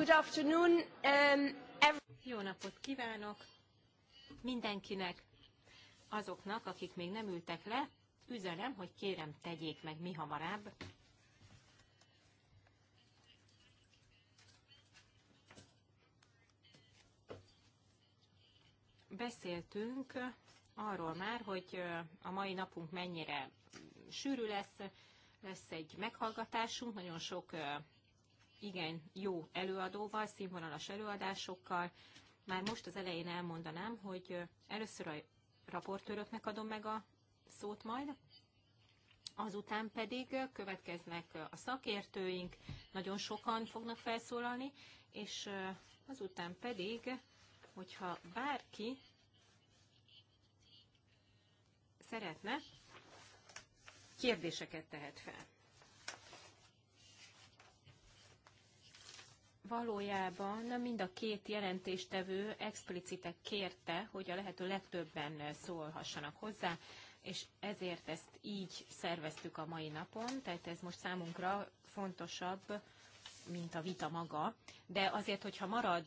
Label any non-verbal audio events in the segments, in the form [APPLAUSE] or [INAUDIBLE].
Good afternoon, um, Jó napot kívánok mindenkinek, azoknak, akik még nem ültek le, üzenem, hogy kérem tegyék meg mi hamarabb. Beszéltünk arról már, hogy uh, a mai napunk mennyire sűrű lesz, lesz egy meghallgatásunk, nagyon sok uh, igen jó előadóval, színvonalas előadásokkal. Már most az elején elmondanám, hogy először a raportőröknek adom meg a szót majd, azután pedig következnek a szakértőink, nagyon sokan fognak felszólalni, és azután pedig, hogyha bárki szeretne, kérdéseket tehet fel. valójában mind a két jelentéstevő explicite kérte, hogy a lehető legtöbben szólhassanak hozzá, és ezért ezt így szerveztük a mai napon, tehát ez most számunkra fontosabb, mint a vita maga, de azért, hogyha marad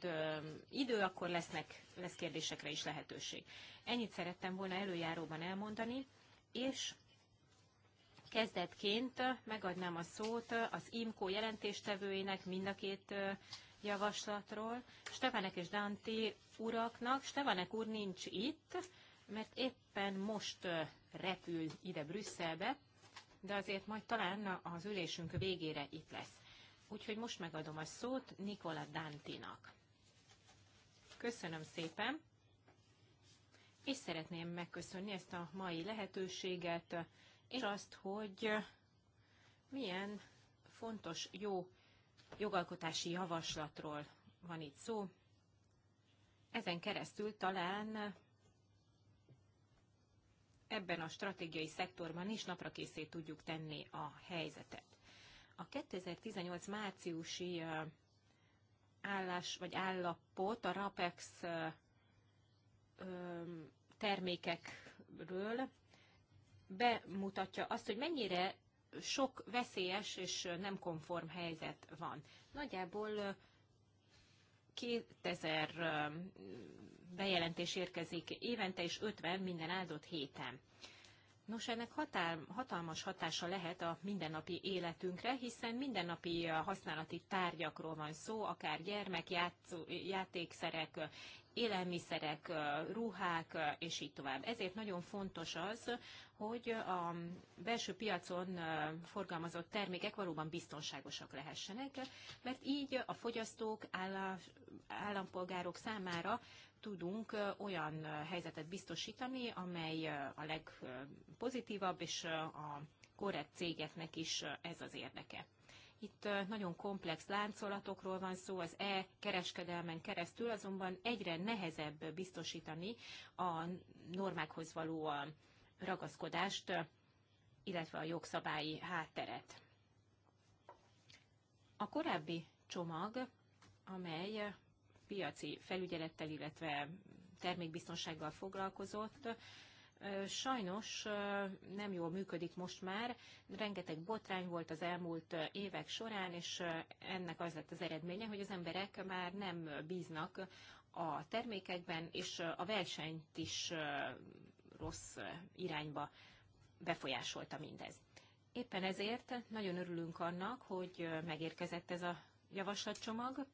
idő, akkor lesznek, lesz kérdésekre is lehetőség. Ennyit szerettem volna előjáróban elmondani, és Kezdetként megadnám a szót az IMCO jelentéstevőjének mind a két javaslatról, Stefanek és Danti uraknak. Stefanek úr nincs itt, mert éppen most repül ide Brüsszelbe, de azért majd talán az ülésünk végére itt lesz. Úgyhogy most megadom a szót Nikola Dantinak. Köszönöm szépen, és szeretném megköszönni ezt a mai lehetőséget, és azt, hogy milyen fontos, jó jogalkotási javaslatról van itt szó. Ezen keresztül talán ebben a stratégiai szektorban is naprakészé tudjuk tenni a helyzetet. A 2018 márciusi állás vagy állapot a RAPEX termékekről bemutatja azt, hogy mennyire sok veszélyes és nem konform helyzet van. Nagyjából 2000 bejelentés érkezik évente, és 50 minden áldott héten. Nos, ennek hatál, hatalmas hatása lehet a mindennapi életünkre, hiszen mindennapi használati tárgyakról van szó, akár gyermek, játszó, játékszerek, élelmiszerek, ruhák, és így tovább. Ezért nagyon fontos az, hogy a belső piacon forgalmazott termékek valóban biztonságosak lehessenek, mert így a fogyasztók, állampolgárok számára tudunk olyan helyzetet biztosítani, amely a legpozitívabb, és a korrekt cégeknek is ez az érdeke. Itt nagyon komplex láncolatokról van szó, az e-kereskedelmen keresztül azonban egyre nehezebb biztosítani a normákhoz való ragaszkodást, illetve a jogszabályi hátteret. A korábbi csomag, amely piaci felügyelettel, illetve termékbiztonsággal foglalkozott, sajnos nem jól működik most már. Rengeteg botrány volt az elmúlt évek során, és ennek az lett az eredménye, hogy az emberek már nem bíznak a termékekben, és a versenyt is rossz irányba befolyásolta mindez. Éppen ezért nagyon örülünk annak, hogy megérkezett ez a javaslatcsomag.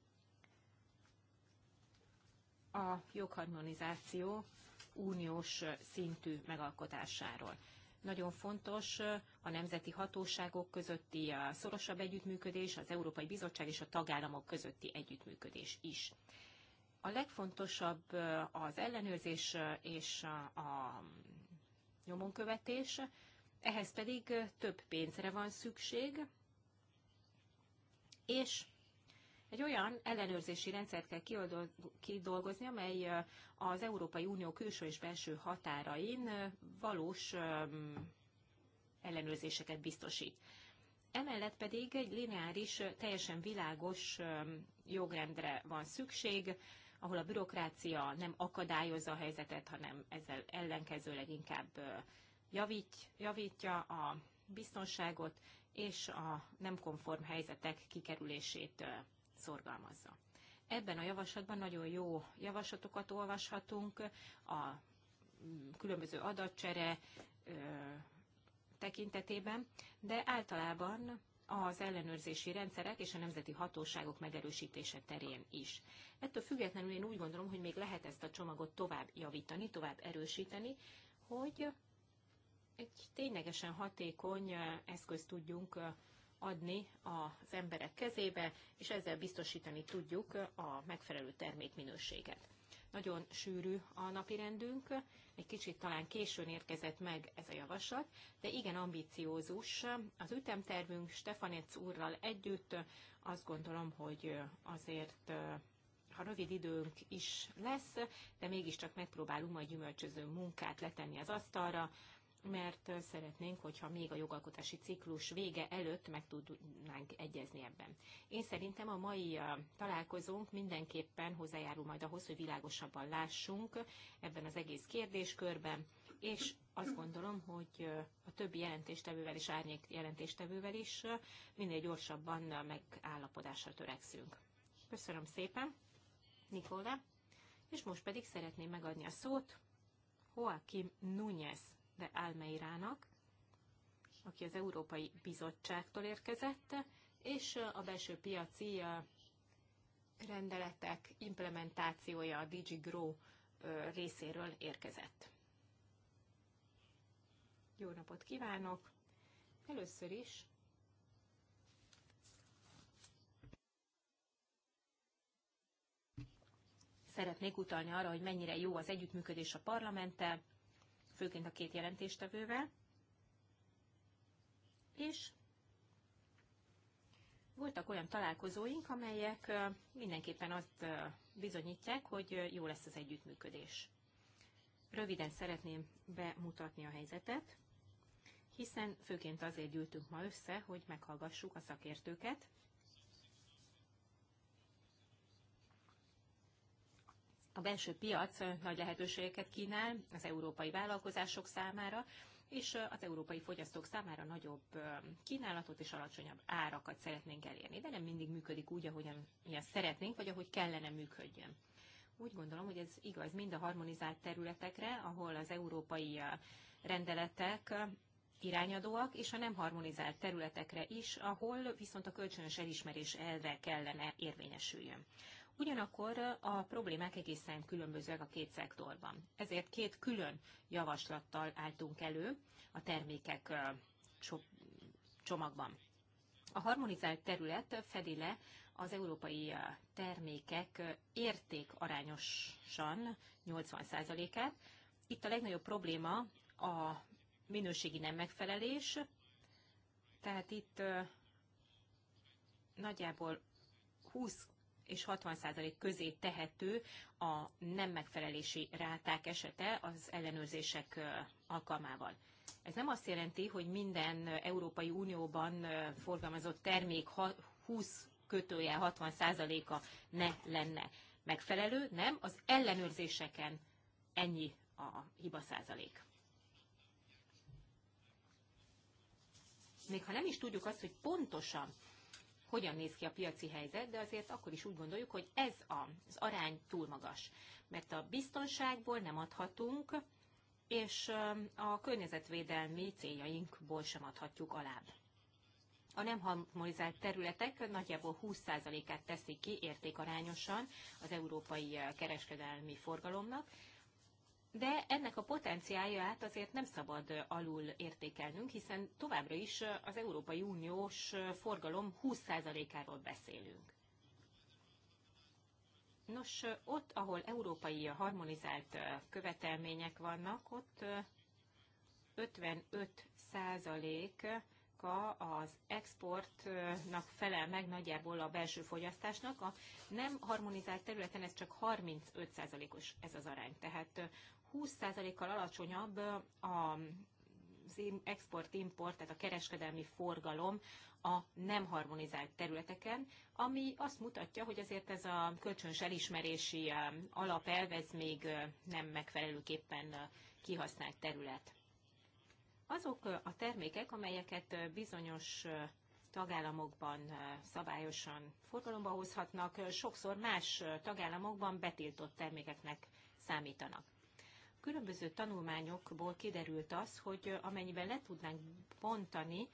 A jogharmonizáció uniós szintű megalkotásáról. Nagyon fontos a nemzeti hatóságok közötti a szorosabb együttműködés, az Európai Bizottság és a tagállamok közötti együttműködés is. A legfontosabb az ellenőrzés és a nyomonkövetés, ehhez pedig több pénzre van szükség, és egy olyan ellenőrzési rendszert kell kidolgozni, amely az Európai Unió külső és belső határain valós ellenőrzéseket biztosít. Emellett pedig egy lineáris, teljesen világos jogrendre van szükség, ahol a bürokrácia nem akadályozza a helyzetet, hanem ezzel ellenkezőleg inkább javít, javítja a biztonságot és a nem konform helyzetek kikerülését szorgalmazza. Ebben a javaslatban nagyon jó javaslatokat olvashatunk, a mm, különböző adatcsere tekintetében, de általában az ellenőrzési rendszerek és a nemzeti hatóságok megerősítése terén is. Ettől függetlenül én úgy gondolom, hogy még lehet ezt a csomagot tovább javítani, tovább erősíteni, hogy egy ténylegesen hatékony eszközt tudjunk adni az emberek kezébe, és ezzel biztosítani tudjuk a megfelelő termékminőséget. Nagyon sűrű a rendünk, egy kicsit talán későn érkezett meg ez a javaslat, de igen ambiciózus. Az ütemtervünk Stefanec úrral együtt azt gondolom, hogy azért ha rövid időnk is lesz, de mégiscsak megpróbálunk majd gyümölcsöző munkát letenni az asztalra, mert szeretnénk, hogyha még a jogalkotási ciklus vége előtt meg tudnánk egyezni ebben. Én szerintem a mai találkozónk mindenképpen hozzájárul majd ahhoz, hogy világosabban lássunk ebben az egész kérdéskörben, és azt gondolom, hogy a többi jelentéstevővel és árnyék jelentéstevővel is minél gyorsabban megállapodásra törekszünk. Köszönöm szépen, Nikola, és most pedig szeretném megadni a szót Joaquim Núñez de Almeirának, aki az Európai Bizottságtól érkezett, és a belső piaci rendeletek implementációja a DigiGrow részéről érkezett. Jó napot kívánok! Először is szeretnék utalni arra, hogy mennyire jó az együttműködés a parlamenttel, főként a két jelentéstevővel, és voltak olyan találkozóink, amelyek mindenképpen azt bizonyítják, hogy jó lesz az együttműködés. Röviden szeretném bemutatni a helyzetet, hiszen főként azért gyűltünk ma össze, hogy meghallgassuk a szakértőket, A belső piac nagy lehetőségeket kínál az európai vállalkozások számára, és az európai fogyasztók számára nagyobb kínálatot és alacsonyabb árakat szeretnénk elérni, de nem mindig működik úgy, ahogyan ilyen szeretnénk, vagy ahogy kellene működjön. Úgy gondolom, hogy ez igaz mind a harmonizált területekre, ahol az európai rendeletek irányadóak, és a nem harmonizált területekre is, ahol viszont a kölcsönös elismerés elve kellene érvényesüljön. Ugyanakkor a problémák egészen különbözőek a két szektorban. Ezért két külön javaslattal álltunk elő a termékek csomagban. A harmonizált terület fedi le az európai termékek érték arányosan 80%-át. Itt a legnagyobb probléma a minőségi nem megfelelés, tehát itt nagyjából 20 és 60% közé tehető a nem megfelelési ráták esete az ellenőrzések alkalmával. Ez nem azt jelenti, hogy minden Európai Unióban forgalmazott termék 20 kötője 60%-a ne lenne megfelelő, nem, az ellenőrzéseken ennyi a hiba százalék. Még ha nem is tudjuk azt, hogy pontosan hogyan néz ki a piaci helyzet, de azért akkor is úgy gondoljuk, hogy ez az arány túl magas. Mert a biztonságból nem adhatunk, és a környezetvédelmi céljainkból sem adhatjuk alá. A nem harmonizált területek nagyjából 20%-át teszik ki értékarányosan az európai kereskedelmi forgalomnak, de ennek a potenciáját azért nem szabad alul értékelnünk, hiszen továbbra is az Európai Uniós forgalom 20%-áról beszélünk. Nos, ott, ahol európai harmonizált követelmények vannak, ott 55 a az exportnak felel meg nagyjából a belső fogyasztásnak. A nem harmonizált területen ez csak 35 os ez az arány. Tehát 20%-kal alacsonyabb az export-import, tehát a kereskedelmi forgalom a nem harmonizált területeken, ami azt mutatja, hogy azért ez a kölcsönös elismerési alapelv, ez még nem megfelelőképpen kihasznált terület. Azok a termékek, amelyeket bizonyos tagállamokban szabályosan forgalomba hozhatnak, sokszor más tagállamokban betiltott termékeknek számítanak különböző tanulmányokból kiderült az, hogy amennyiben le tudnánk bontani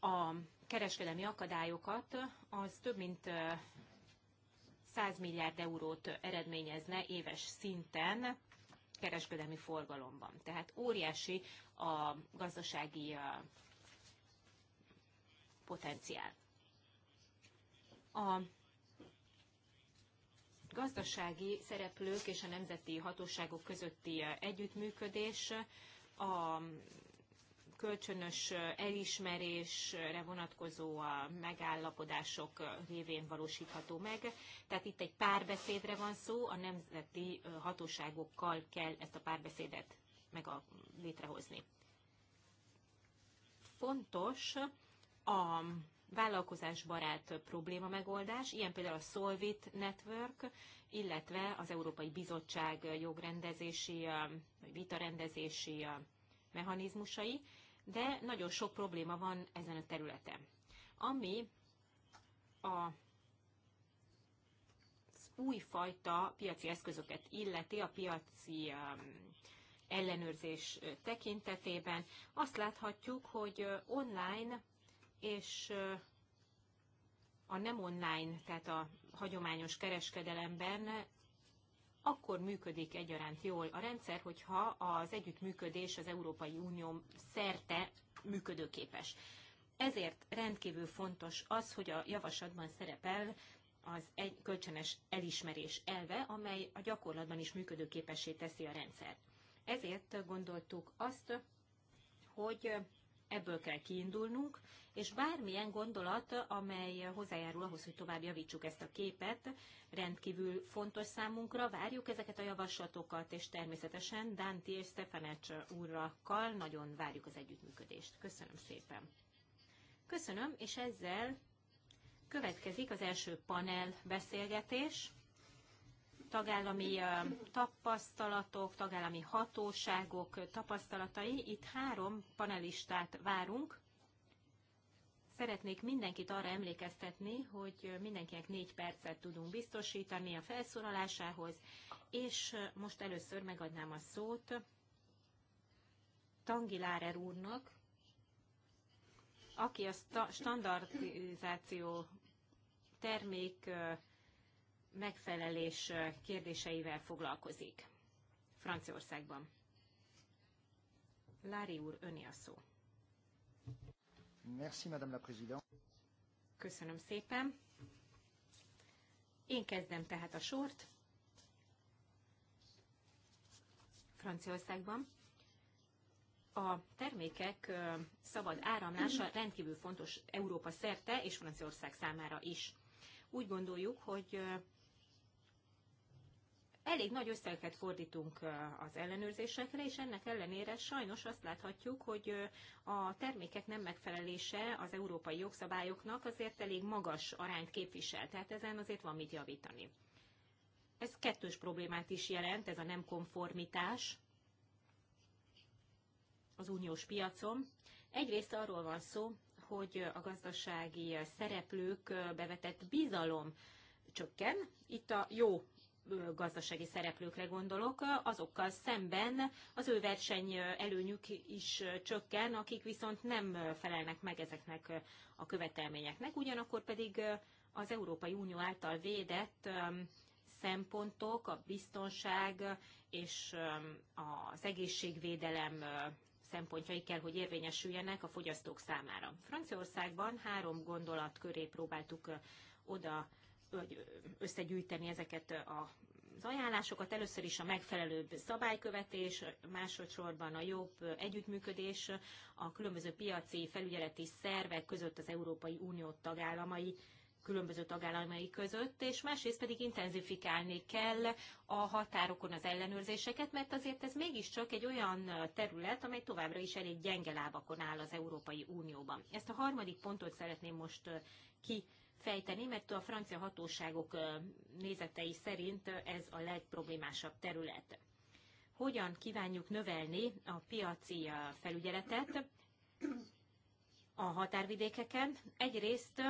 a kereskedelmi akadályokat, az több mint 100 milliárd eurót eredményezne éves szinten kereskedelmi forgalomban. Tehát óriási a gazdasági potenciál. A gazdasági szereplők és a nemzeti hatóságok közötti eh, együttműködés, a kölcsönös eh, elismerésre vonatkozó megállapodások eh, révén valósítható meg. Tehát itt egy párbeszédre van szó, a nemzeti hatóságokkal kell ezt a párbeszédet meg a, létrehozni. Fontos a vállalkozásbarát probléma megoldás, ilyen például a Solvit Network, illetve az Európai Bizottság jogrendezési, vagy vitarendezési mechanizmusai, de nagyon sok probléma van ezen a területen. Ami a újfajta piaci eszközöket illeti, a piaci ellenőrzés tekintetében, azt láthatjuk, hogy online és a nem online, tehát a hagyományos kereskedelemben akkor működik egyaránt jól a rendszer, hogyha az együttműködés az Európai Unió szerte működőképes. Ezért rendkívül fontos az, hogy a javaslatban szerepel az egy kölcsönös elismerés elve, amely a gyakorlatban is működőképessé teszi a rendszert. Ezért gondoltuk azt, hogy ebből kell kiindulnunk, és bármilyen gondolat, amely hozzájárul ahhoz, hogy tovább javítsuk ezt a képet, rendkívül fontos számunkra. Várjuk ezeket a javaslatokat, és természetesen Dánti és Stefanec úrrakkal nagyon várjuk az együttműködést. Köszönöm szépen! Köszönöm, és ezzel következik az első panel beszélgetés tagállami tapasztalatok, tagállami hatóságok tapasztalatai. Itt három panelistát várunk. Szeretnék mindenkit arra emlékeztetni, hogy mindenkinek négy percet tudunk biztosítani a felszólalásához, és most először megadnám a szót Lárer úrnak, aki a standardizáció termék megfelelés kérdéseivel foglalkozik Franciaországban. Lári úr, öné a szó. Merci, Madame la Présidente. Köszönöm szépen. Én kezdem tehát a sort. Franciaországban a termékek szabad áramlása rendkívül fontos Európa szerte és Franciaország számára is. Úgy gondoljuk, hogy elég nagy összegeket fordítunk az ellenőrzésekre, és ennek ellenére sajnos azt láthatjuk, hogy a termékek nem megfelelése az európai jogszabályoknak azért elég magas arányt képvisel, tehát ezen azért van mit javítani. Ez kettős problémát is jelent, ez a nem konformitás az uniós piacon. Egyrészt arról van szó, hogy a gazdasági szereplők bevetett bizalom csökken. Itt a jó gazdasági szereplőkre gondolok, azokkal szemben az ő verseny előnyük is csökken, akik viszont nem felelnek meg ezeknek a követelményeknek. Ugyanakkor pedig az Európai Unió által védett szempontok, a biztonság és az egészségvédelem szempontjai kell, hogy érvényesüljenek a fogyasztók számára. Franciaországban három gondolat köré próbáltuk oda összegyűjteni ezeket a az ajánlásokat először is a megfelelőbb szabálykövetés, másodszorban a jobb együttműködés a különböző piaci felügyeleti szervek között az Európai Unió tagállamai különböző tagállamai között, és másrészt pedig intenzifikálni kell a határokon az ellenőrzéseket, mert azért ez mégiscsak egy olyan terület, amely továbbra is elég gyenge lábakon áll az Európai Unióban. Ezt a harmadik pontot szeretném most ki fejteni, mert a francia hatóságok nézetei szerint ez a legproblémásabb terület. Hogyan kívánjuk növelni a piaci felügyeletet a határvidékeken? Egyrészt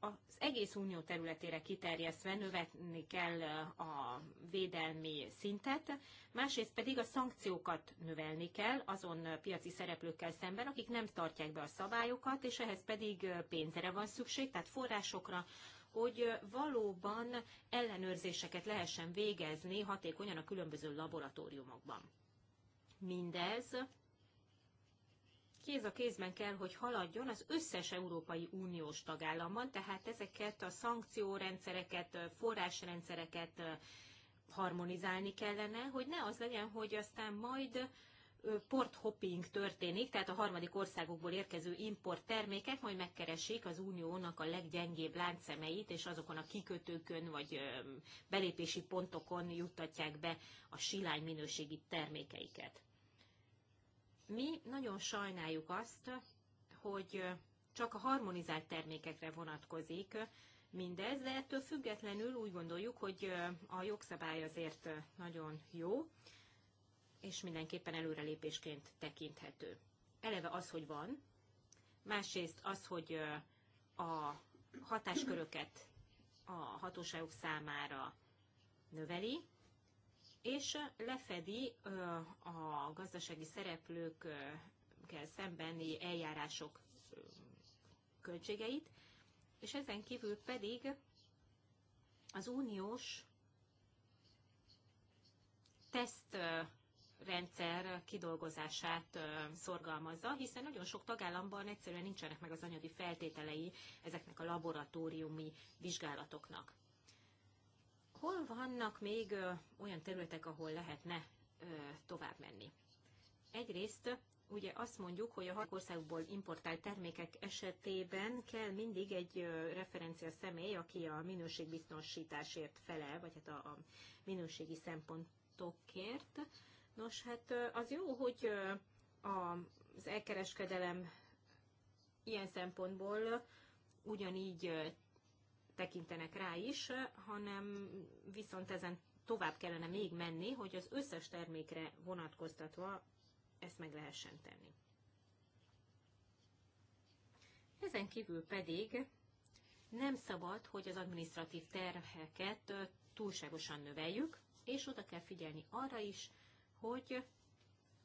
az egész unió területére kiterjesztve növelni kell a védelmi szintet, másrészt pedig a szankciókat növelni kell azon piaci szereplőkkel szemben, akik nem tartják be a szabályokat, és ehhez pedig pénzre van szükség, tehát forrásokra, hogy valóban ellenőrzéseket lehessen végezni hatékonyan a különböző laboratóriumokban. Mindez kéz a kézben kell, hogy haladjon az összes Európai Uniós tagállamban, tehát ezeket a szankciórendszereket, forrásrendszereket harmonizálni kellene, hogy ne az legyen, hogy aztán majd port hopping történik, tehát a harmadik országokból érkező import termékek majd megkeresik az uniónak a leggyengébb láncszemeit, és azokon a kikötőkön vagy belépési pontokon juttatják be a silány minőségi termékeiket. Mi nagyon sajnáljuk azt, hogy csak a harmonizált termékekre vonatkozik mindez, de ettől függetlenül úgy gondoljuk, hogy a jogszabály azért nagyon jó, és mindenképpen előrelépésként tekinthető. Eleve az, hogy van, másrészt az, hogy a hatásköröket a hatóságok számára növeli, és lefedi a gazdasági szereplőkkel szembeni eljárások költségeit, és ezen kívül pedig az uniós tesztrendszer kidolgozását szorgalmazza, hiszen nagyon sok tagállamban egyszerűen nincsenek meg az anyagi feltételei ezeknek a laboratóriumi vizsgálatoknak. Hol vannak még olyan területek, ahol lehetne tovább menni? Egyrészt ugye azt mondjuk, hogy a hat országból importált termékek esetében kell mindig egy referencia személy, aki a minőségbiztonsításért felel, vagy hát a, a minőségi szempontokért. Nos, hát az jó, hogy az elkereskedelem ilyen szempontból ugyanígy tekintenek rá is, hanem viszont ezen tovább kellene még menni, hogy az összes termékre vonatkoztatva ezt meg lehessen tenni. Ezen kívül pedig nem szabad, hogy az administratív terheket túlságosan növeljük, és oda kell figyelni arra is, hogy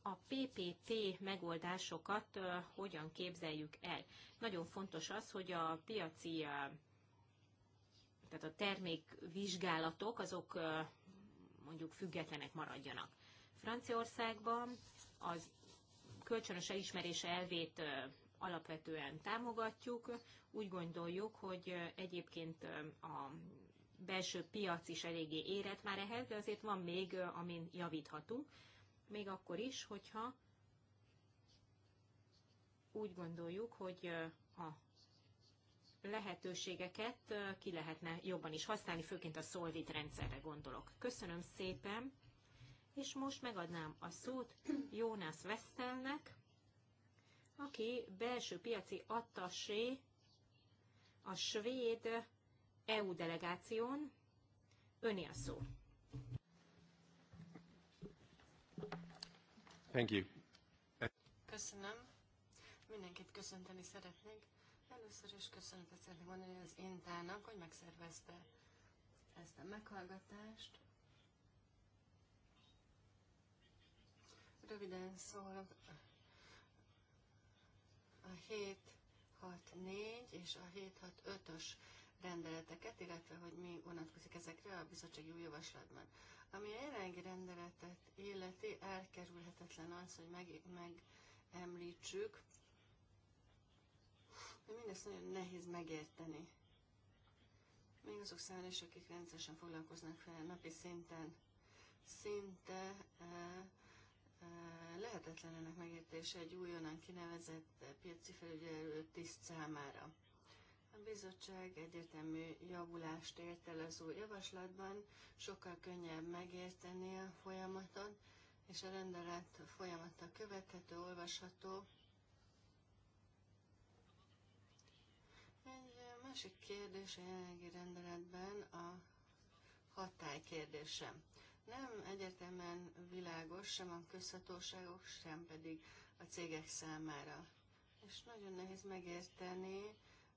a PPT megoldásokat hogyan képzeljük el. Nagyon fontos az, hogy a piaci tehát a termékvizsgálatok azok mondjuk függetlenek maradjanak. Franciaországban az kölcsönös elismerés elvét alapvetően támogatjuk. Úgy gondoljuk, hogy egyébként a belső piac is eléggé érett már ehhez, de azért van még, amin javíthatunk. Még akkor is, hogyha úgy gondoljuk, hogy a lehetőségeket ki lehetne jobban is használni, főként a Solvit rendszerre gondolok. Köszönöm szépen, és most megadnám a szót Jónás Vesztelnek, aki belső piaci attasé a svéd EU delegáción. Öné a szó. Thank you. Köszönöm. Mindenkit köszönteni szeretnék. Először is köszönetet szeretnék mondani az Intának, hogy megszervezte ezt a meghallgatást. Röviden szól: a 764 és a 765-ös rendeleteket, illetve hogy mi vonatkozik ezekre a bizottsági új javaslatban. Ami a jelenlegi rendeletet illeti, elkerülhetetlen az, hogy meg, megemlítsük Mindezt nagyon nehéz megérteni. Még azok számára is, akik rendszeresen foglalkoznak fel napi szinten, szinte e, e, lehetetlen ennek megértése egy újonnan kinevezett eh, piaci felügyelő tiszt számára. A bizottság egyértelmű javulást ért el az új javaslatban, sokkal könnyebb megérteni a folyamaton, és a rendelet folyamata követhető, olvasható, másik kérdés a jelenlegi rendeletben a hatály kérdése. Nem egyetemen világos sem a közhatóságok, sem pedig a cégek számára. És nagyon nehéz megérteni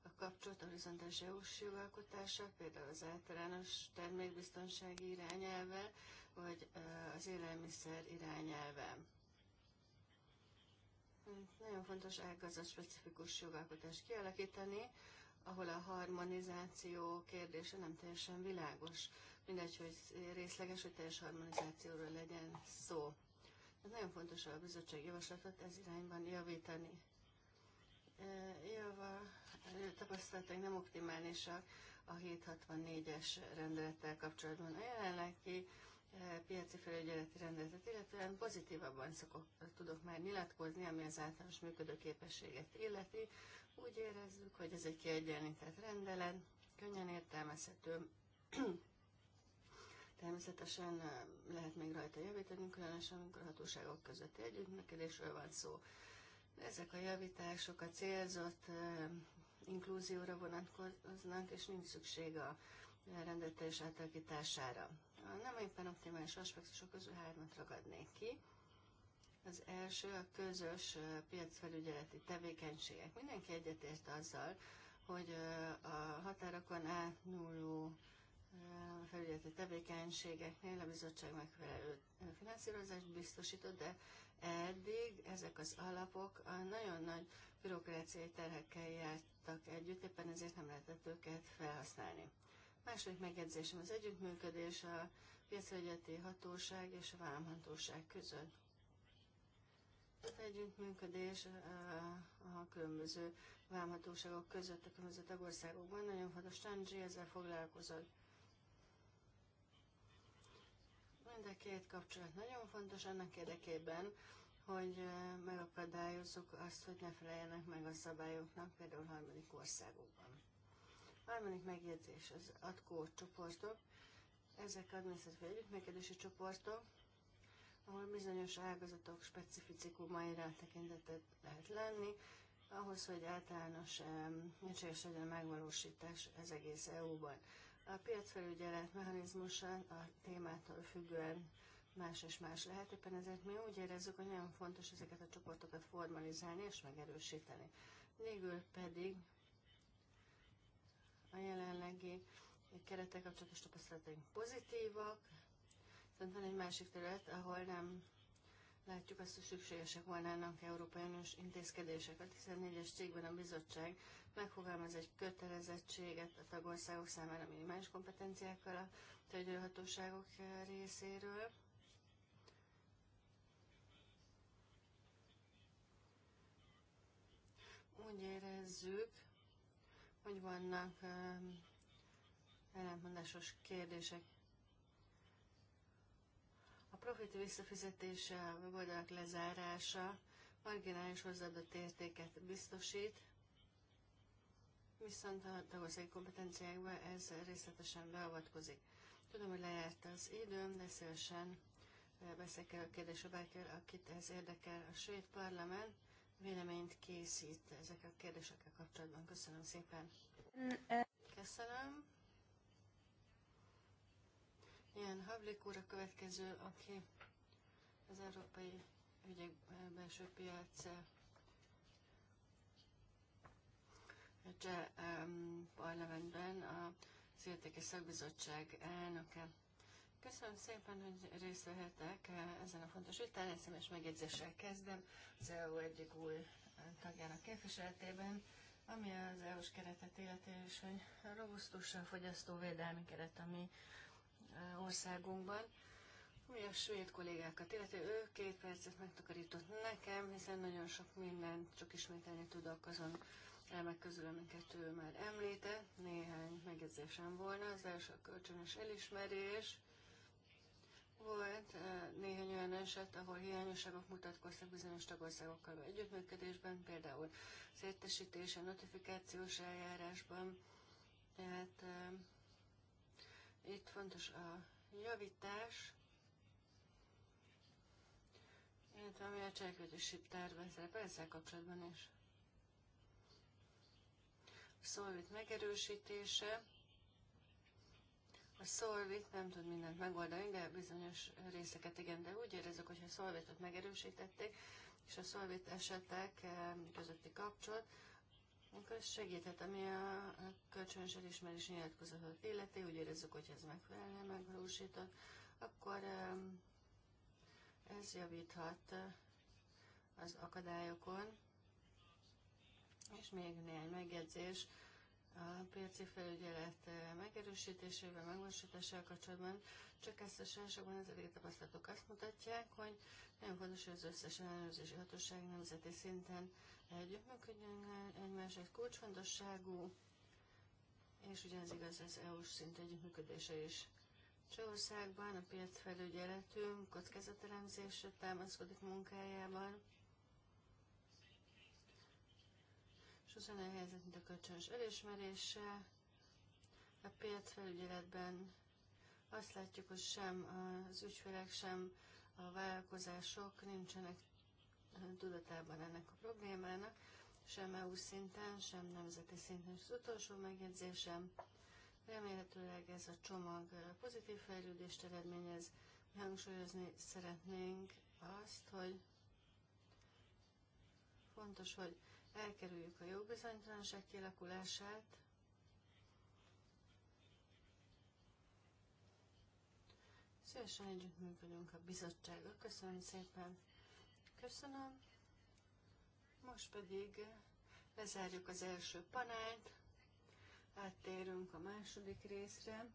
a kapcsolat a horizontális EU-s jogalkotása, például az általános termékbiztonsági irányelve, vagy az élelmiszer irányelve. Hm, nagyon fontos ágazat specifikus jogalkotást kialakítani, ahol a harmonizáció kérdése nem teljesen világos. Mindegy, hogy részleges, hogy teljes harmonizációról legyen szó. Ez hát nagyon fontos a bizottság javaslatot ez irányban javítani. E, java tapasztalataink nem optimálisak a 764-es rendelettel kapcsolatban. A jelenlegi piaci felügyeleti rendeletet, illetően pozitívabban szokok, tudok már nyilatkozni, ami az általános működőképességet illeti. Úgy érezzük, hogy ez egy kiegyenlített rendelet, könnyen értelmezhető, [CLEARS THROAT] Természetesen lehet még rajta javítani, különösen amikor a hatóságok közötti együttműködésről van szó. ezek a javítások a célzott inkluzióra vonatkoznak, és nincs szükség a rendetelés átalakítására nem éppen optimális aspektusok közül hármat ragadnék ki. Az első a közös piacfelügyeleti tevékenységek. Mindenki egyetért azzal, hogy a határokon átnyúló felügyeleti tevékenységeknél a bizottság megfelelő finanszírozást biztosított, de eddig ezek az alapok a nagyon nagy bürokráciai terhekkel jártak együtt, éppen ezért nem lehetett őket felhasználni. Második megjegyzésem az együttműködés a piacvegyeti hatóság és a vállalhatóság között. Az együttműködés a különböző vállalhatóságok között, a különböző tagországokban nagyon fontos. Tanzsi ezzel foglalkozott. Mind a két kapcsolat nagyon fontos annak érdekében, hogy megakadályozzuk azt, hogy ne feleljenek meg a szabályoknak, például harmadik országokban. Harmadik megjegyzés az ATKO csoportok. Ezek adminisztratív együttműködési csoportok, ahol bizonyos ágazatok specifikumaira tekintetet lehet lenni, ahhoz, hogy általános egységes legyen a megvalósítás az egész EU-ban. A piacfelügyelet mechanizmusa a témától függően más és más lehet, éppen ezért mi úgy érezzük, hogy nagyon fontos ezeket a csoportokat formalizálni és megerősíteni. Végül pedig a jelenlegi keretek kapcsolatos tapasztalataink pozitívak, viszont van egy másik terület, ahol nem látjuk azt, hogy szükségesek volnának Európai Uniós intézkedések. A 14-es cégben a bizottság megfogalmaz egy kötelezettséget a tagországok számára minimális kompetenciákkal a tegyőhatóságok részéről. Úgy érezzük, hogy vannak um, ellentmondásos kérdések. A profit visszafizetése, a weboldalak lezárása marginális hozzáadott értéket biztosít, viszont a tagországi kompetenciákba ez részletesen beavatkozik. Tudom, hogy lejárt az időm, de szívesen eh, beszélek a kérdésre bárkivel, akit ez érdekel a svéd parlament véleményt készít ezek a kérdésekkel kapcsolatban. Köszönöm szépen. Köszönöm. Ilyen Havlik úr a következő, aki az európai ügyek belső piac cseh parlamentben az értékes szakbizottság elnöke. Köszönöm szépen, hogy részt vehetek eh, ezen a fontos vitán. Egy személyes megjegyzéssel kezdem az EU egyik új eh, tagjának képviseletében, ami az EU-s keretet illeti, és hogy robusztus a fogyasztóvédelmi keret a mi eh, országunkban. Mi a svéd kollégákat illeti, ő két percet megtakarított nekem, hiszen nagyon sok mindent csak ismételni tudok azon elemek közül, amiket ő már említett, néhány megjegyzésem volna. Az első a kölcsönös elismerés, volt néhány olyan eset, ahol hiányosságok mutatkoztak bizonyos tagországokkal együttműködésben, például szétesítése, notifikációs eljárásban. Tehát itt fontos a javítás, illetve ami a cselekvési tervben szerepel, ezzel kapcsolatban is. A itt megerősítése, a szolvit nem tud mindent megoldani, de bizonyos részeket igen, de úgy érezzük, hogy a szolvitot megerősítették, és a szolvit esetek eh, közötti kapcsolat, akkor ez segíthet, ami a kölcsönös elismerés nyilatkozatot illeti, úgy érezzük, hogy ez megfelelően megvalósított, akkor eh, ez javíthat eh, az akadályokon. És még néhány megjegyzés a piaci felügyelet eh, megerősítésével, megvalósítással kapcsolatban, csak ezt a sajnosakban az eddigi tapasztalatok azt mutatják, hogy nagyon fontos, hogy az összes ellenőrzési hatóság nemzeti szinten együttműködjön eh, egymás, egy kulcsfontosságú, és ugyanez igaz az EU-s szint együttműködése is. Csehországban a piacfelügyeletünk kockázatelemzésre támaszkodik munkájában, és az olyan helyzet, mint a kölcsönös elismeréssel. A felügyeletben azt látjuk, hogy sem az ügyfelek, sem a vállalkozások nincsenek tudatában ennek a problémának, sem EU szinten, sem nemzeti szinten. És az utolsó megjegyzésem, remélhetőleg ez a csomag pozitív fejlődést eredményez. Hangsúlyozni szeretnénk azt, hogy fontos, hogy elkerüljük a jogbizonytalanság kialakulását, Szívesen együttműködünk a bizottsággal. Köszönöm szépen. Köszönöm. Most pedig lezárjuk az első panelt, áttérünk a második részre.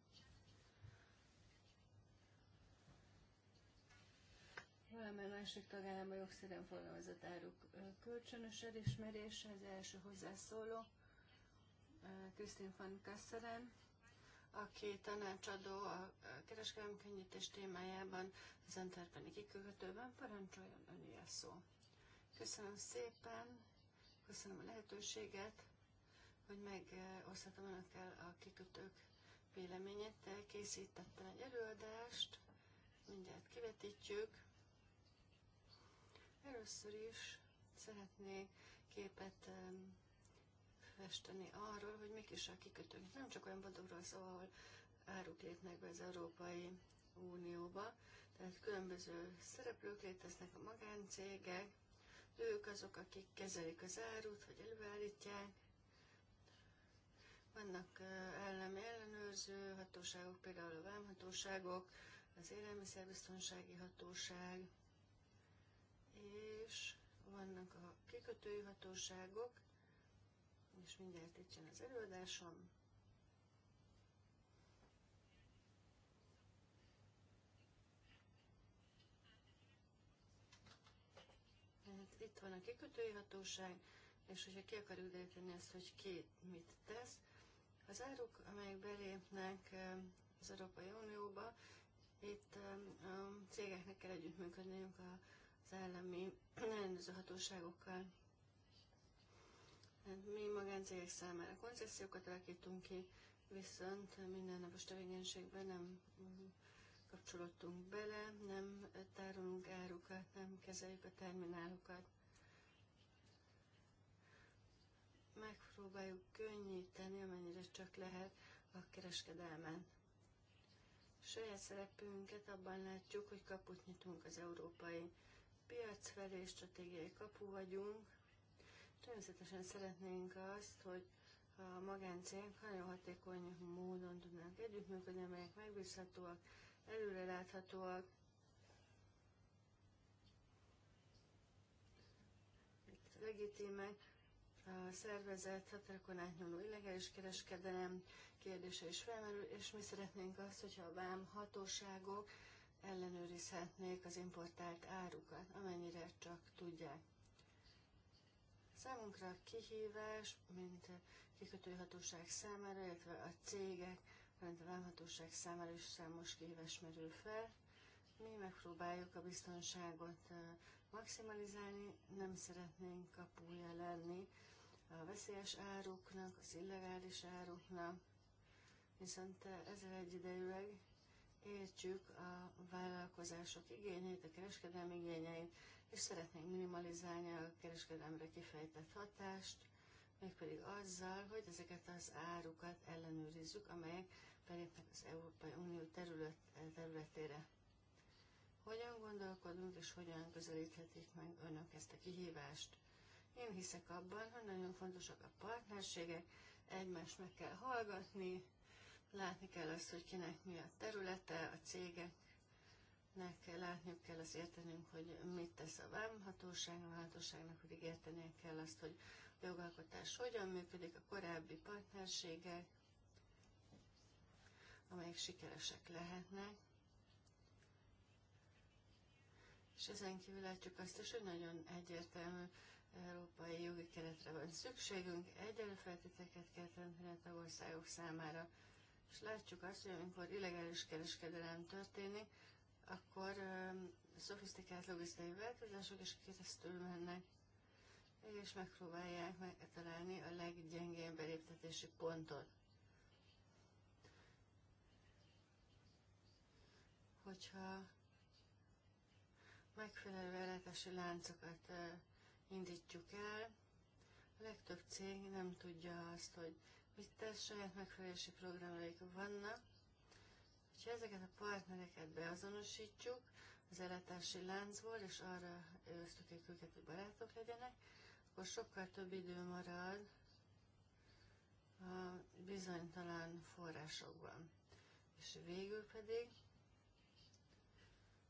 valamely másik a jogszerűen forgalmazott áruk kölcsönös elismerése, az első hozzászóló, Krisztin van Kasszeren, aki tanácsadó a kereskedelmi könnyítés témájában az Antwerpeni kikötőben. Parancsoljon öné a szó. Köszönöm szépen, köszönöm a lehetőséget, hogy megoszthatom önökkel a kikötők véleményét. Készítettem egy előadást, mindjárt kivetítjük. Először is szeretnék képet festeni arról, hogy mik is a kikötők. Nem csak olyan boldogról szó, ahol áruk lépnek be az Európai Unióba, tehát különböző szereplők léteznek, a magáncégek, ők azok, akik kezelik az árut, vagy előállítják, vannak állami ellenőrző hatóságok, például a vámhatóságok, az élelmiszerbiztonsági hatóság, és vannak a kikötői hatóságok, és mindjárt itt jön az előadásom. Tehát itt van a kikötői hatóság, és hogyha ki akarjuk deríteni ezt, hogy ki mit tesz, az áruk, amelyek belépnek um, az Európai Unióba, itt um, a cégeknek kell együttműködniük a szellemi állami ellenőrző hatóságokkal. Hát mi magáncégek számára koncepciókat alakítunk ki, viszont mindennapos tevékenységben nem kapcsolódtunk bele, nem tárolunk árukat, nem kezeljük a terminálokat. Megpróbáljuk könnyíteni, amennyire csak lehet a kereskedelmen. Saját szerepünket abban látjuk, hogy kaput nyitunk az európai piac felé stratégiai kapu vagyunk. Természetesen szeretnénk azt, hogy a magáncégek nagyon hatékony módon tudnak együttműködni, amelyek megbízhatóak, előreláthatóak, legitimek, a szervezet határokon átnyúló illegális kereskedelem kérdése is felmerül, és mi szeretnénk azt, hogyha a vám hatóságok ellenőrizhetnék az importált árukat, amennyire csak tudják. Számunkra a kihívás, mint kikötőhatóság számára, illetve a cégek, mint a vámhatóság számára is számos kihívás merül fel. Mi megpróbáljuk a biztonságot maximalizálni, nem szeretnénk kapuja lenni a veszélyes áruknak, az illegális áruknak, viszont ezzel egyidejűleg értsük a vállalkozások igényeit, a kereskedelmi igényeit, és szeretnénk minimalizálni a kereskedelemre kifejtett hatást, mégpedig azzal, hogy ezeket az árukat ellenőrizzük, amelyek belépnek az Európai Unió terület, területére. Hogyan gondolkodunk és hogyan közelíthetik meg önök ezt a kihívást? Én hiszek abban, hogy nagyon fontosak a partnerségek, egymást meg kell hallgatni, látni kell azt, hogy kinek mi a területe, a cégeknek kell látniuk kell, az értenünk, hogy mit tesz a vámhatóságnak, a hatóságnak pedig értenie kell azt, hogy a jogalkotás hogyan működik, a korábbi partnerségek, amelyek sikeresek lehetnek. És ezen kívül látjuk azt is, hogy nagyon egyértelmű európai jogi keretre van szükségünk, egyenlő feltételeket kell teremteni a tagországok számára és látjuk azt, hogy amikor illegális kereskedelem történik, akkor um, szofisztikált logisztikai változások is keresztül mennek, és megpróbálják megtalálni a leggyengébb beléptetési pontot. Hogyha megfelelő ellátási láncokat indítjuk el, a legtöbb cég nem tudja azt, hogy biztos saját megfelelési programjaik vannak. Ha ezeket a partnereket beazonosítjuk az ellátási láncból, és arra ösztökéljük őket, hogy barátok legyenek, akkor sokkal több idő marad a bizonytalan forrásokban. És végül pedig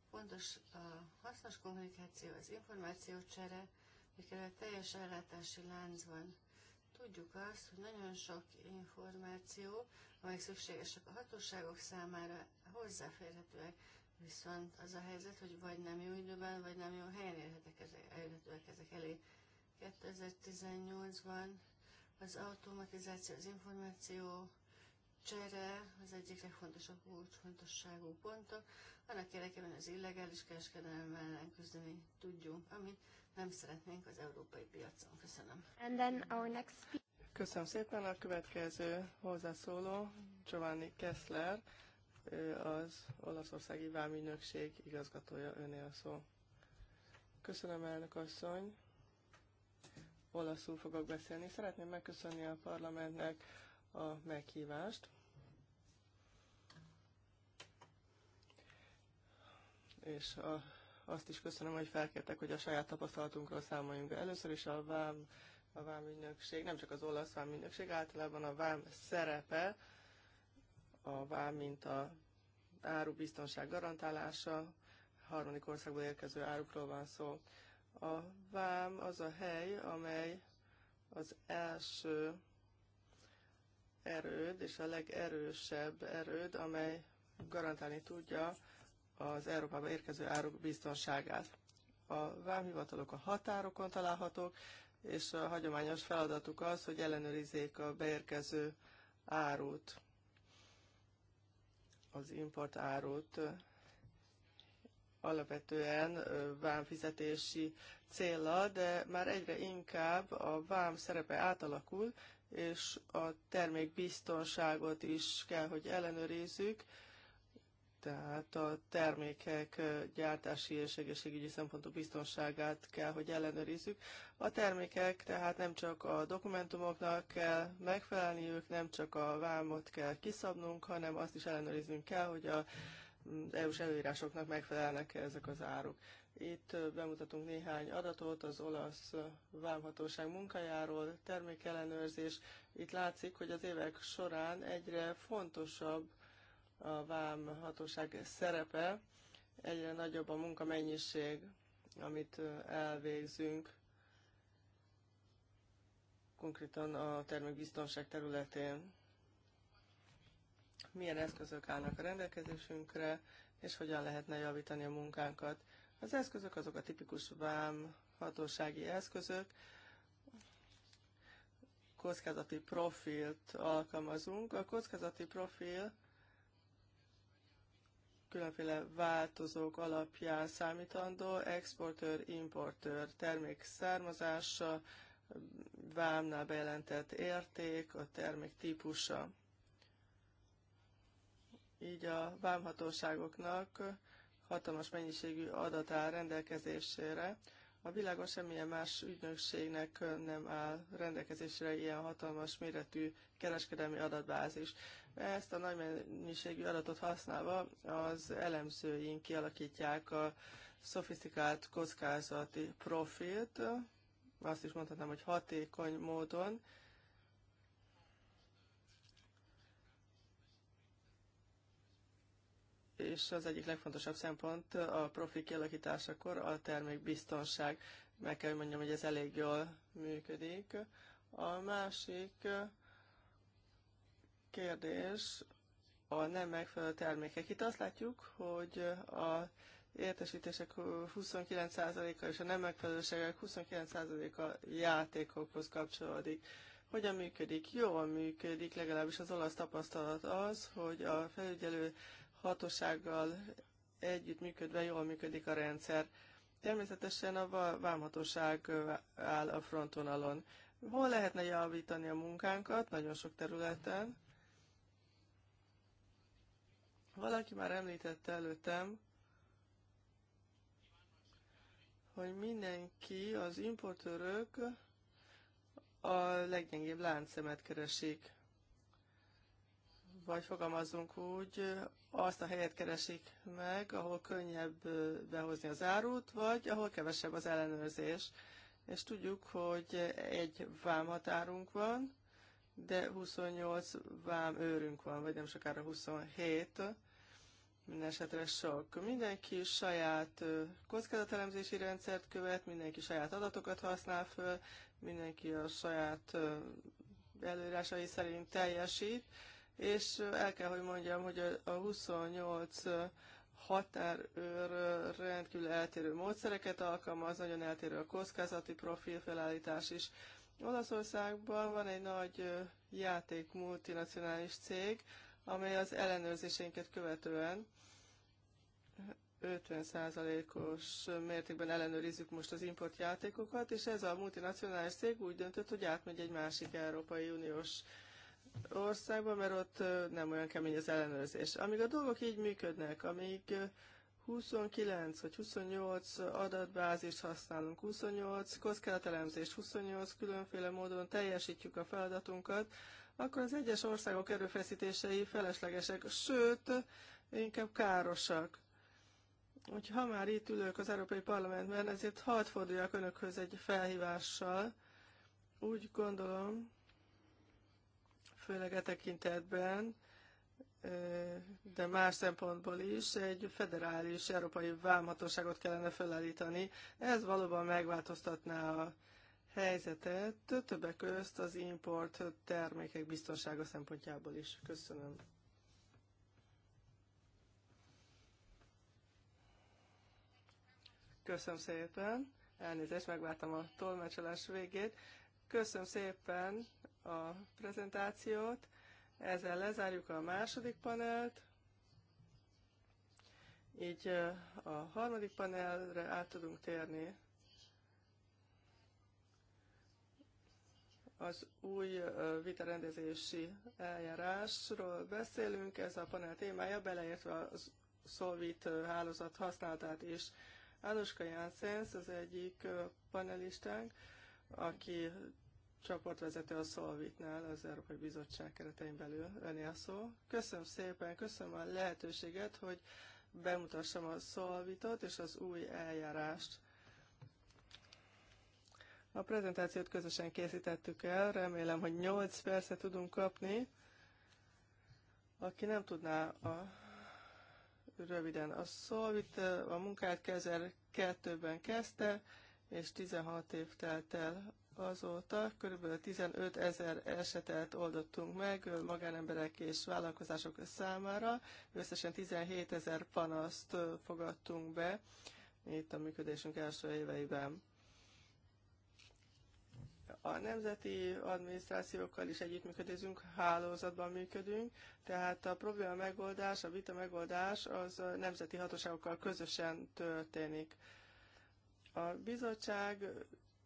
fontos a hasznos kommunikáció, az információcsere, mikor a teljes ellátási láncban Tudjuk azt, hogy nagyon sok információ, amelyek szükségesek a hatóságok számára, hozzáférhetőek, viszont az a helyzet, hogy vagy nem jó időben, vagy nem jó helyen érhetek ezek, elérhetőek ezek elé. 2018-ban az automatizáció, az információ csere az egyik legfontosabb fontosságú pontok, annak érdekében az illegális kereskedelemmel ellen küzdeni tudjunk, amit nem szeretnénk az európai piacon. Köszönöm. And then our next Köszönöm szépen. A következő hozzászóló Giovanni Kessler, az Olaszországi Vámügynökség igazgatója önél szó. Köszönöm, elnök asszony. Olaszul fogok beszélni. Szeretném megköszönni a parlamentnek a meghívást. És a azt is köszönöm, hogy felkértek, hogy a saját tapasztalatunkról számoljunk be. Először is a vám, a ügynökség, nem csak az olasz ügynökség, általában a vám szerepe, a vám, mint a áru biztonság garantálása, harmadik országból érkező árukról van szó. A vám az a hely, amely az első erőd és a legerősebb erőd, amely garantálni tudja az Európába érkező áruk biztonságát. A vámhivatalok a határokon találhatók, és a hagyományos feladatuk az, hogy ellenőrizzék a beérkező árut, az import árut. Alapvetően vámfizetési célra, de már egyre inkább a vám szerepe átalakul, és a termék biztonságot is kell, hogy ellenőrizzük, tehát a termékek gyártási és egészségügyi szempontok biztonságát kell, hogy ellenőrizzük. A termékek tehát nem csak a dokumentumoknak kell megfelelniük, nem csak a vámot kell kiszabnunk, hanem azt is ellenőriznünk kell, hogy a mm, EU-s előírásoknak megfelelnek -e ezek az áruk. Itt bemutatunk néhány adatot az olasz vámhatóság munkájáról, termékellenőrzés. Itt látszik, hogy az évek során egyre fontosabb a vám hatóság szerepe, egyre nagyobb a munkamennyiség, amit elvégzünk konkrétan a termékbiztonság területén. Milyen eszközök állnak a rendelkezésünkre, és hogyan lehetne javítani a munkánkat. Az eszközök azok a tipikus vám hatósági eszközök, kockázati profilt alkalmazunk. A kockázati profil különféle változók alapján számítandó, exportőr, importőr, termék származása, vámnál bejelentett érték, a termék típusa. Így a vámhatóságoknak hatalmas mennyiségű adat áll rendelkezésére. A világon semmilyen más ügynökségnek nem áll rendelkezésre ilyen hatalmas méretű kereskedelmi adatbázis. Ezt a nagy mennyiségű adatot használva az elemzőink kialakítják a szofisztikált kockázati profilt, azt is mondhatnám, hogy hatékony módon, és az egyik legfontosabb szempont a profi kialakításakor a termék biztonság. Meg kell, hogy mondjam, hogy ez elég jól működik. A másik kérdés a nem megfelelő termékek. Itt azt látjuk, hogy a értesítések 29%-a és a nem megfelelőségek 29%-a játékokhoz kapcsolódik. Hogyan működik? Jól működik, legalábbis az olasz tapasztalat az, hogy a felügyelő hatósággal együttműködve jól működik a rendszer. Természetesen a vámhatóság áll a alon. Hol lehetne javítani a munkánkat? Nagyon sok területen valaki már említette előttem, hogy mindenki, az importőrök a leggyengébb láncszemet keresik. Vagy fogalmazunk úgy, azt a helyet keresik meg, ahol könnyebb behozni az árut, vagy ahol kevesebb az ellenőrzés. És tudjuk, hogy egy vámhatárunk van, de 28 vám őrünk van, vagy nem sokára 27, Mindenesetre sok. Mindenki saját kockázatelemzési rendszert követ, mindenki saját adatokat használ föl, mindenki a saját előírásai szerint teljesít, és el kell, hogy mondjam, hogy a 28 határőr rendkívül eltérő módszereket alkalmaz, nagyon eltérő a kockázati profil felállítás is. Olaszországban van egy nagy játék multinacionális cég, amely az ellenőrzéseinket követően 50%-os mértékben ellenőrizzük most az importjátékokat, és ez a multinacionális cég úgy döntött, hogy átmegy egy másik Európai Uniós országba, mert ott nem olyan kemény az ellenőrzés. Amíg a dolgok így működnek, amíg 29 vagy 28 adatbázist használunk, 28 kockázatelemzést, 28 különféle módon teljesítjük a feladatunkat, akkor az egyes országok erőfeszítései feleslegesek, sőt, inkább károsak. Úgyhogy ha már itt ülök az Európai Parlamentben, ezért hadd forduljak önökhöz egy felhívással. Úgy gondolom, főleg e tekintetben, de más szempontból is egy federális európai vámhatóságot kellene felállítani. Ez valóban megváltoztatná a helyzetet, többek közt az import termékek biztonsága szempontjából is. Köszönöm. Köszönöm szépen. Elnézést, megvártam a tolmácsolás végét. Köszönöm szépen a prezentációt. Ezzel lezárjuk a második panelt. Így a harmadik panelre át tudunk térni. az új vitarendezési eljárásról beszélünk, ez a panel témája, beleértve a Solvit hálózat használatát is. Ánoska Jánszensz az egyik panelistánk, aki csoportvezető a Szolvitnál az Európai Bizottság keretein belül. Öné a szó. Köszönöm szépen, köszönöm a lehetőséget, hogy bemutassam a Szolvitot és az új eljárást. A prezentációt közösen készítettük el, remélem, hogy 8 percet tudunk kapni. Aki nem tudná a röviden. A Szolvit a munkát 2002-ben kezdte, és 16 év telt el azóta. Körülbelül 15 ezer esetet oldottunk meg magánemberek és vállalkozások számára. Összesen 17 ezer panaszt fogadtunk be itt a működésünk első éveiben a nemzeti adminisztrációkkal is együttműködésünk, hálózatban működünk, tehát a probléma megoldás, a vita megoldás az nemzeti hatóságokkal közösen történik. A bizottság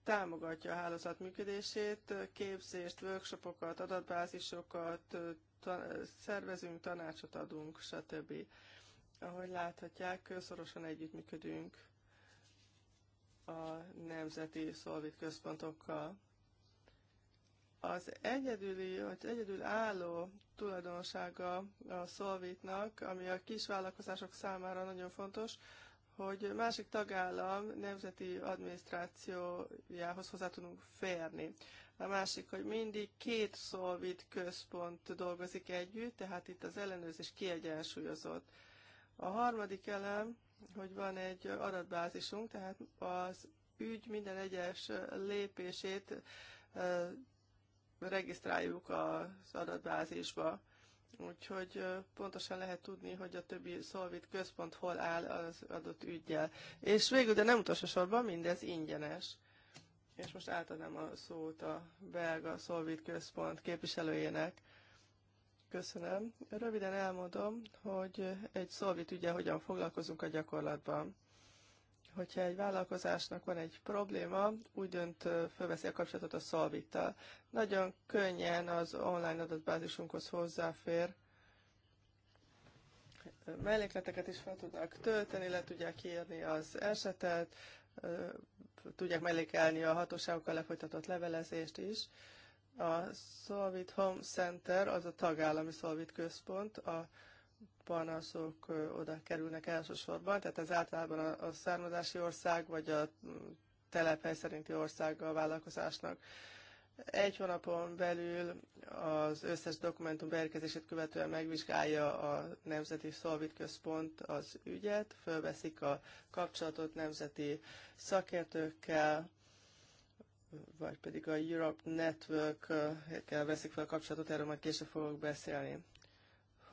támogatja a hálózat működését, képzést, workshopokat, adatbázisokat ta- szervezünk, tanácsot adunk, stb. Ahogy láthatják, szorosan együttműködünk a nemzeti szolvit központokkal. Az egyedüli, vagy egyedül álló tulajdonsága a szolvitnak, ami a kisvállalkozások számára nagyon fontos, hogy másik tagállam nemzeti adminisztrációjához hozzá tudunk férni. A másik, hogy mindig két szolvit központ dolgozik együtt, tehát itt az ellenőrzés kiegyensúlyozott. A harmadik elem, hogy van egy adatbázisunk, tehát az ügy minden egyes lépését regisztráljuk az adatbázisba. Úgyhogy pontosan lehet tudni, hogy a többi szolvit központ hol áll az adott ügyjel. És végül, de nem utolsó sorban, mindez ingyenes. És most átadnám a szót a belga szolvit központ képviselőjének. Köszönöm. Röviden elmondom, hogy egy szolvit ügye hogyan foglalkozunk a gyakorlatban hogyha egy vállalkozásnak van egy probléma, úgy dönt, fölveszi a kapcsolatot a Solvittal. Nagyon könnyen az online adatbázisunkhoz hozzáfér, mellékleteket is fel tudnak tölteni, le tudják írni az esetet, tudják mellékelni a hatóságokkal lefolytatott levelezést is. A Solvit Home Center, az a tagállami Solvit központ, a panaszok oda kerülnek elsősorban, tehát ez általában a, a származási ország, vagy a mm, telephely szerinti ország a vállalkozásnak. Egy hónapon belül az összes dokumentum beérkezését követően megvizsgálja a Nemzeti Szolvit Központ az ügyet, fölveszik a kapcsolatot nemzeti szakértőkkel, vagy pedig a Europe Network-kel veszik fel a kapcsolatot, erről majd később fogok beszélni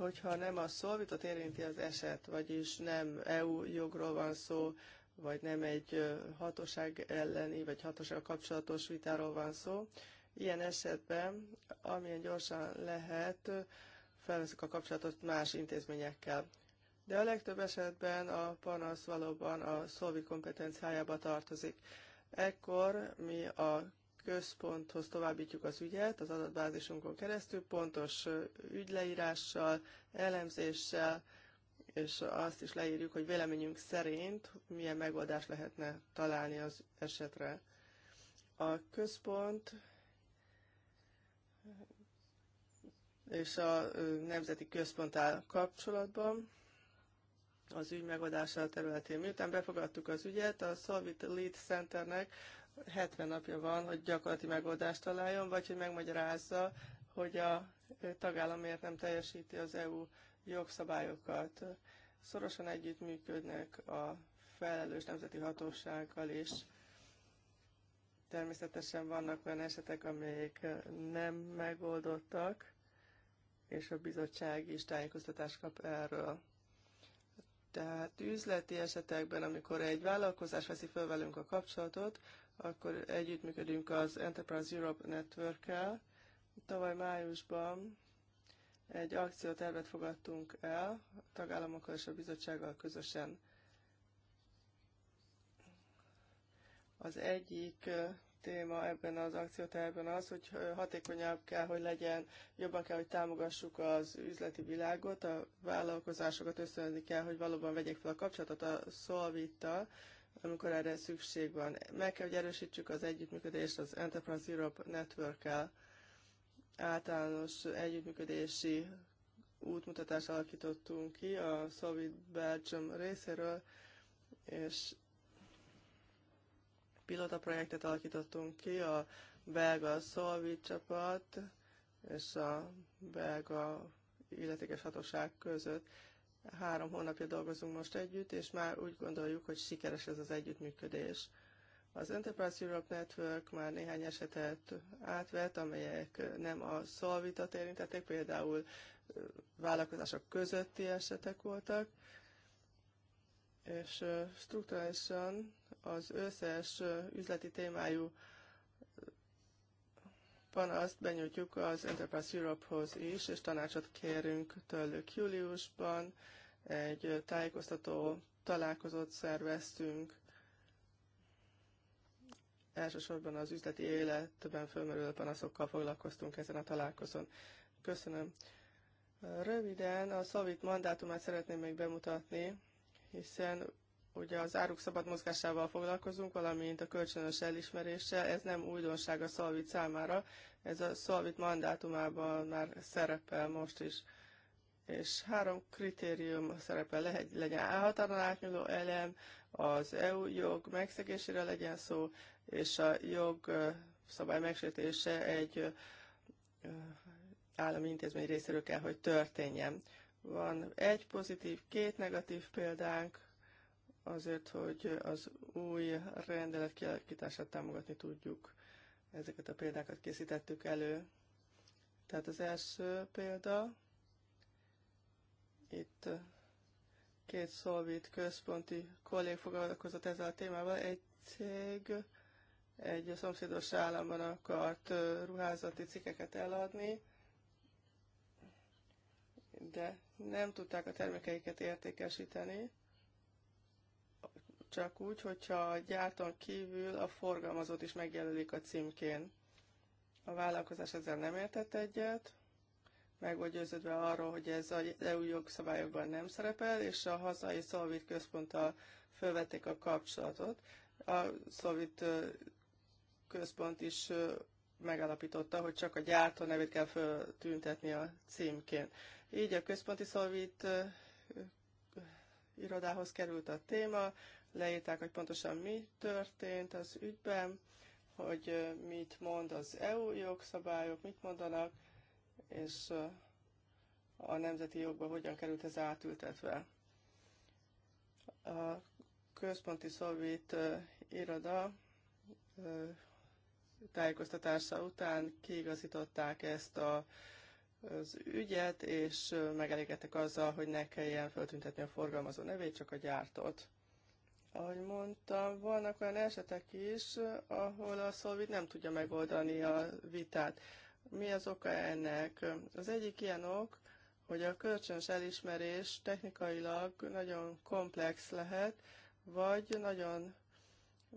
hogyha nem a szolvitot érinti az eset, vagyis nem EU jogról van szó, vagy nem egy hatóság elleni, vagy hatóság kapcsolatos vitáról van szó, ilyen esetben, amilyen gyorsan lehet, felveszik a kapcsolatot más intézményekkel. De a legtöbb esetben a panasz valóban a szolvit kompetenciájába tartozik. Ekkor mi a központhoz továbbítjuk az ügyet az adatbázisunkon keresztül, pontos ügyleírással, elemzéssel, és azt is leírjuk, hogy véleményünk szerint milyen megoldást lehetne találni az esetre. A központ és a Nemzeti Központ áll kapcsolatban az ügy megoldása területén. Miután befogadtuk az ügyet, a Solvit Lead Centernek 70 napja van, hogy gyakorlati megoldást találjon, vagy hogy megmagyarázza, hogy a tagállam nem teljesíti az EU jogszabályokat. Szorosan együttműködnek a felelős nemzeti hatósággal is. Természetesen vannak olyan esetek, amelyek nem megoldottak, és a bizottság is tájékoztatást kap erről. Tehát üzleti esetekben, amikor egy vállalkozás veszi föl velünk a kapcsolatot, akkor együttműködünk az Enterprise Europe Network-kel. Tavaly májusban egy akciótervet fogadtunk el a tagállamokkal és a bizottsággal közösen. Az egyik téma ebben az akciótervben az, hogy hatékonyabb kell, hogy legyen, jobban kell, hogy támogassuk az üzleti világot, a vállalkozásokat ösztönözni kell, hogy valóban vegyék fel a kapcsolatot a szolvittal, amikor erre szükség van. Meg kell, hogy erősítsük az együttműködést az Enterprise Europe Network-kel, általános együttműködési útmutatást alakítottunk ki a Soviet Belgium részéről, és pilota projektet alakítottunk ki, a belga Solvit csapat és a belga illetékes hatóság között. Három hónapja dolgozunk most együtt, és már úgy gondoljuk, hogy sikeres ez az együttműködés. Az Enterprise Europe Network már néhány esetet átvett, amelyek nem a szolvitat érintették, például vállalkozások közötti esetek voltak, és strukturálisan az összes üzleti témájú panaszt benyújtjuk az Enterprise Europe-hoz is, és tanácsot kérünk tőlük júliusban. Egy tájékoztató találkozót szerveztünk. Elsősorban az üzleti életben fölmerülő panaszokkal foglalkoztunk ezen a találkozón. Köszönöm. Röviden a szavit mandátumát szeretném még bemutatni, hiszen ugye az áruk szabad mozgásával foglalkozunk, valamint a kölcsönös elismeréssel. Ez nem újdonság a Szolvit számára, ez a Szolvit mandátumában már szerepel most is. És három kritérium szerepel, le, legyen állhatáron átnyúló elem, az EU jog megszegésére legyen szó, és a jog szabály megsértése egy állami intézmény részéről kell, hogy történjen. Van egy pozitív, két negatív példánk, azért, hogy az új rendelet kialakítását támogatni tudjuk. Ezeket a példákat készítettük elő. Tehát az első példa, itt két szolvit központi kollég foglalkozott ezzel a témával. Egy cég egy szomszédos államban akart ruházati cikkeket eladni, de nem tudták a termékeiket értékesíteni, csak úgy, hogyha a gyártón kívül a forgalmazót is megjelölik a címkén. A vállalkozás ezzel nem értett egyet, meg vagy győződve arról, hogy ez az EU jogszabályokban nem szerepel, és a hazai szolvit központtal felvették a kapcsolatot. A szolvit központ is megalapította, hogy csak a gyártó nevét kell feltüntetni a címkén. Így a központi szolvit irodához került a téma, leírták, hogy pontosan mi történt az ügyben, hogy mit mond az EU jogszabályok, mit mondanak, és a nemzeti jogba hogyan került ez átültetve. A központi szovjet iroda tájékoztatása után kiigazították ezt a, az ügyet, és megelégettek azzal, hogy ne kelljen feltüntetni a forgalmazó nevét, csak a gyártót. Ahogy mondtam, vannak olyan esetek is, ahol a szolvid nem tudja megoldani a vitát. Mi az oka ennek? Az egyik ilyen ok, hogy a kölcsönös elismerés technikailag nagyon komplex lehet, vagy nagyon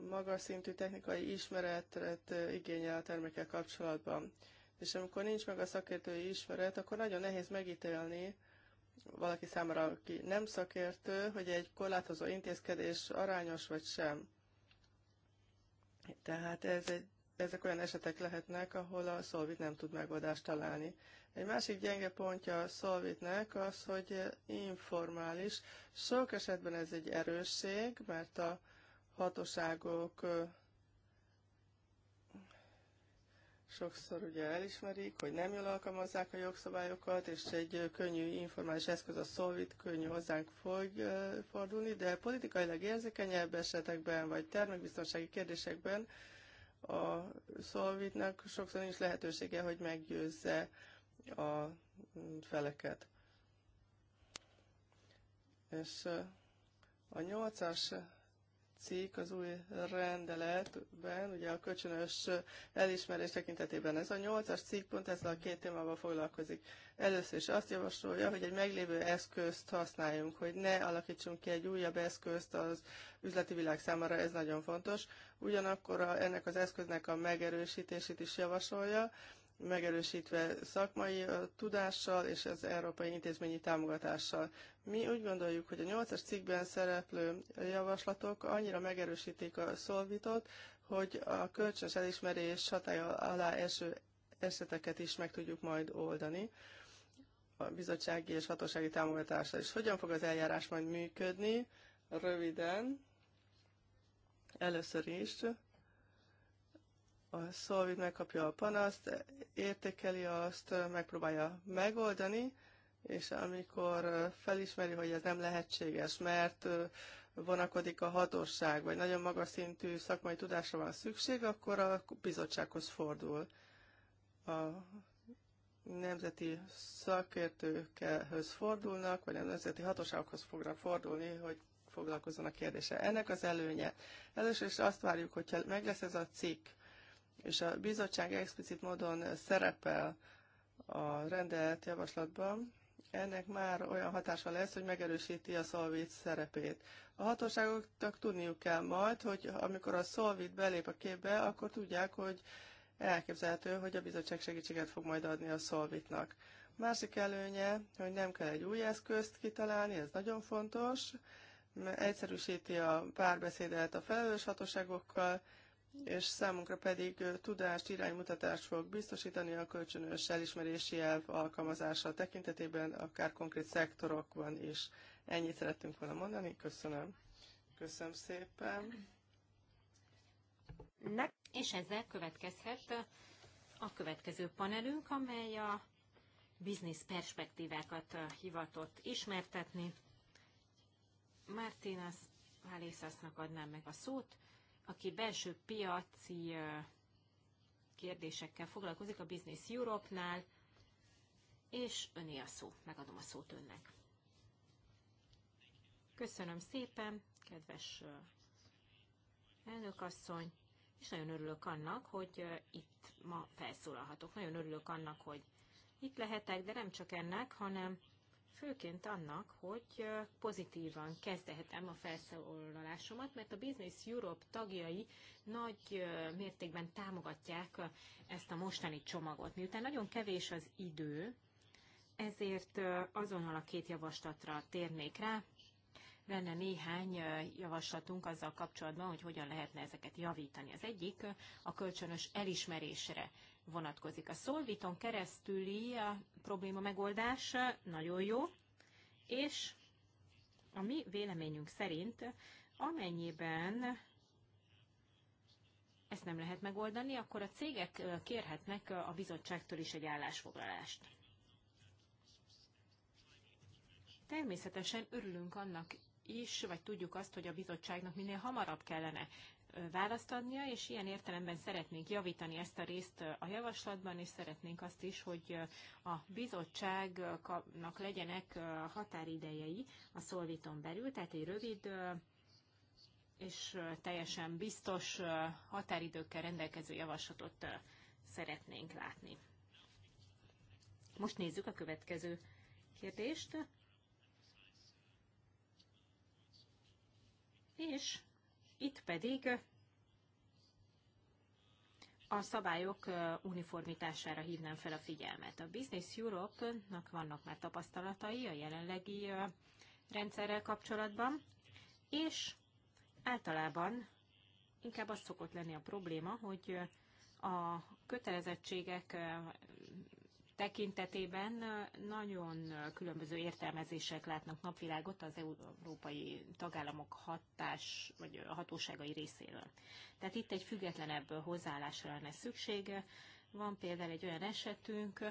magas szintű technikai ismeretet igényel a termékkel kapcsolatban. És amikor nincs meg a szakértői ismeret, akkor nagyon nehéz megítélni, valaki számára, aki nem szakértő, hogy egy korlátozó intézkedés arányos vagy sem. Tehát ez egy, ezek olyan esetek lehetnek, ahol a szolvit nem tud megoldást találni. Egy másik gyenge pontja a szolvitnek az, hogy informális. Sok esetben ez egy erősség, mert a hatóságok Sokszor ugye elismerik, hogy nem jól alkalmazzák a jogszabályokat, és egy könnyű informális eszköz a szolvit könnyű hozzánk fog fordulni, de politikailag érzékenyebb esetekben, vagy termékbiztonsági kérdésekben a szolvitnak sokszor nincs lehetősége, hogy meggyőzze a mm, feleket. És a nyolcas cikk az új rendeletben, ugye a kölcsönös elismerés tekintetében. Ez a nyolcas cikk pont a két témával foglalkozik. Először is azt javasolja, hogy egy meglévő eszközt használjunk, hogy ne alakítsunk ki egy újabb eszközt az üzleti világ számára, ez nagyon fontos. Ugyanakkor a, ennek az eszköznek a megerősítését is javasolja, megerősítve szakmai tudással és az európai intézményi támogatással. Mi úgy gondoljuk, hogy a 8-as cikkben szereplő javaslatok annyira megerősítik a szolvitot, hogy a kölcsönös elismerés hatája alá eső eseteket is meg tudjuk majd oldani a bizottsági és hatósági támogatással is. Hogyan fog az eljárás majd működni? Röviden, először is a Solvit megkapja a panaszt, értékeli azt, megpróbálja megoldani, és amikor felismeri, hogy ez nem lehetséges, mert vonakodik a hatóság, vagy nagyon magas szintű szakmai tudásra van szükség, akkor a bizottsághoz fordul. A nemzeti szakértőkhöz fordulnak, vagy a nemzeti hatóságokhoz fognak fordulni, hogy foglalkozzanak kérdése. Ennek az előnye. Először is azt várjuk, hogyha meg lesz ez a cikk, és a bizottság explicit módon szerepel a rendelt javaslatban, ennek már olyan hatása lesz, hogy megerősíti a szolvét szerepét. A hatóságoknak tudniuk kell majd, hogy amikor a szolvét belép a képbe, akkor tudják, hogy elképzelhető, hogy a bizottság segítséget fog majd adni a Solvitnak. Másik előnye, hogy nem kell egy új eszközt kitalálni, ez nagyon fontos, egyszerűsíti a párbeszédet a felelős hatóságokkal, és számunkra pedig tudást, iránymutatást fog biztosítani a kölcsönös elismerési elv alkalmazása tekintetében, akár konkrét szektorokban is. Ennyit szerettünk volna mondani, köszönöm. Köszönöm szépen. Ne- és ezzel következhet a következő panelünk, amely a biznisz perspektívákat hivatott ismertetni. Martínez Válészasznak adnám meg a szót aki belső piaci kérdésekkel foglalkozik a Business Europe-nál, és öné a szó. Megadom a szót önnek. Köszönöm szépen, kedves elnökasszony, és nagyon örülök annak, hogy itt ma felszólalhatok. Nagyon örülök annak, hogy itt lehetek, de nem csak ennek, hanem főként annak, hogy pozitívan kezdhetem a felszólalásomat, mert a Business Europe tagjai nagy mértékben támogatják ezt a mostani csomagot. Miután nagyon kevés az idő, ezért azonnal a két javaslatra térnék rá. Lenne néhány javaslatunk azzal kapcsolatban, hogy hogyan lehetne ezeket javítani. Az egyik a kölcsönös elismerésre vonatkozik. A szolviton keresztüli a eh, probléma megoldás eh, nagyon jó, és a mi véleményünk szerint, amennyiben ezt nem lehet megoldani, akkor a cégek eh, kérhetnek a bizottságtól is egy állásfoglalást. Természetesen örülünk annak is, vagy tudjuk azt, hogy a bizottságnak minél hamarabb kellene választ adnia, és ilyen értelemben szeretnénk javítani ezt a részt a javaslatban, és szeretnénk azt is, hogy a bizottságnak legyenek határidejei a szolvíton belül, tehát egy rövid és teljesen biztos határidőkkel rendelkező javaslatot szeretnénk látni. Most nézzük a következő kérdést. És itt pedig a szabályok uniformitására hívnám fel a figyelmet. A Business Europe-nak vannak már tapasztalatai a jelenlegi rendszerrel kapcsolatban, és általában inkább az szokott lenni a probléma, hogy a kötelezettségek tekintetében nagyon különböző értelmezések látnak napvilágot az európai tagállamok hatás vagy hatóságai részéről. Tehát itt egy függetlenebb hozzáállásra lenne szükség. Van például egy olyan esetünk,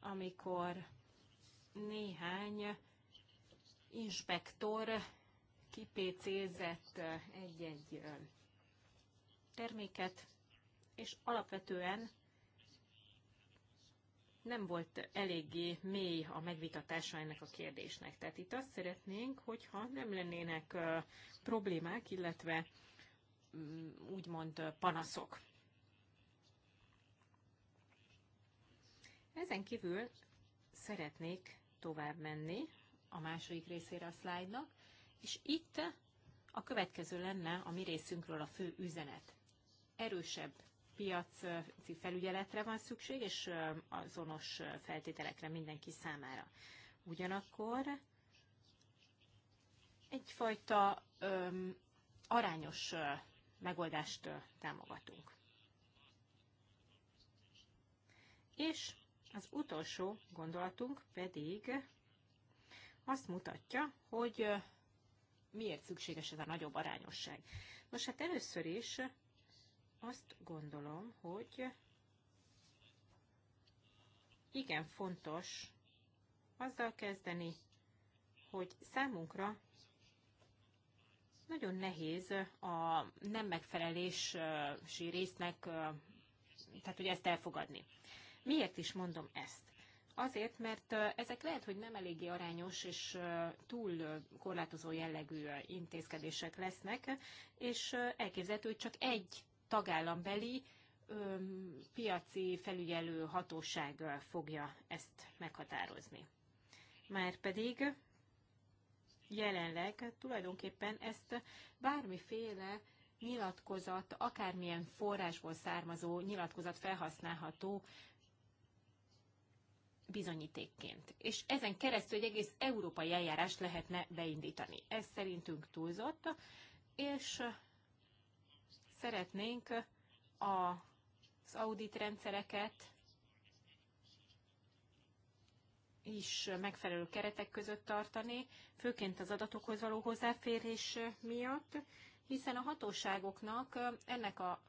amikor néhány inspektor kipécézett egy-egy terméket, és alapvetően nem volt eléggé mély a megvitatása ennek a kérdésnek. Tehát itt azt szeretnénk, hogyha nem lennének problémák, illetve mm, úgymond panaszok. Ezen kívül szeretnék tovább menni a második részére a szlájdnak, és itt a következő lenne a mi részünkről a fő üzenet. Erősebb piaci felügyeletre van szükség, és azonos feltételekre mindenki számára. Ugyanakkor egyfajta öm, arányos megoldást támogatunk. És az utolsó gondolatunk pedig azt mutatja, hogy miért szükséges ez a nagyobb arányosság. Most hát először is azt gondolom, hogy igen fontos azzal kezdeni, hogy számunkra nagyon nehéz a nem megfelelési résznek, tehát hogy ezt elfogadni. Miért is mondom ezt? Azért, mert ezek lehet, hogy nem eléggé arányos és túl korlátozó jellegű intézkedések lesznek, és elképzelhető, hogy csak egy tagállambeli piaci felügyelő hatóság fogja ezt meghatározni. Márpedig jelenleg tulajdonképpen ezt bármiféle nyilatkozat, akármilyen forrásból származó nyilatkozat felhasználható bizonyítékként. És ezen keresztül egy egész európai eljárást lehetne beindítani. Ez szerintünk túlzott, és szeretnénk az audit rendszereket is megfelelő keretek között tartani, főként az adatokhoz való hozzáférés miatt, hiszen a hatóságoknak ennek a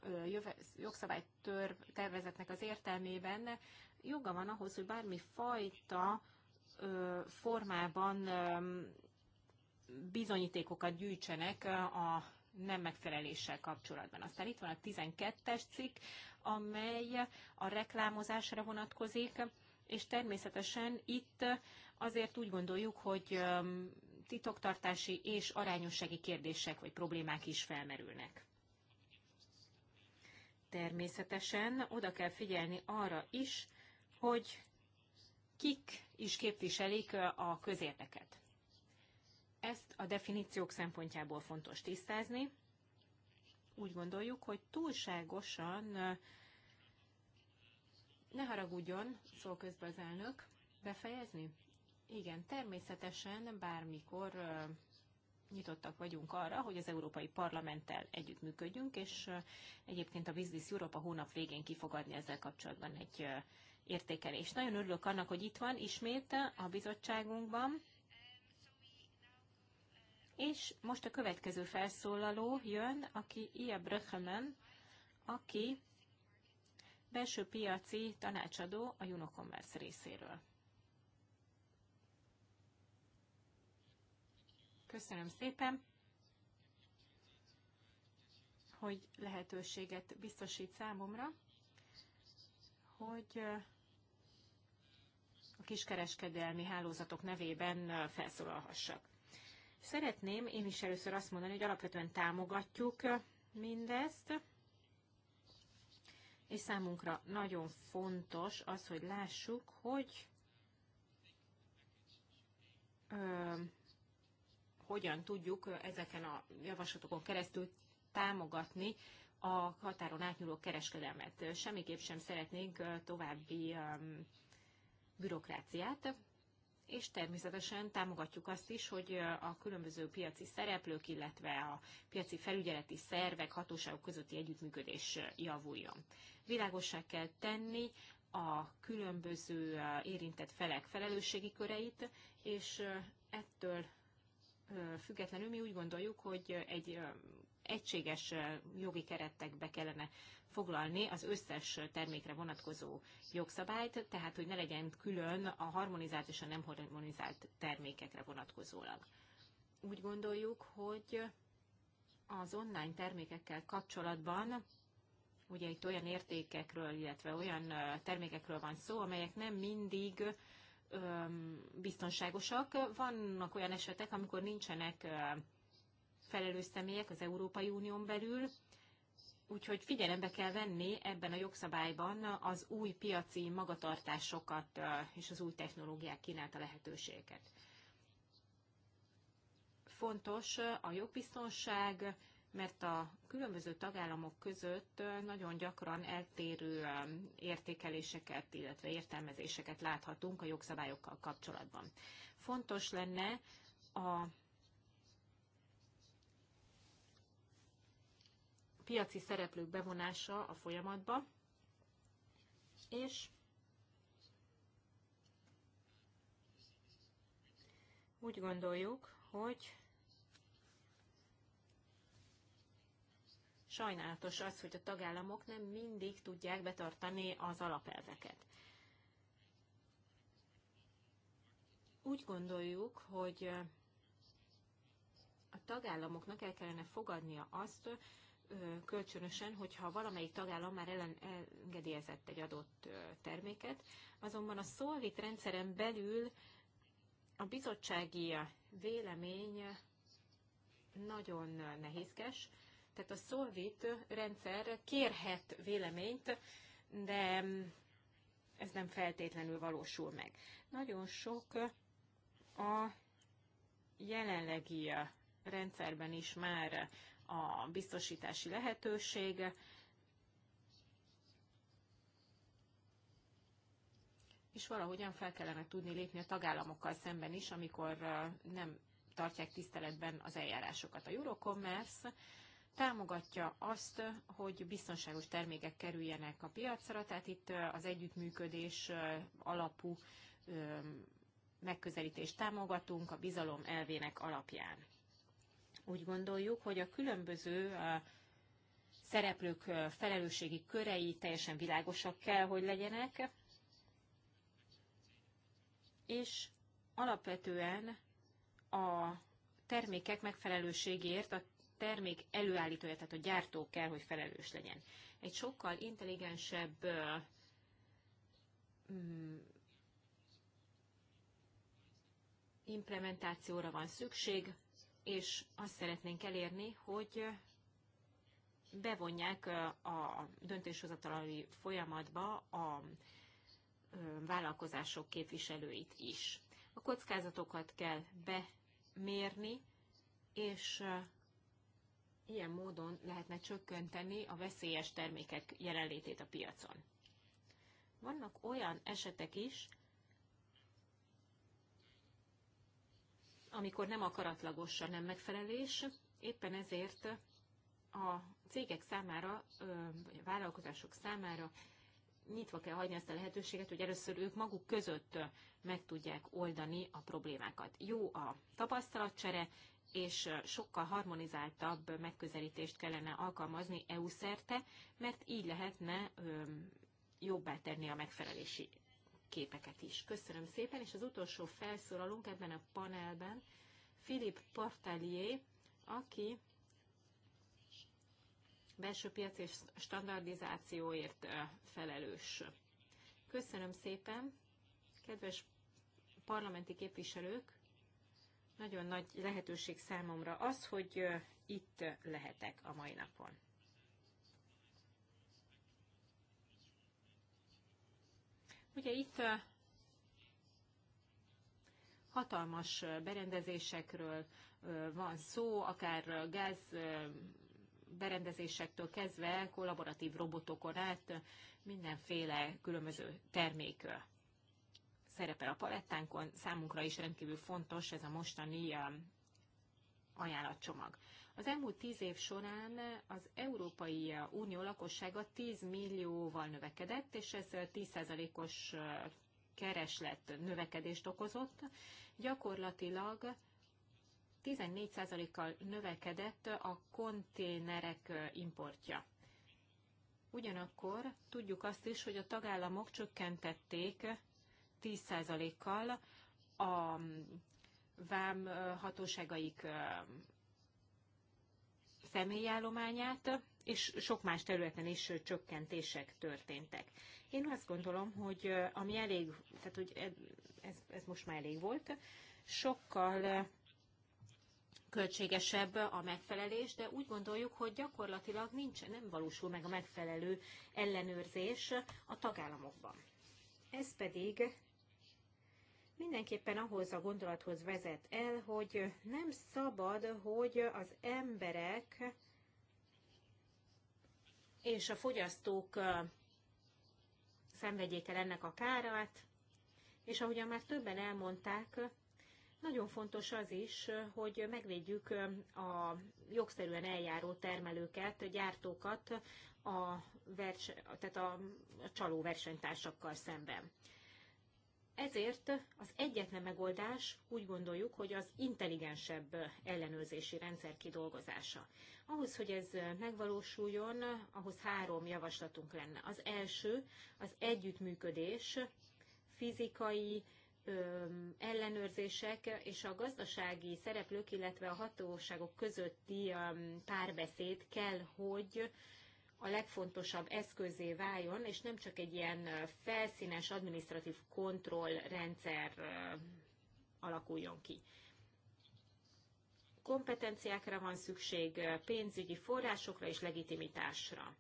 jogszabálytervezetnek az értelmében joga van ahhoz, hogy bármi fajta formában bizonyítékokat gyűjtsenek a nem megfeleléssel kapcsolatban. Aztán itt van a 12-es cikk, amely a reklámozásra vonatkozik, és természetesen itt azért úgy gondoljuk, hogy titoktartási és arányossági kérdések vagy problémák is felmerülnek. Természetesen oda kell figyelni arra is, hogy kik is képviselik a közérdeket. Ezt a definíciók szempontjából fontos tisztázni. Úgy gondoljuk, hogy túlságosan ne haragudjon, szól közben az elnök, befejezni? Igen, természetesen bármikor nyitottak vagyunk arra, hogy az Európai Parlamenttel együttműködjünk, és egyébként a Business Europe a hónap végén kifogadni ezzel kapcsolatban egy értékelést. Nagyon örülök annak, hogy itt van ismét a bizottságunkban, és most a következő felszólaló jön, aki Ia Bröchemen, aki belső piaci tanácsadó a Unocommerce részéről. Köszönöm szépen, hogy lehetőséget biztosít számomra, hogy uh, a kiskereskedelmi hálózatok nevében uh, felszólalhassak. Szeretném én is először azt mondani, hogy alapvetően támogatjuk mindezt, és számunkra nagyon fontos az, hogy lássuk, hogy ö, hogyan tudjuk ezeken a javaslatokon keresztül támogatni a határon átnyúló kereskedelmet. Semmiképp sem szeretnénk további bürokráciát, és természetesen támogatjuk azt is, hogy a különböző piaci szereplők, illetve a piaci felügyeleti szervek, hatóságok közötti együttműködés javuljon. Világossá kell tenni a különböző érintett felek felelősségi köreit, és ettől függetlenül mi úgy gondoljuk, hogy egy egységes jogi keretekbe kellene foglalni az összes termékre vonatkozó jogszabályt, tehát hogy ne legyen külön a harmonizált és a nem harmonizált termékekre vonatkozólag. Úgy gondoljuk, hogy az online termékekkel kapcsolatban ugye itt olyan értékekről, illetve olyan termékekről van szó, amelyek nem mindig biztonságosak. Vannak olyan esetek, amikor nincsenek felelős személyek az Európai Unión belül, úgyhogy figyelembe kell venni ebben a jogszabályban az új piaci magatartásokat és az új technológiák kínálta lehetőséget. Fontos a jogbiztonság, mert a különböző tagállamok között nagyon gyakran eltérő értékeléseket, illetve értelmezéseket láthatunk a jogszabályokkal kapcsolatban. Fontos lenne a piaci szereplők bevonása a folyamatba, és úgy gondoljuk, hogy sajnálatos az, hogy a tagállamok nem mindig tudják betartani az alapelveket. Úgy gondoljuk, hogy a tagállamoknak el kellene fogadnia azt, kölcsönösen, hogyha valamelyik tagállam már elengedélyezett egy adott terméket, azonban a szolvit rendszeren belül a bizottsági vélemény nagyon nehézkes, tehát a szolvit rendszer kérhet véleményt, de ez nem feltétlenül valósul meg. Nagyon sok a jelenlegi rendszerben is már a biztosítási lehetőség. És valahogyan fel kellene tudni lépni a tagállamokkal szemben is, amikor nem tartják tiszteletben az eljárásokat. A Eurocommerce támogatja azt, hogy biztonságos termékek kerüljenek a piacra, tehát itt az együttműködés alapú megközelítést támogatunk a bizalom elvének alapján. Úgy gondoljuk, hogy a különböző szereplők felelősségi körei teljesen világosak kell, hogy legyenek, és alapvetően a termékek megfelelőségért a termék előállítója, tehát a gyártó kell, hogy felelős legyen. Egy sokkal intelligensebb mm, implementációra van szükség, és azt szeretnénk elérni, hogy bevonják a döntéshozatalai folyamatba a vállalkozások képviselőit is. A kockázatokat kell bemérni, és ilyen módon lehetne csökkenteni a veszélyes termékek jelenlétét a piacon. Vannak olyan esetek is, amikor nem akaratlagos a nem megfelelés, éppen ezért a cégek számára, vagy a vállalkozások számára nyitva kell hagyni ezt a lehetőséget, hogy először ők maguk között meg tudják oldani a problémákat. Jó a tapasztalatcsere, és sokkal harmonizáltabb megközelítést kellene alkalmazni EU szerte, mert így lehetne jobbá tenni a megfelelési képeket is. Köszönöm szépen, és az utolsó felszólalunk ebben a panelben Philip Portalier, aki belső piac és standardizációért felelős. Köszönöm szépen, kedves parlamenti képviselők, nagyon nagy lehetőség számomra az, hogy itt lehetek a mai napon. Ugye itt hatalmas berendezésekről van szó, akár gáz berendezésektől kezdve kollaboratív robotokon át mindenféle különböző termék szerepel a palettánkon. Számunkra is rendkívül fontos ez a mostani ajánlatcsomag. Az elmúlt tíz év során az Európai Unió lakossága 10 millióval növekedett, és ez 10%-os kereslet növekedést okozott. Gyakorlatilag 14%-kal növekedett a konténerek importja. Ugyanakkor tudjuk azt is, hogy a tagállamok csökkentették 10%-kal a vám hatóságaik személyállományát, és sok más területen is csökkentések történtek. Én azt gondolom, hogy ami elég, tehát hogy ez, ez most már elég volt, sokkal költségesebb a megfelelés, de úgy gondoljuk, hogy gyakorlatilag nincs, nem valósul meg a megfelelő ellenőrzés a tagállamokban. Ez pedig mindenképpen ahhoz a gondolathoz vezet el, hogy nem szabad, hogy az emberek és a fogyasztók szenvedjék el ennek a kárát, és ahogyan már többen elmondták, nagyon fontos az is, hogy megvédjük a jogszerűen eljáró termelőket, gyártókat a, vers, tehát a csaló versenytársakkal szemben. Ezért az egyetlen megoldás úgy gondoljuk, hogy az intelligensebb ellenőrzési rendszer kidolgozása. Ahhoz, hogy ez megvalósuljon, ahhoz három javaslatunk lenne. Az első az együttműködés, fizikai ellenőrzések és a gazdasági szereplők, illetve a hatóságok közötti párbeszéd kell, hogy a legfontosabb eszközé váljon, és nem csak egy ilyen felszínes administratív kontrollrendszer alakuljon ki. Kompetenciákra van szükség, pénzügyi forrásokra és legitimitásra.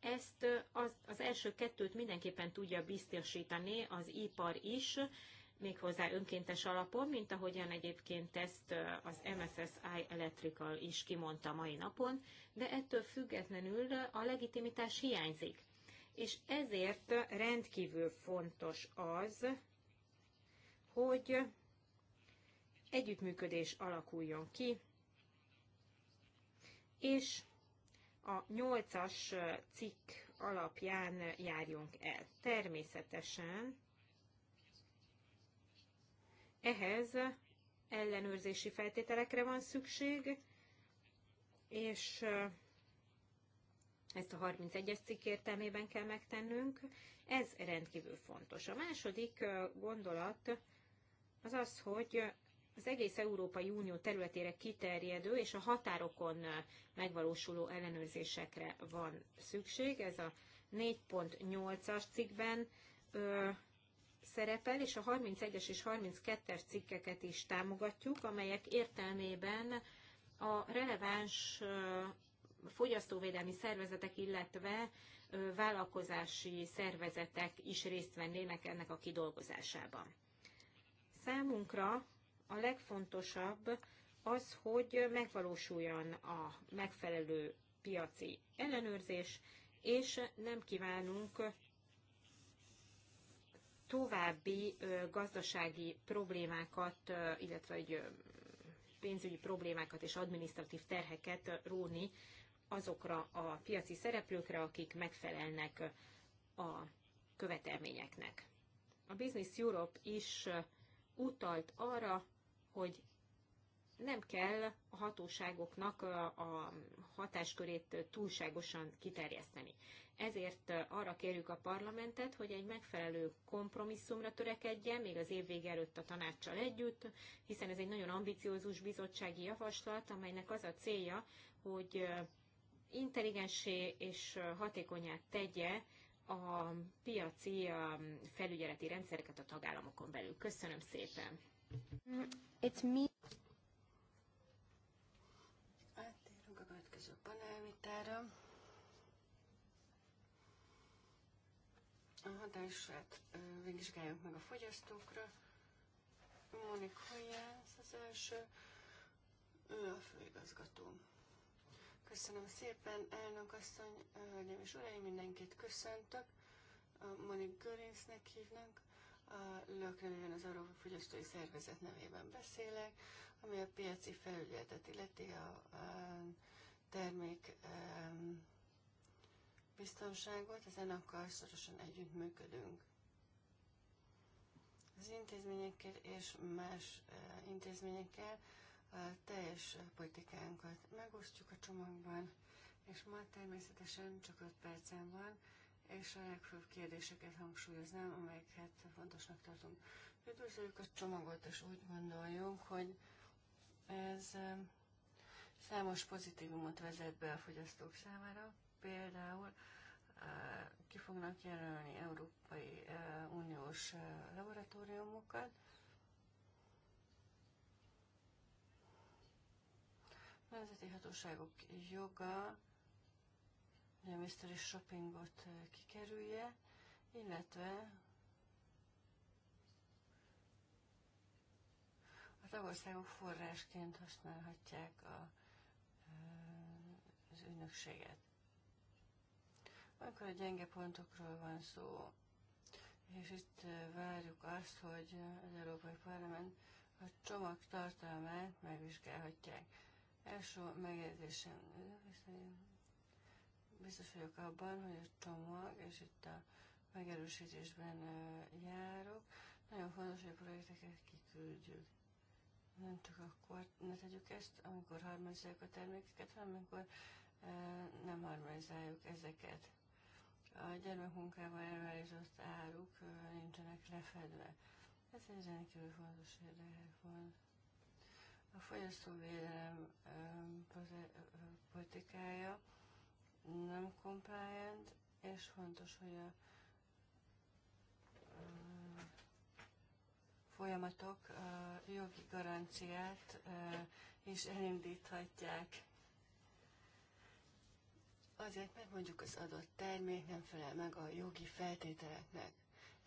Ezt az, az első kettőt mindenképpen tudja biztosítani az ipar is, méghozzá önkéntes alapon, mint ahogyan egyébként ezt az MSSI Electrical is kimondta mai napon, de ettől függetlenül a legitimitás hiányzik. És ezért rendkívül fontos az, hogy együttműködés alakuljon ki, és a nyolcas cikk alapján járjunk el. Természetesen ehhez ellenőrzési feltételekre van szükség, és eh, ezt a 31-es cikk értelmében kell megtennünk. Ez rendkívül fontos. A második eh, gondolat az az, hogy az egész Európai Unió területére kiterjedő és a határokon eh, megvalósuló ellenőrzésekre van szükség. Ez a 4.8-as cikkben szerepel, és a 31-es és 32-es cikkeket is támogatjuk, amelyek értelmében a releváns fogyasztóvédelmi szervezetek, illetve vállalkozási szervezetek is részt vennének ennek a kidolgozásában. Számunkra a legfontosabb az, hogy megvalósuljon a megfelelő piaci ellenőrzés, és nem kívánunk további gazdasági problémákat, illetve egy pénzügyi problémákat és adminisztratív terheket róni azokra a piaci szereplőkre, akik megfelelnek a követelményeknek. A Business Europe is utalt arra, hogy nem kell a hatóságoknak a hatáskörét túlságosan kiterjeszteni. Ezért arra kérjük a parlamentet, hogy egy megfelelő kompromisszumra törekedjen, még az évvég előtt a tanácssal együtt, hiszen ez egy nagyon ambiciózus bizottsági javaslat, amelynek az a célja, hogy intelligensé és hatékonyát tegye a piaci felügyeleti rendszereket a tagállamokon belül. Köszönöm szépen! It's me. előző panelvitára. A hatását vizsgáljuk meg a fogyasztókra. Monika Hajász az első, ő a főigazgató. Köszönöm szépen, elnök asszony, hölgyeim és uraim, mindenkit köszöntök. Monik Görinsznek hívnak, a LÖK nevében az Európai Fogyasztói Szervezet nevében beszélek, ami a piaci felügyeletet illeti a, a termék biztonságot, az enak szorosan együttműködünk. Az intézményekkel és más eh, intézményekkel a teljes politikánkat megosztjuk a csomagban, és ma természetesen csak 5 percen van, és a legfőbb kérdéseket hangsúlyoznám, amelyeket fontosnak tartunk. Üdvözöljük a csomagot, és úgy gondoljuk, hogy ez Számos pozitívumot vezet be a fogyasztók számára, például eh, ki fognak jelölni Európai eh, Uniós eh, laboratóriumokat, nemzeti hatóságok joga, hogy a mystery shoppingot kikerülje, illetve a tagországok forrásként használhatják a ügynökséget. Amikor a gyenge pontokról van szó, és itt várjuk azt, hogy az Európai Parlament a csomag tartalmát megvizsgálhatják. Első megjegyzésem, biztos vagyok abban, hogy a csomag, és itt a megerősítésben járok, nagyon fontos, hogy a projekteket kiküldjük. Nem csak akkor ne tegyük ezt, amikor harmonizáljuk a termékeket, hanem amikor nem harmonizáljuk ezeket. A gyermekmunkával elvárizott áruk nincsenek lefedve. Ez egy rendkívül fontos érdekek van. A fogyasztóvédelem politikája nem compliant, és fontos, hogy a folyamatok a jogi garanciát is elindíthatják. Azért, mert mondjuk az adott termék nem felel meg a jogi feltételeknek.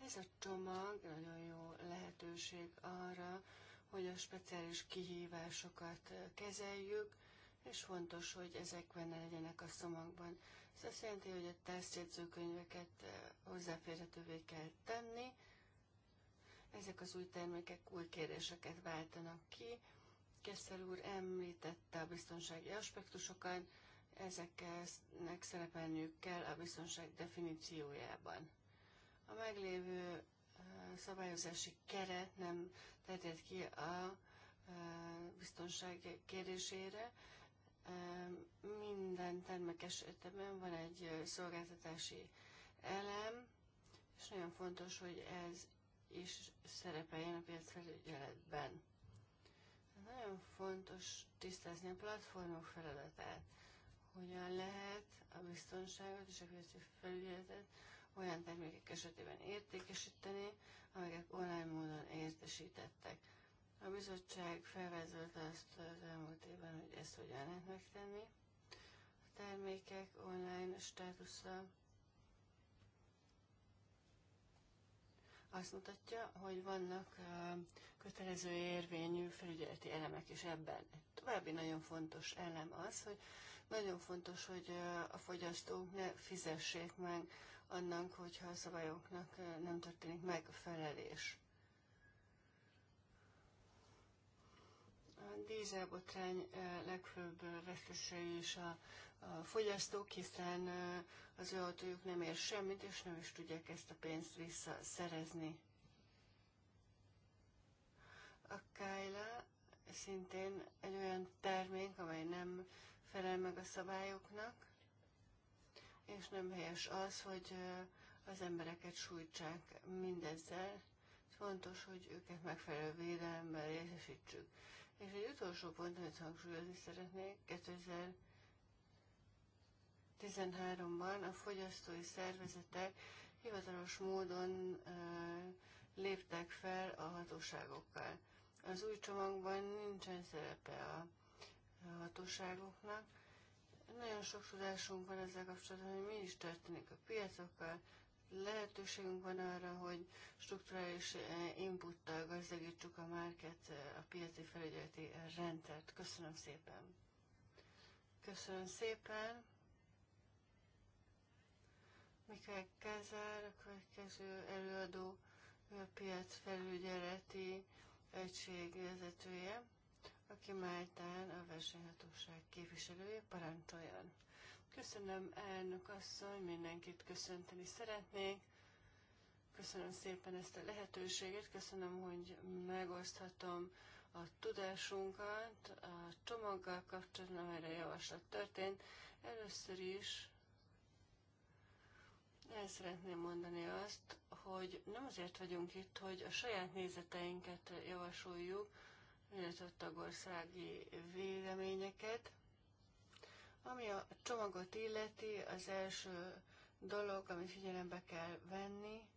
Ez a csomag nagyon jó lehetőség arra, hogy a speciális kihívásokat kezeljük, és fontos, hogy ezek benne legyenek a szomagban. Ez azt jelenti, hogy a tesztjegyzőkönyveket eh, hozzáférhetővé kell tenni, ezek az új termékek új kérdéseket váltanak ki. Kesszel úr említette a biztonsági aspektusokat, ezeknek szerepelniük kell a biztonság definíciójában. A meglévő szabályozási keret nem terjed ki a biztonság kérdésére. Minden termék esetében van egy szolgáltatási elem, és nagyon fontos, hogy ez is szerepeljen a piacfelügyeletben. Nagyon fontos tisztázni a platformok feladatát hogyan lehet a biztonságot és a piaci felügyeletet olyan termékek esetében értékesíteni, amelyek online módon értesítettek. A bizottság felvázolta azt az elmúlt évben, hogy ezt hogyan lehet megtenni. A termékek online státusza azt mutatja, hogy vannak kötelező érvényű felügyeleti elemek is ebben. További nagyon fontos elem az, hogy nagyon fontos, hogy a fogyasztók ne fizessék meg annak, hogyha a szabályoknak nem történik megfelelés. A dízelbotrány legfőbb veszélye is a, a fogyasztók, hiszen az ő autójuk nem ér semmit, és nem is tudják ezt a pénzt visszaszerezni. A Kyla szintén egy olyan termék, amely nem felel meg a szabályoknak, és nem helyes az, hogy az embereket sújtsák mindezzel. Fontos, hogy őket megfelelő védelemmel részesítsük. És egy utolsó pont, amit hangsúlyozni szeretnék, 2013-ban a fogyasztói szervezetek hivatalos módon léptek fel a hatóságokkal. Az új csomagban nincsen szerepe a hatóságoknak. Nagyon sok tudásunk van ezzel kapcsolatban, hogy mi is történik a piacokkal, lehetőségünk van arra, hogy strukturális eh, inputtal gazdagítsuk a market, eh, a piaci felügyeleti rendszert. Köszönöm szépen! Köszönöm szépen! Mikael Kázár, a következő előadó, ő eh, a piac felügyeleti egység vezetője aki Máltán a versenyhatóság képviselője, parancsoljon. Köszönöm, elnök asszony, mindenkit köszönteni szeretnék. Köszönöm szépen ezt a lehetőséget, köszönöm, hogy megoszthatom a tudásunkat a csomaggal kapcsolatban, amelyre javaslat történt. Először is el szeretném mondani azt, hogy nem azért vagyunk itt, hogy a saját nézeteinket javasoljuk, illetve a tagországi véleményeket. Ami a csomagot illeti, az első dolog, amit figyelembe kell venni,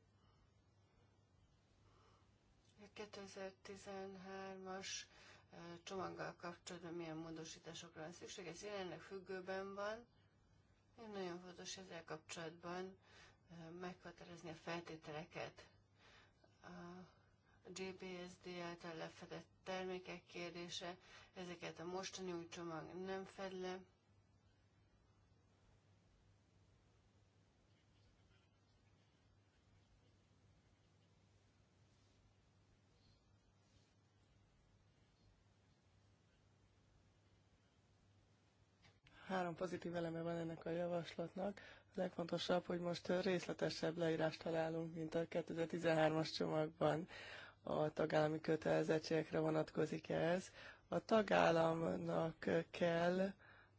2013-as csomaggal kapcsolatban milyen módosításokra van szükség. Ez jelenleg függőben van. Én nagyon fontos ezzel kapcsolatban meghatározni a feltételeket. A a GPSD által lefedett termékek kérdése, ezeket a mostani új csomag nem fed le. Három pozitív eleme van ennek a javaslatnak. A legfontosabb, hogy most részletesebb leírást találunk, mint a 2013-as csomagban a tagállami kötelezettségekre vonatkozik ez. A tagállamnak kell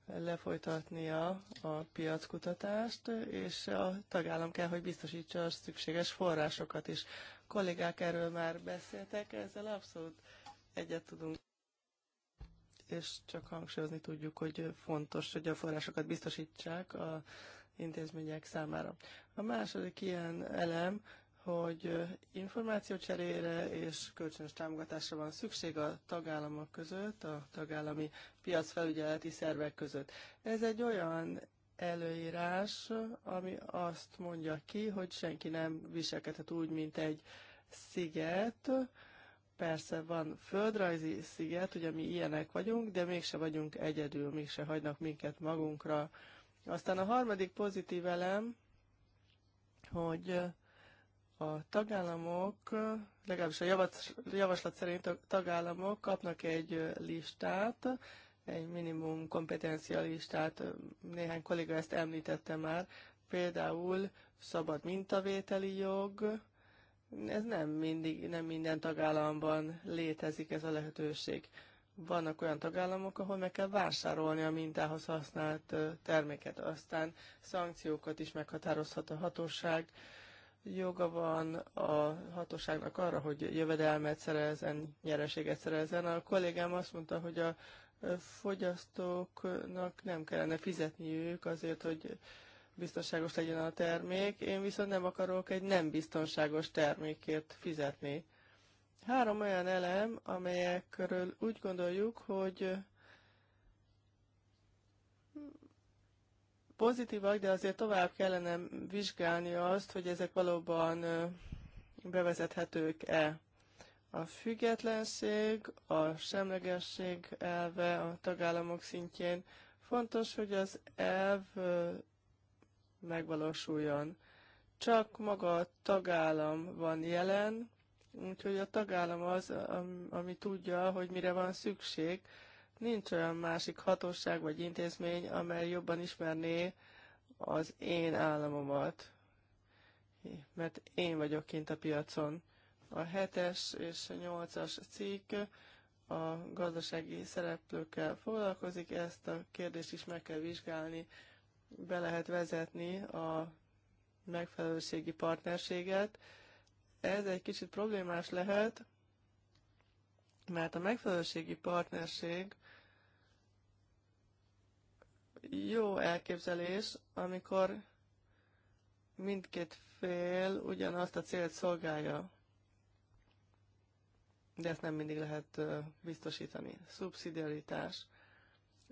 lefolytatnia a piackutatást, és a tagállam kell, hogy biztosítsa a szükséges forrásokat is. Kollégák erről már beszéltek, ezzel abszolút egyet tudunk és csak hangsúlyozni tudjuk, hogy fontos, hogy a forrásokat biztosítsák a intézmények számára. A második ilyen elem hogy információcserére és kölcsönös támogatásra van szükség a tagállamok között, a tagállami piacfelügyeleti szervek között. Ez egy olyan előírás, ami azt mondja ki, hogy senki nem viselkedhet úgy, mint egy sziget. Persze van földrajzi sziget, ugye mi ilyenek vagyunk, de mégse vagyunk egyedül, mégse hagynak minket magunkra. Aztán a harmadik pozitív elem, hogy a tagállamok, legalábbis a javaslat szerint a tagállamok kapnak egy listát, egy minimum kompetencia listát, néhány kolléga ezt említette már, például szabad mintavételi jog, ez nem mindig, nem minden tagállamban létezik ez a lehetőség. Vannak olyan tagállamok, ahol meg kell vásárolni a mintához használt terméket, aztán szankciókat is meghatározhat a hatóság joga van a hatóságnak arra, hogy jövedelmet szerezzen, nyereséget szerezzen. A kollégám azt mondta, hogy a fogyasztóknak nem kellene fizetniük azért, hogy biztonságos legyen a termék, én viszont nem akarok egy nem biztonságos termékért fizetni. Három olyan elem, amelyekről úgy gondoljuk, hogy pozitívak, de azért tovább kellene vizsgálni azt, hogy ezek valóban bevezethetők-e. A függetlenség, a semlegesség elve a tagállamok szintjén fontos, hogy az elv megvalósuljon. Csak maga a tagállam van jelen, úgyhogy a tagállam az, ami tudja, hogy mire van szükség, Nincs olyan másik hatóság vagy intézmény, amely jobban ismerné az én államomat, mert én vagyok kint a piacon. A 7-es és a 8-as cikk a gazdasági szereplőkkel foglalkozik, ezt a kérdést is meg kell vizsgálni, be lehet vezetni a megfelelőségi partnerséget. Ez egy kicsit problémás lehet, mert a megfelelőségi partnerség jó elképzelés, amikor mindkét fél ugyanazt a célt szolgálja, de ezt nem mindig lehet biztosítani. Szubszidiaritás.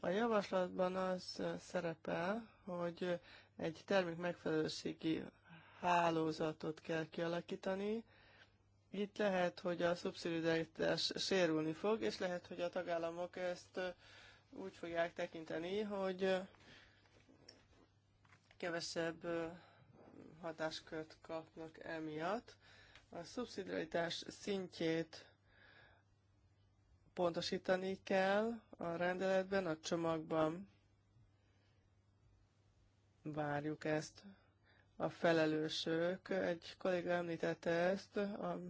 A javaslatban az szerepel, hogy egy termék megfelelőségi hálózatot kell kialakítani. Itt lehet, hogy a szubszidiaritás sérülni fog, és lehet, hogy a tagállamok ezt úgy fogják tekinteni, hogy kevesebb hatáskört kapnak emiatt. A szubszidiaritás szintjét pontosítani kell a rendeletben, a csomagban. Várjuk ezt. A felelősök, egy kolléga említette ezt, a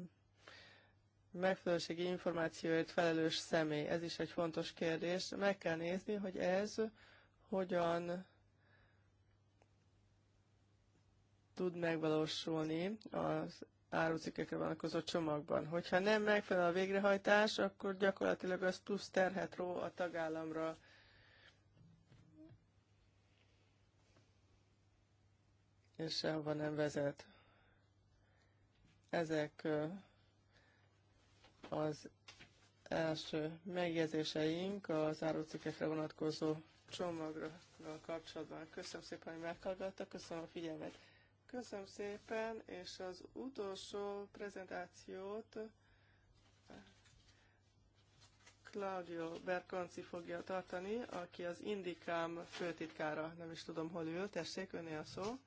megfelelőségi információért felelős személy. Ez is egy fontos kérdés. Meg kell nézni, hogy ez hogyan tud megvalósulni az árucikkekre vonatkozó csomagban. Hogyha nem megfelel a végrehajtás, akkor gyakorlatilag az plusz terhet ró a tagállamra. És sehova nem vezet. Ezek az első megjegyzéseink a zárócikkekre vonatkozó csomagra kapcsolatban. Köszönöm szépen, hogy meghallgattak, köszönöm a figyelmet. Köszönöm szépen, és az utolsó prezentációt Claudio Berconci fogja tartani, aki az Indikám főtitkára, nem is tudom, hol ül, tessék, öné a szó.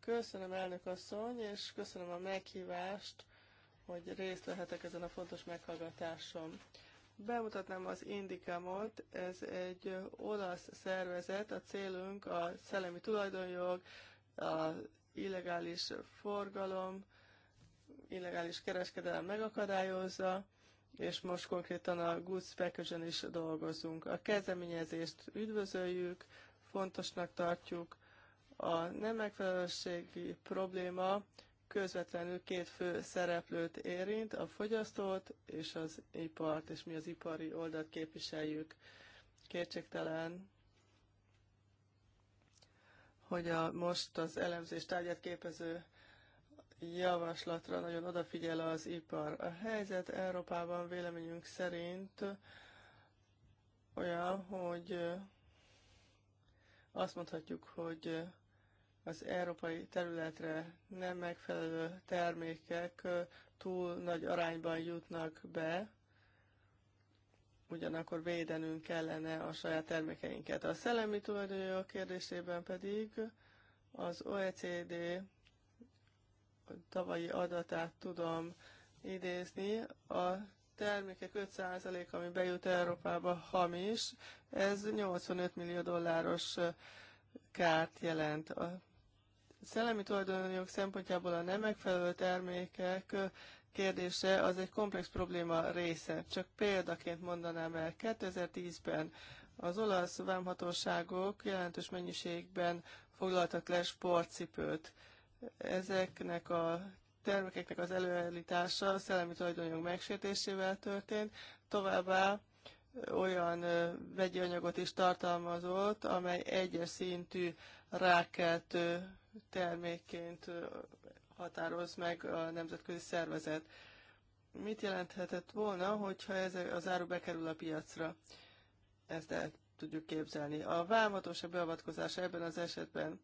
Köszönöm, elnök asszony, és köszönöm a meghívást hogy részt vehetek ezen a fontos meghallgatáson. Bemutatnám az Indikamot, ez egy olasz szervezet, a célunk a szellemi tulajdonjog, a illegális forgalom, illegális kereskedelem megakadályozza, és most konkrétan a Goods package is dolgozunk. A kezdeményezést üdvözöljük, fontosnak tartjuk. A nem megfelelőségi probléma közvetlenül két fő szereplőt érint, a fogyasztót és az ipart, és mi az ipari oldalt képviseljük. Kétségtelen, hogy a most az elemzés tárgyát képező javaslatra nagyon odafigyel az ipar. A helyzet Európában véleményünk szerint olyan, hogy azt mondhatjuk, hogy az európai területre nem megfelelő termékek túl nagy arányban jutnak be, ugyanakkor védenünk kellene a saját termékeinket. A szellemi tulajdonjogok kérdésében pedig az OECD tavalyi adatát tudom idézni. A termékek 5% ami bejut Európába hamis, ez 85 millió dolláros kárt jelent. A szellemi tulajdonjog szempontjából a nem megfelelő termékek kérdése az egy komplex probléma része. Csak példaként mondanám el, 2010-ben az olasz vámhatóságok jelentős mennyiségben foglaltak le sportcipőt. Ezeknek a termékeknek az előállítása a szellemi tulajdonjog megsértésével történt, továbbá olyan vegyi anyagot is tartalmazott, amely egyes szintű rákeltő termékként határoz meg a nemzetközi szervezet. Mit jelenthetett volna, hogyha ez az áru bekerül a piacra? Ezt el tudjuk képzelni. A vámhatóság beavatkozása ebben az esetben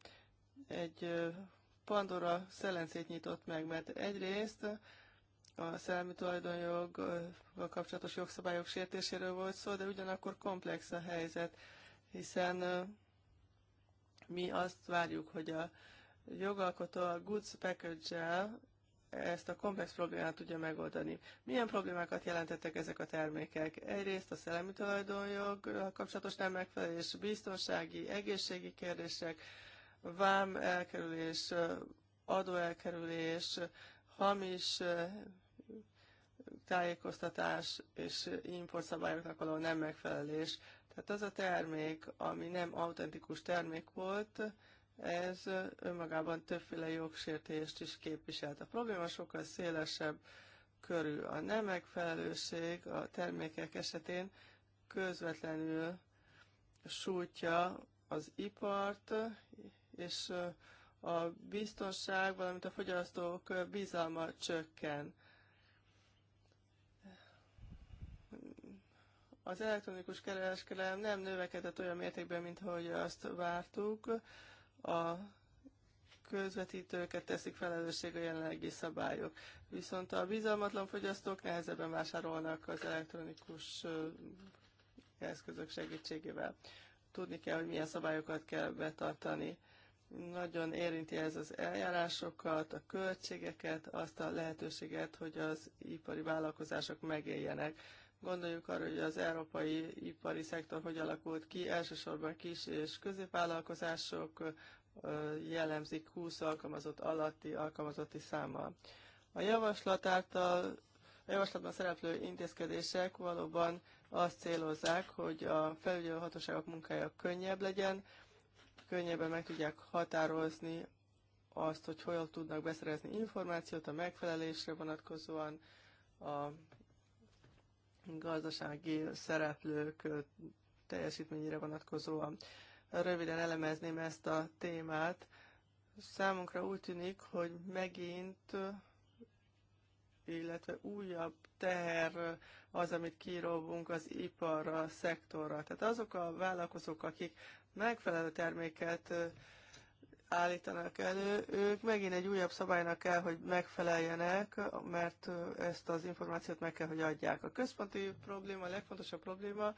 egy Pandora szelencét nyitott meg, mert egyrészt a szellemi tulajdonjoggal kapcsolatos jogszabályok sértéséről volt szó, de ugyanakkor komplex a helyzet, hiszen mi azt várjuk, hogy a jogalkotó a Goods Package-el ezt a komplex problémát tudja megoldani. Milyen problémákat jelentettek ezek a termékek? Egyrészt a szellemi tulajdonjog kapcsolatos nem megfelelés, biztonsági, egészségi kérdések, vám elkerülés, adóelkerülés, hamis tájékoztatás és importszabályoknak való nem megfelelés. Tehát az a termék, ami nem autentikus termék volt, ez önmagában többféle jogsértést is képviselt. A probléma sokkal szélesebb körül. A nem megfelelőség a termékek esetén közvetlenül sújtja az ipart, és a biztonság, valamint a fogyasztók bizalma csökken. Az elektronikus kereskedelem nem növekedett olyan mértékben, mint ahogy azt vártuk a közvetítőket teszik felelősség a jelenlegi szabályok. Viszont a bizalmatlan fogyasztók nehezebben vásárolnak az elektronikus eszközök segítségével. Tudni kell, hogy milyen szabályokat kell betartani. Nagyon érinti ez az eljárásokat, a költségeket, azt a lehetőséget, hogy az ipari vállalkozások megéljenek. Gondoljuk arra, hogy az európai ipari szektor hogy alakult ki, elsősorban kis és középvállalkozások jellemzik 20 alkalmazott alatti alkalmazotti számmal. A javaslat által a javaslatban szereplő intézkedések valóban azt célozzák, hogy a felügyelő hatóságok munkája könnyebb legyen, könnyebben meg tudják határozni azt, hogy hol tudnak beszerezni információt a megfelelésre vonatkozóan, a gazdasági szereplők teljesítményére vonatkozóan. Röviden elemezném ezt a témát. Számunkra úgy tűnik, hogy megint illetve újabb teher az, amit kiróvunk az iparra, szektorra. Tehát azok a vállalkozók, akik megfelelő terméket állítanak elő, ők megint egy újabb szabálynak kell, hogy megfeleljenek, mert ezt az információt meg kell, hogy adják. A központi probléma, a legfontosabb probléma,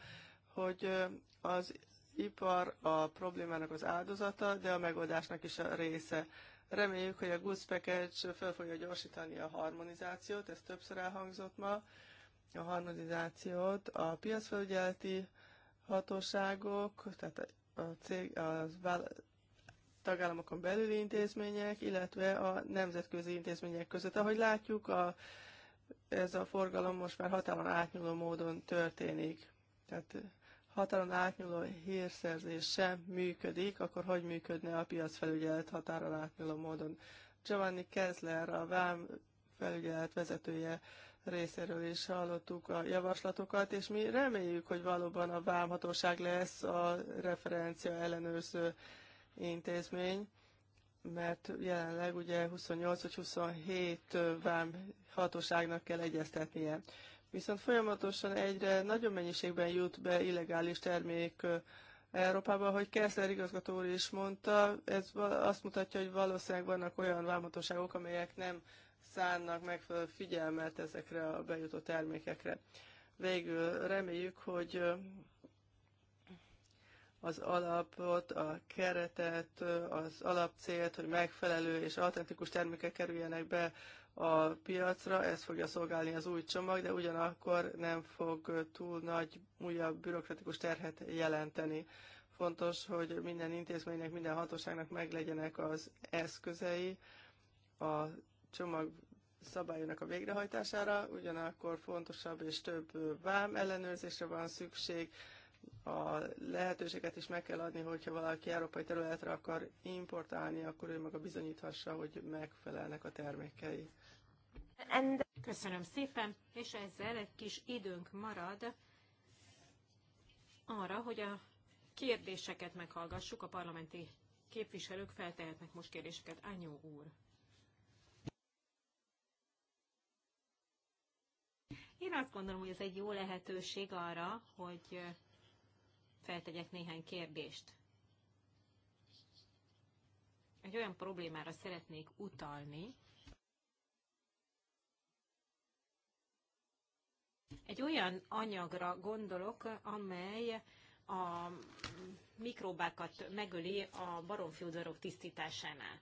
hogy az ipar a problémának az áldozata, de a megoldásnak is a része. Reméljük, hogy a Goods Package fel fogja gyorsítani a harmonizációt, ez többször elhangzott ma, a harmonizációt a piacfelügyeleti hatóságok, tehát a cég, a tagállamokon belüli intézmények, illetve a nemzetközi intézmények között. Ahogy látjuk, a, ez a forgalom most már határon átnyúló módon történik. Tehát határon átnyúló hírszerzés sem működik, akkor hogy működne a piacfelügyelet határon átnyúló módon? Giovanni Kessler, a VÁM felügyelet vezetője részéről is hallottuk a javaslatokat, és mi reméljük, hogy valóban a vámhatóság lesz a referencia ellenőrző intézmény, mert jelenleg ugye 28 vagy 27 vám hatóságnak kell egyeztetnie. Viszont folyamatosan egyre nagyobb mennyiségben jut be illegális termék Európában, hogy Kessler igazgató úr is mondta, ez azt mutatja, hogy valószínűleg vannak olyan vámhatóságok, amelyek nem szánnak megfelelő figyelmet ezekre a bejutó termékekre. Végül reméljük, hogy az alapot, a keretet, az alapcélt, hogy megfelelő és autentikus termékek kerüljenek be a piacra, ez fogja szolgálni az új csomag, de ugyanakkor nem fog túl nagy újabb bürokratikus terhet jelenteni. Fontos, hogy minden intézménynek, minden hatóságnak meglegyenek az eszközei a csomag szabályonak a végrehajtására, ugyanakkor fontosabb és több vám ellenőrzésre van szükség, a lehetőséget is meg kell adni, hogyha valaki európai területre akar importálni, akkor ő maga bizonyíthassa, hogy megfelelnek a termékei. Köszönöm szépen, és ezzel egy kis időnk marad arra, hogy a kérdéseket meghallgassuk, a parlamenti képviselők feltehetnek most kérdéseket. Anyó úr. Én azt gondolom, hogy ez egy jó lehetőség arra, hogy feltegyek néhány kérdést. Egy olyan problémára szeretnék utalni, Egy olyan anyagra gondolok, amely a mikróbákat megöli a baromfiúdorok tisztításánál.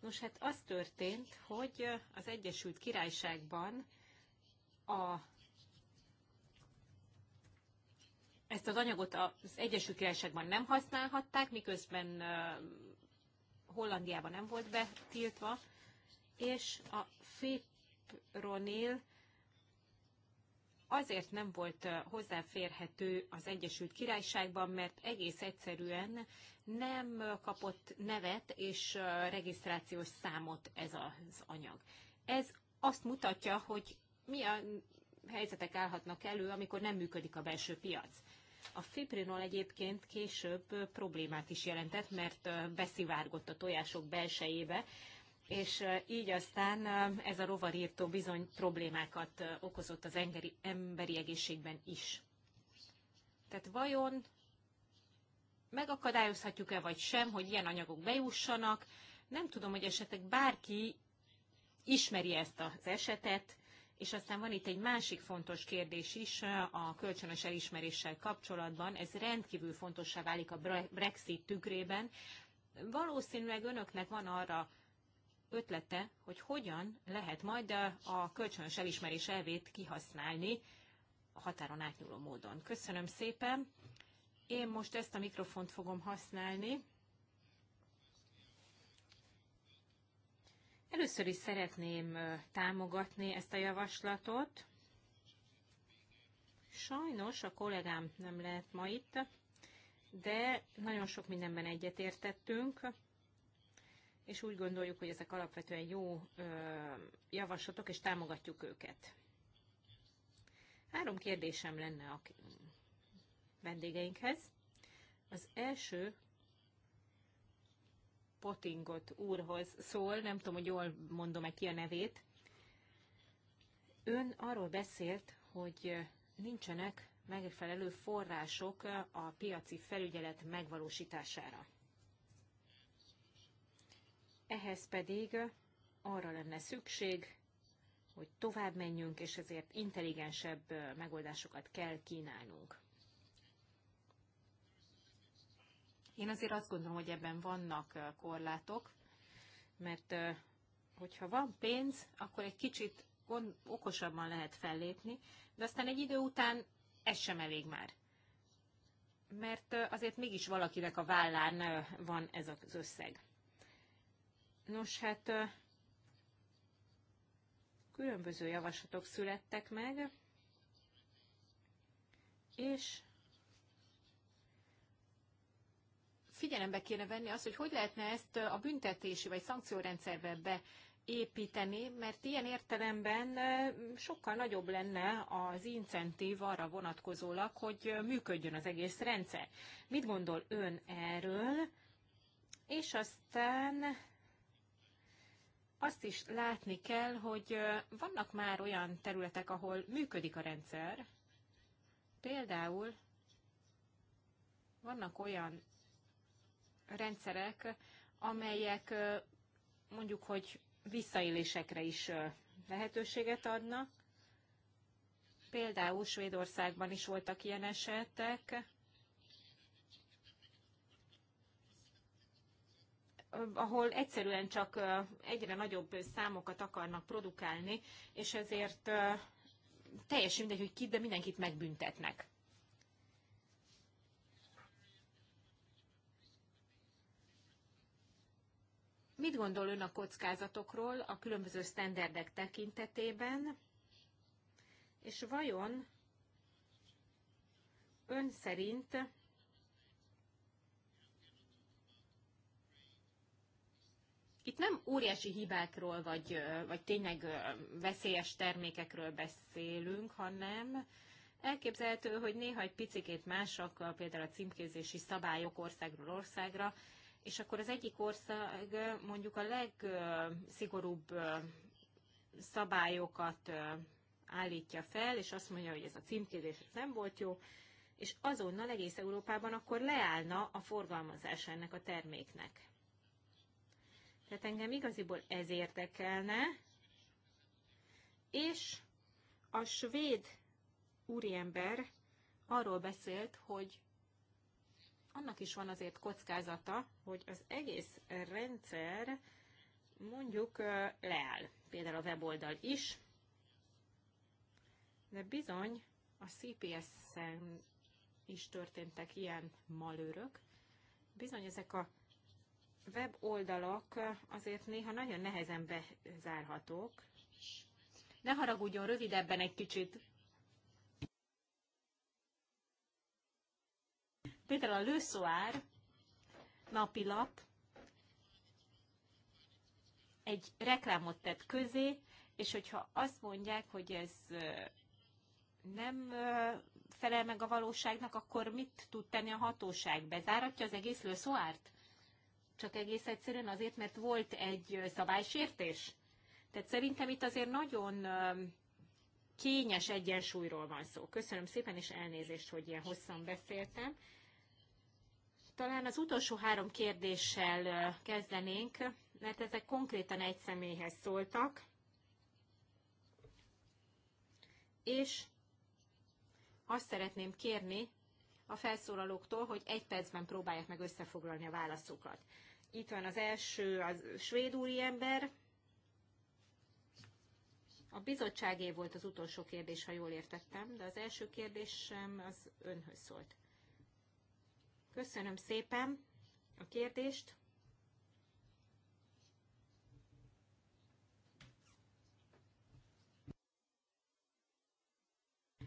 Nos, hát az történt, hogy az Egyesült Királyságban a ezt az anyagot az Egyesült Királyságban nem használhatták, miközben Hollandiában nem volt betiltva, és a fipronil azért nem volt hozzáférhető az Egyesült Királyságban, mert egész egyszerűen nem kapott nevet és regisztrációs számot ez az anyag. Ez azt mutatja, hogy milyen helyzetek állhatnak elő, amikor nem működik a belső piac. A fibrinol egyébként később problémát is jelentett, mert beszivárgott a tojások belsejébe, és így aztán ez a rovarírtó bizony problémákat okozott az engeri, emberi egészségben is. Tehát vajon megakadályozhatjuk-e vagy sem, hogy ilyen anyagok bejussanak? Nem tudom, hogy esetleg bárki ismeri ezt az esetet, és aztán van itt egy másik fontos kérdés is a kölcsönös elismeréssel kapcsolatban. Ez rendkívül fontossá válik a Brexit tükrében. Valószínűleg önöknek van arra ötlete, hogy hogyan lehet majd a kölcsönös elismerés elvét kihasználni a határon átnyúló módon. Köszönöm szépen. Én most ezt a mikrofont fogom használni. Először is szeretném támogatni ezt a javaslatot. Sajnos a kollégám nem lehet ma itt, de nagyon sok mindenben egyetértettünk, és úgy gondoljuk, hogy ezek alapvetően jó javaslatok, és támogatjuk őket. Három kérdésem lenne a vendégeinkhez. Az első Potingot úrhoz szól, nem tudom, hogy jól mondom-e ki a nevét. Ön arról beszélt, hogy nincsenek megfelelő források a piaci felügyelet megvalósítására. Ehhez pedig arra lenne szükség, hogy tovább menjünk, és ezért intelligensebb megoldásokat kell kínálnunk. Én azért azt gondolom, hogy ebben vannak korlátok, mert hogyha van pénz, akkor egy kicsit okosabban lehet fellépni, de aztán egy idő után ez sem elég már. Mert azért mégis valakinek a vállán van ez az összeg. Nos, hát különböző javaslatok születtek meg, és figyelembe kéne venni azt, hogy hogy lehetne ezt a büntetési vagy szankciórendszerbe építeni, mert ilyen értelemben sokkal nagyobb lenne az incentív arra vonatkozólag, hogy működjön az egész rendszer. Mit gondol ön erről? És aztán azt is látni kell, hogy vannak már olyan területek, ahol működik a rendszer. Például vannak olyan rendszerek, amelyek mondjuk, hogy visszaélésekre is lehetőséget adnak. Például Svédországban is voltak ilyen esetek, ahol egyszerűen csak egyre nagyobb számokat akarnak produkálni, és ezért teljes mindegy, hogy kit, de mindenkit megbüntetnek. Mit gondol ön a kockázatokról a különböző sztenderdek tekintetében, és vajon ön szerint itt nem óriási hibákról, vagy, vagy tényleg veszélyes termékekről beszélünk, hanem elképzelhető, hogy néha egy picikét mások, például a címkézési szabályok országról országra, és akkor az egyik ország mondjuk a legszigorúbb szabályokat állítja fel, és azt mondja, hogy ez a címkézés nem volt jó, és azonnal egész Európában akkor leállna a forgalmazás ennek a terméknek. Tehát engem igaziból ez érdekelne, és a svéd úriember arról beszélt, hogy annak is van azért kockázata, hogy az egész rendszer mondjuk leáll, például a weboldal is, de bizony a CPS-en is történtek ilyen malőrök. Bizony ezek a weboldalak azért néha nagyon nehezen bezárhatók. Ne haragudjon, rövidebben egy kicsit, Például a lőszóár napilap egy reklámot tett közé, és hogyha azt mondják, hogy ez nem felel meg a valóságnak, akkor mit tud tenni a hatóság? Bezáratja az egész lőszóárt? Csak egész egyszerűen azért, mert volt egy szabálysértés? Tehát szerintem itt azért nagyon kényes egyensúlyról van szó. Köszönöm szépen, és elnézést, hogy ilyen hosszan beszéltem. Talán az utolsó három kérdéssel kezdenénk, mert ezek konkrétan egy személyhez szóltak. És azt szeretném kérni a felszólalóktól, hogy egy percben próbálják meg összefoglalni a válaszokat. Itt van az első, az svéd úriember. A bizottságé volt az utolsó kérdés, ha jól értettem, de az első kérdésem az önhöz szólt. Köszönöm szépen a kérdést.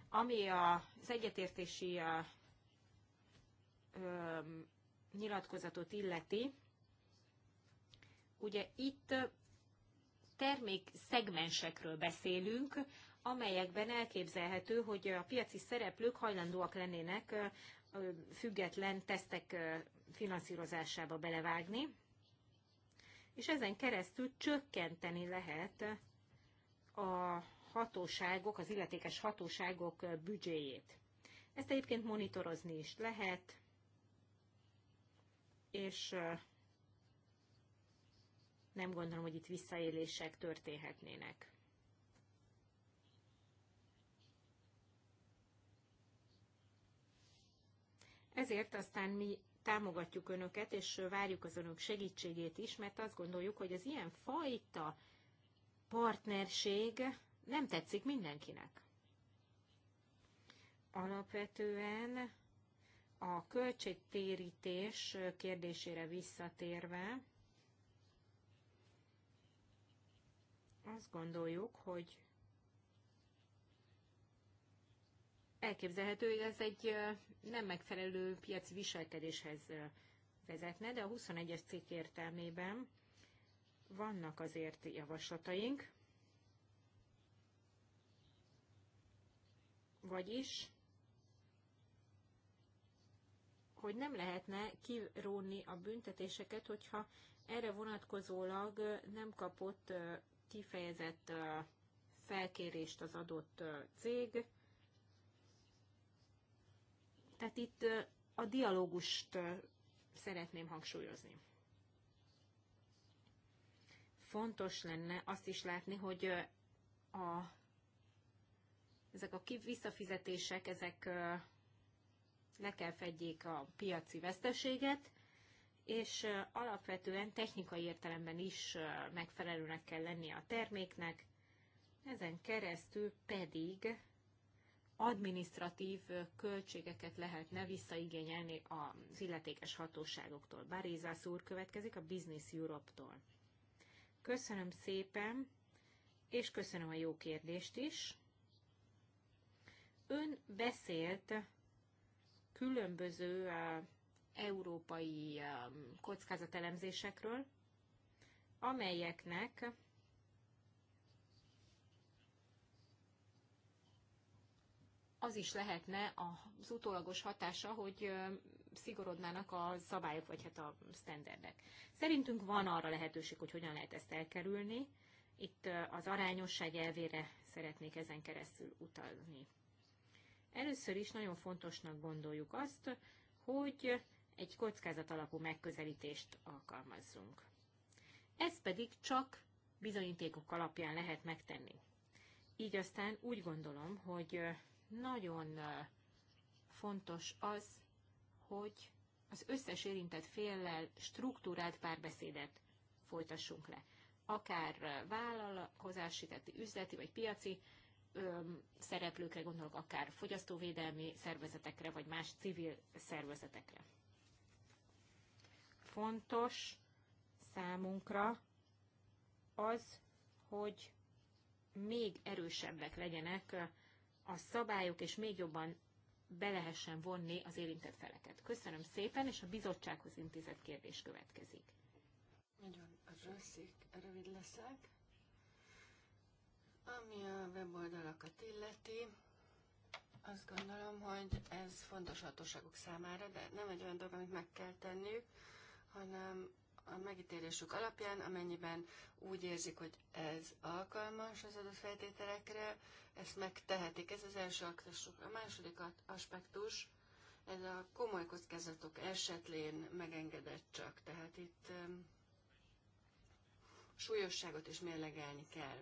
Ami az egyetértési nyilatkozatot illeti, ugye itt termékszegmensekről beszélünk, amelyekben elképzelhető, hogy a piaci szereplők hajlandóak lennének független tesztek finanszírozásába belevágni, és ezen keresztül csökkenteni lehet a hatóságok, az illetékes hatóságok büdzséjét. Ezt egyébként monitorozni is lehet, és nem gondolom, hogy itt visszaélések történhetnének. Ezért aztán mi támogatjuk Önöket, és várjuk az Önök segítségét is, mert azt gondoljuk, hogy az ilyen fajta partnerség nem tetszik mindenkinek. Alapvetően a költségtérítés kérdésére visszatérve, azt gondoljuk, hogy elképzelhető, hogy ez egy nem megfelelő piaci viselkedéshez vezetne, de a 21-es cikk értelmében vannak azért javaslataink, vagyis, hogy nem lehetne kirónni a büntetéseket, hogyha erre vonatkozólag nem kapott kifejezett felkérést az adott cég, tehát itt a dialógust szeretném hangsúlyozni. Fontos lenne azt is látni, hogy a, ezek a visszafizetések, ezek le kell fedjék a piaci veszteséget, és alapvetően technikai értelemben is megfelelőnek kell lennie a terméknek, ezen keresztül pedig administratív költségeket lehetne visszaigényelni az illetékes hatóságoktól. Barézász úr következik a Business Europe-tól. Köszönöm szépen, és köszönöm a jó kérdést is. Ön beszélt különböző európai kockázatelemzésekről, amelyeknek az is lehetne az utólagos hatása, hogy szigorodnának a szabályok, vagy hát a sztenderdek. Szerintünk van arra lehetőség, hogy hogyan lehet ezt elkerülni. Itt az arányosság elvére szeretnék ezen keresztül utalni. Először is nagyon fontosnak gondoljuk azt, hogy egy kockázat alapú megközelítést alkalmazzunk. Ez pedig csak bizonyítékok alapján lehet megtenni. Így aztán úgy gondolom, hogy nagyon fontos az, hogy az összes érintett féllel struktúrált párbeszédet folytassunk le. Akár vállalkozási, tehát üzleti vagy piaci öm, szereplőkre gondolok, akár fogyasztóvédelmi szervezetekre, vagy más civil szervezetekre. Fontos számunkra az, hogy még erősebbek legyenek a szabályok, és még jobban belehessen vonni az érintett feleket. Köszönöm szépen, és a bizottsághoz intézett kérdés következik. Nagyon rösszik, rövid leszek. Ami a weboldalakat illeti, azt gondolom, hogy ez fontos hatóságok számára, de nem egy olyan dolog, amit meg kell tenniük, hanem a megítélésük alapján, amennyiben úgy érzik, hogy ez alkalmas az adott feltételekre, ezt megtehetik. Ez az első aktusuk. A második aspektus, ez a komoly kockázatok esetlén megengedett csak. Tehát itt súlyosságot is mérlegelni kell.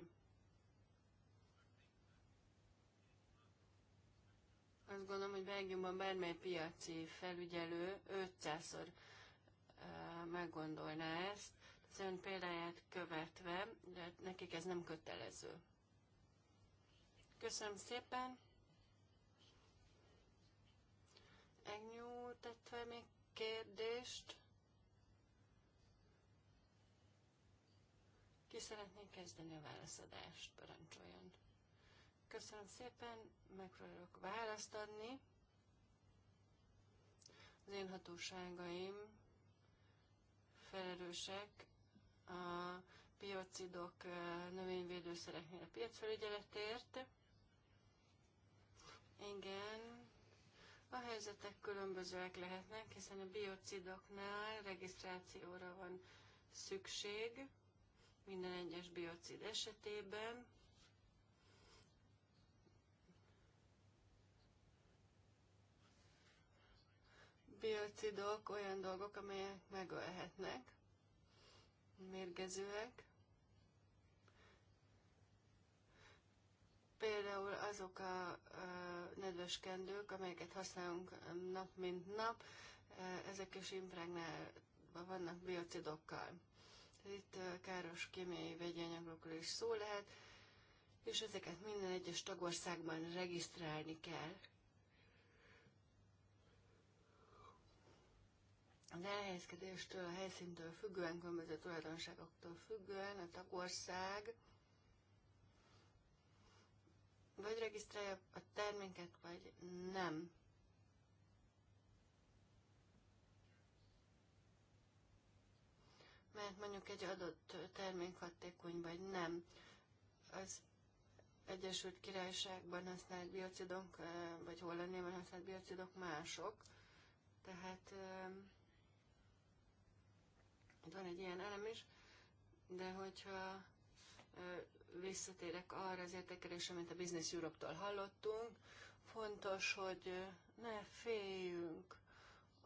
Azt gondolom, hogy Belgiumban bármely piaci felügyelő 500-szor meggondolná ezt, az ön példáját követve, de nekik ez nem kötelező. Köszönöm szépen. Egnyú tett fel még kérdést. Ki szeretné kezdeni a válaszadást? Parancsoljon. Köszönöm szépen, megpróbálok választ adni. Az én hatóságaim felelősek a biocidok, növényvédőszereknél a piacfelügyeletért. Igen, a helyzetek különbözőek lehetnek, hiszen a biocidoknál regisztrációra van szükség minden egyes biocid esetében. biocidok olyan dolgok, amelyek megölhetnek, mérgezőek. Például azok a nedves kendők, amelyeket használunk nap mint nap, e, ezek is impregnálva vannak biocidokkal. Itt e, káros kémiai vegyi anyagokról is szó lehet, és ezeket minden egyes tagországban regisztrálni kell. az elhelyezkedéstől, a helyszíntől függően, különböző tulajdonságoktól függően a tagország vagy regisztrálja a terméket, vagy nem. Mert mondjuk egy adott termék hatékony, vagy nem. Az Egyesült Királyságban használt biocidok, eh, vagy Hollandiában használt biocidok mások. Tehát eh, van egy ilyen elem is, de hogyha visszatérek arra az értékelésre, amit a Business Europe-tól hallottunk, fontos, hogy ne féljünk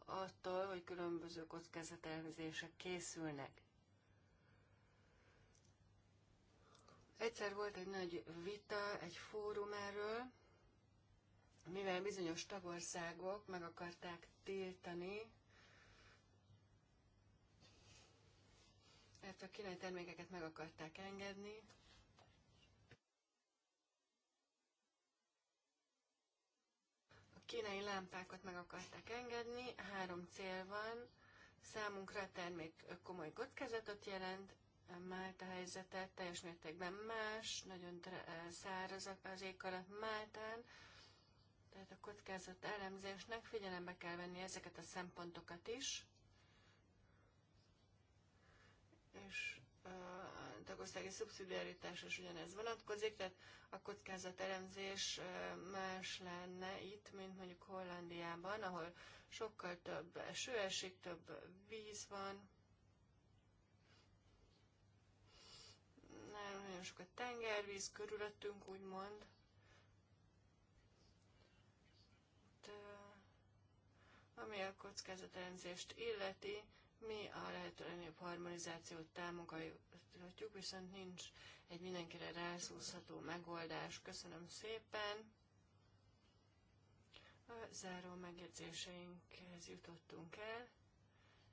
attól, hogy különböző kockázatelmzések készülnek. Egyszer volt egy nagy vita, egy fórum erről, mivel bizonyos tagországok meg akarták tiltani Mert a kínai termékeket meg akarták engedni, A kínai lámpákat meg akarták engedni. Három cél van. Számunkra a termék komoly kockázatot jelent, Málta helyzete teljes mértékben más, nagyon száraz az alatt Máltán, tehát a kockázat elemzésnek figyelembe kell venni ezeket a szempontokat is. és a tagországi szubszidiaritás is ugyanez vonatkozik, tehát a kockázatelemzés más lenne itt, mint mondjuk Hollandiában, ahol sokkal több eső esik, több víz van, nálunk nagyon sok a tengervíz körülöttünk, úgymond. De, ami a kockázatelemzést illeti, mi a lehető legnagyobb harmonizációt támogatjuk, viszont nincs egy mindenkire rászúzható megoldás. Köszönöm szépen! A záró megjegyzéseinkhez jutottunk el.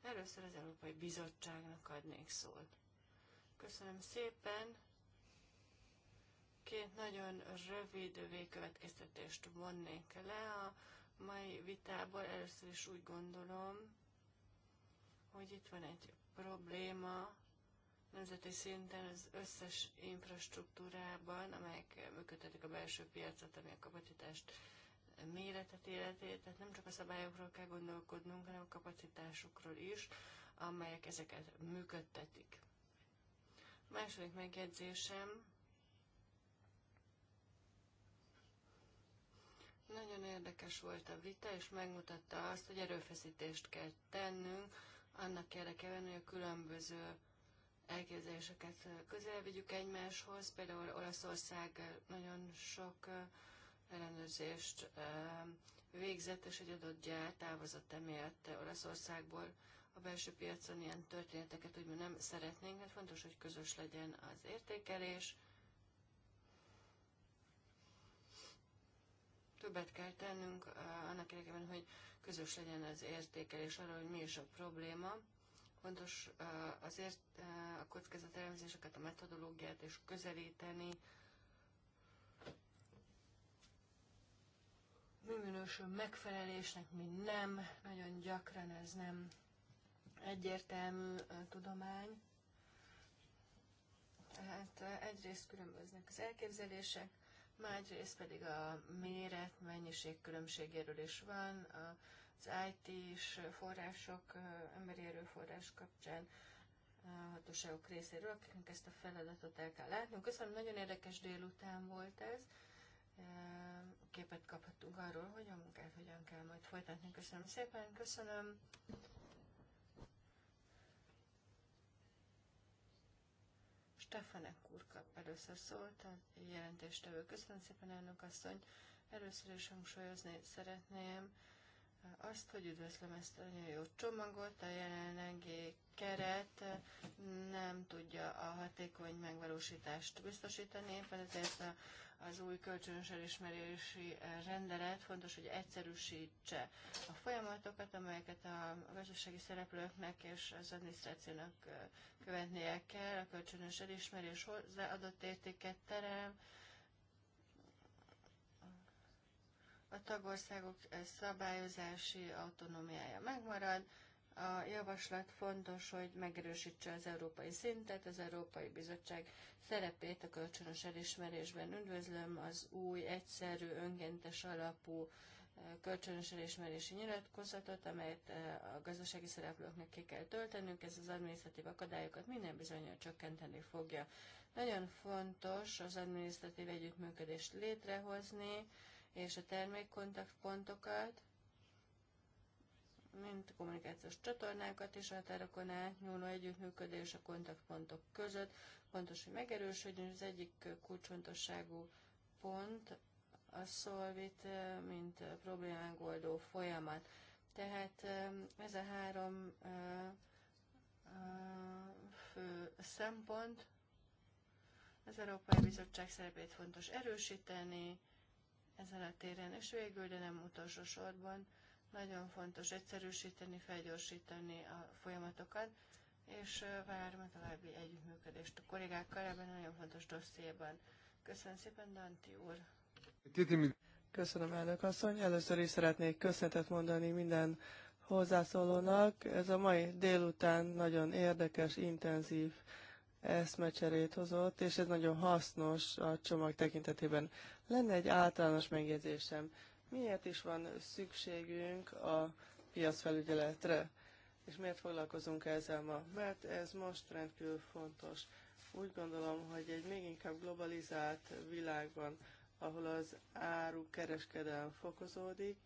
Először az Európai Bizottságnak adnék szót. Köszönöm szépen! Két nagyon rövid végkövetkeztetést vonnék le a mai vitából. Először is úgy gondolom, hogy itt van egy probléma nemzeti szinten az összes infrastruktúrában, amelyek működtetik a belső piacot, ami a kapacitást méretet életét, tehát nem csak a szabályokról kell gondolkodnunk, hanem a kapacitásokról is, amelyek ezeket működtetik. A második megjegyzésem, Nagyon érdekes volt a vita, és megmutatta azt, hogy erőfeszítést kell tennünk annak érdekében, hogy a különböző elképzeléseket közel vigyük egymáshoz. Például Olaszország nagyon sok ellenőrzést végzett, és egy adott gyár távozott emiatt Olaszországból a belső piacon ilyen történeteket úgymond nem szeretnénk, mert fontos, hogy közös legyen az értékelés. Többet kell tennünk annak érdekében, hogy közös legyen az értékelés arra, hogy mi is a probléma. Fontos azért a kockázatelemzéseket, a metodológiát és közelíteni, mi minősül megfelelésnek, mi nem. Nagyon gyakran ez nem egyértelmű tudomány. Tehát egyrészt különböznek az elképzelések, másrészt pedig a méret, mennyiség különbségéről is van, az IT-s források, emberi erőforrás kapcsán a hatóságok részéről, akiknek ezt a feladatot el kell látnunk. Köszönöm, nagyon érdekes délután volt ez. Képet kaphattunk arról, hogy a munkát hogyan kell majd folytatni. Köszönöm szépen, köszönöm. Stefanek úr kap először szólt, a jelentéstevő. Köszönöm szépen, elnök asszony. Először is hangsúlyozni szeretném azt, hogy üdvözlöm ezt a nagyon jó csomagot, a jelenlegi keret nem tudja a hatékony megvalósítást biztosítani, éppen ezért a, az új kölcsönös elismerési rendelet fontos, hogy egyszerűsítse a folyamatokat, amelyeket a gazdasági szereplőknek és az adminisztrációnak követnie kell. A kölcsönös elismerés hozzáadott értéket terem, a tagországok szabályozási autonómiája megmarad, a javaslat fontos, hogy megerősítse az európai szintet, az Európai Bizottság szerepét a kölcsönös elismerésben. Üdvözlöm az új, egyszerű, önkéntes alapú eh, kölcsönös elismerési nyilatkozatot, amelyet eh, a gazdasági szereplőknek ki kell töltenünk, ez az adminisztratív akadályokat minden bizonyal csökkenteni fogja. Nagyon fontos az adminisztratív együttműködést létrehozni, és a termékkontaktpontokat, mint kommunikációs csatornákat és határokon átnyúló együttműködés a kontaktpontok között. Fontos, hogy megerősödjön, az egyik kulcsfontosságú pont a szolvit, eh, mint eh, problémángoldó folyamat. Tehát eh, ez a három fő szempont. Az Európai Bizottság szerepét fontos erősíteni ezen a téren, és végül, de nem utolsó sorban, nagyon fontos egyszerűsíteni, felgyorsítani a folyamatokat, és várom a további együttműködést a kollégákkal ebben a nagyon fontos dossziéban. Köszönöm szépen, Danti úr! Köszönöm, elnök asszony. Először is szeretnék köszönetet mondani minden hozzászólónak. Ez a mai délután nagyon érdekes, intenzív eszmecserét hozott, és ez nagyon hasznos a csomag tekintetében. Lenne egy általános megjegyzésem. Miért is van szükségünk a piacfelügyeletre? És miért foglalkozunk ezzel ma? Mert ez most rendkívül fontos. Úgy gondolom, hogy egy még inkább globalizált világban, ahol az áru kereskedelm fokozódik,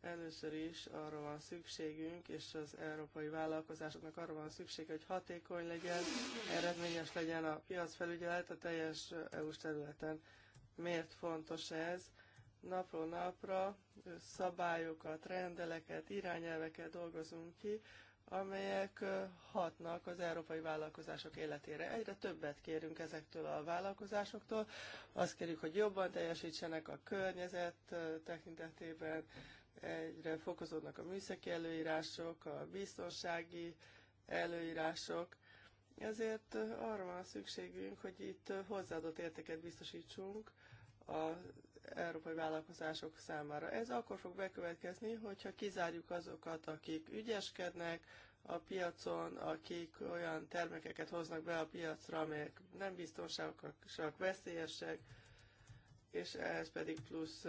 először is arra van szükségünk, és az európai vállalkozásoknak arra van szüksége, hogy hatékony legyen, eredményes legyen a piacfelügyelet a teljes EU-s területen. Miért fontos ez? napról napra szabályokat, rendeleket, irányelveket dolgozunk ki, amelyek hatnak az európai vállalkozások életére. Egyre többet kérünk ezektől a vállalkozásoktól. Azt kérjük, hogy jobban teljesítsenek a környezet tekintetében, egyre fokozódnak a műszaki előírások, a biztonsági előírások. Ezért arra van szükségünk, hogy itt hozzáadott értéket biztosítsunk a európai vállalkozások számára. Ez akkor fog bekövetkezni, hogyha kizárjuk azokat, akik ügyeskednek a piacon, akik olyan termékeket hoznak be a piacra, amelyek nem biztonságosak, veszélyesek, és ehhez pedig plusz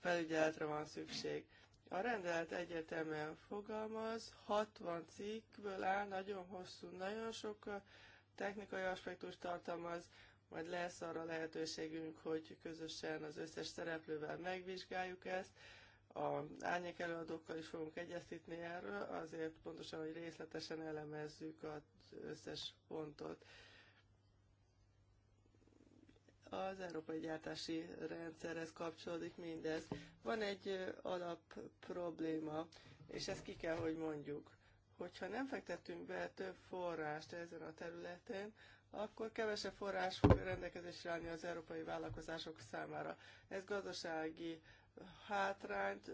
felügyeletre van szükség. A rendelet egyetemen fogalmaz, 60 cikkből áll, nagyon hosszú, nagyon sok technikai aspektus tartalmaz, majd lesz arra lehetőségünk, hogy közösen az összes szereplővel megvizsgáljuk ezt, a árnyék előadókkal is fogunk egyeztetni erről, azért pontosan, hogy részletesen elemezzük az összes pontot. Az európai gyártási rendszerhez kapcsolódik mindez. Van egy alap probléma, és ezt ki kell, hogy mondjuk. Hogyha nem fektetünk be több forrást ezen a területen, akkor kevesebb forrás fog rendelkezésre állni az európai vállalkozások számára. Ez gazdasági hátrányt,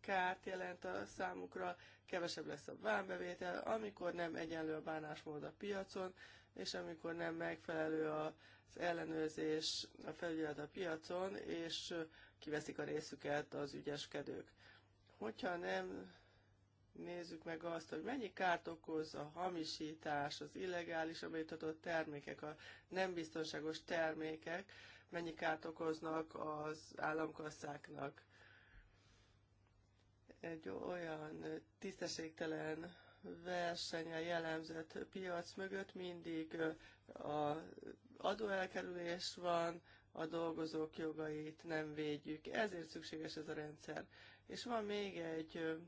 kárt jelent a számukra, kevesebb lesz a vámbevétel, amikor nem egyenlő a bánásmód a piacon, és amikor nem megfelelő az ellenőrzés, a felügyelet a piacon, és kiveszik a részüket az ügyeskedők. Hogyha nem nézzük meg azt, hogy mennyi kárt okoz a hamisítás, az illegális bejutott termékek, a nem biztonságos termékek, mennyi kárt okoznak az államkasszáknak. Egy olyan tisztességtelen versenye jellemzett piac mögött mindig a adóelkerülés van, a dolgozók jogait nem védjük. Ezért szükséges ez a rendszer. És van még egy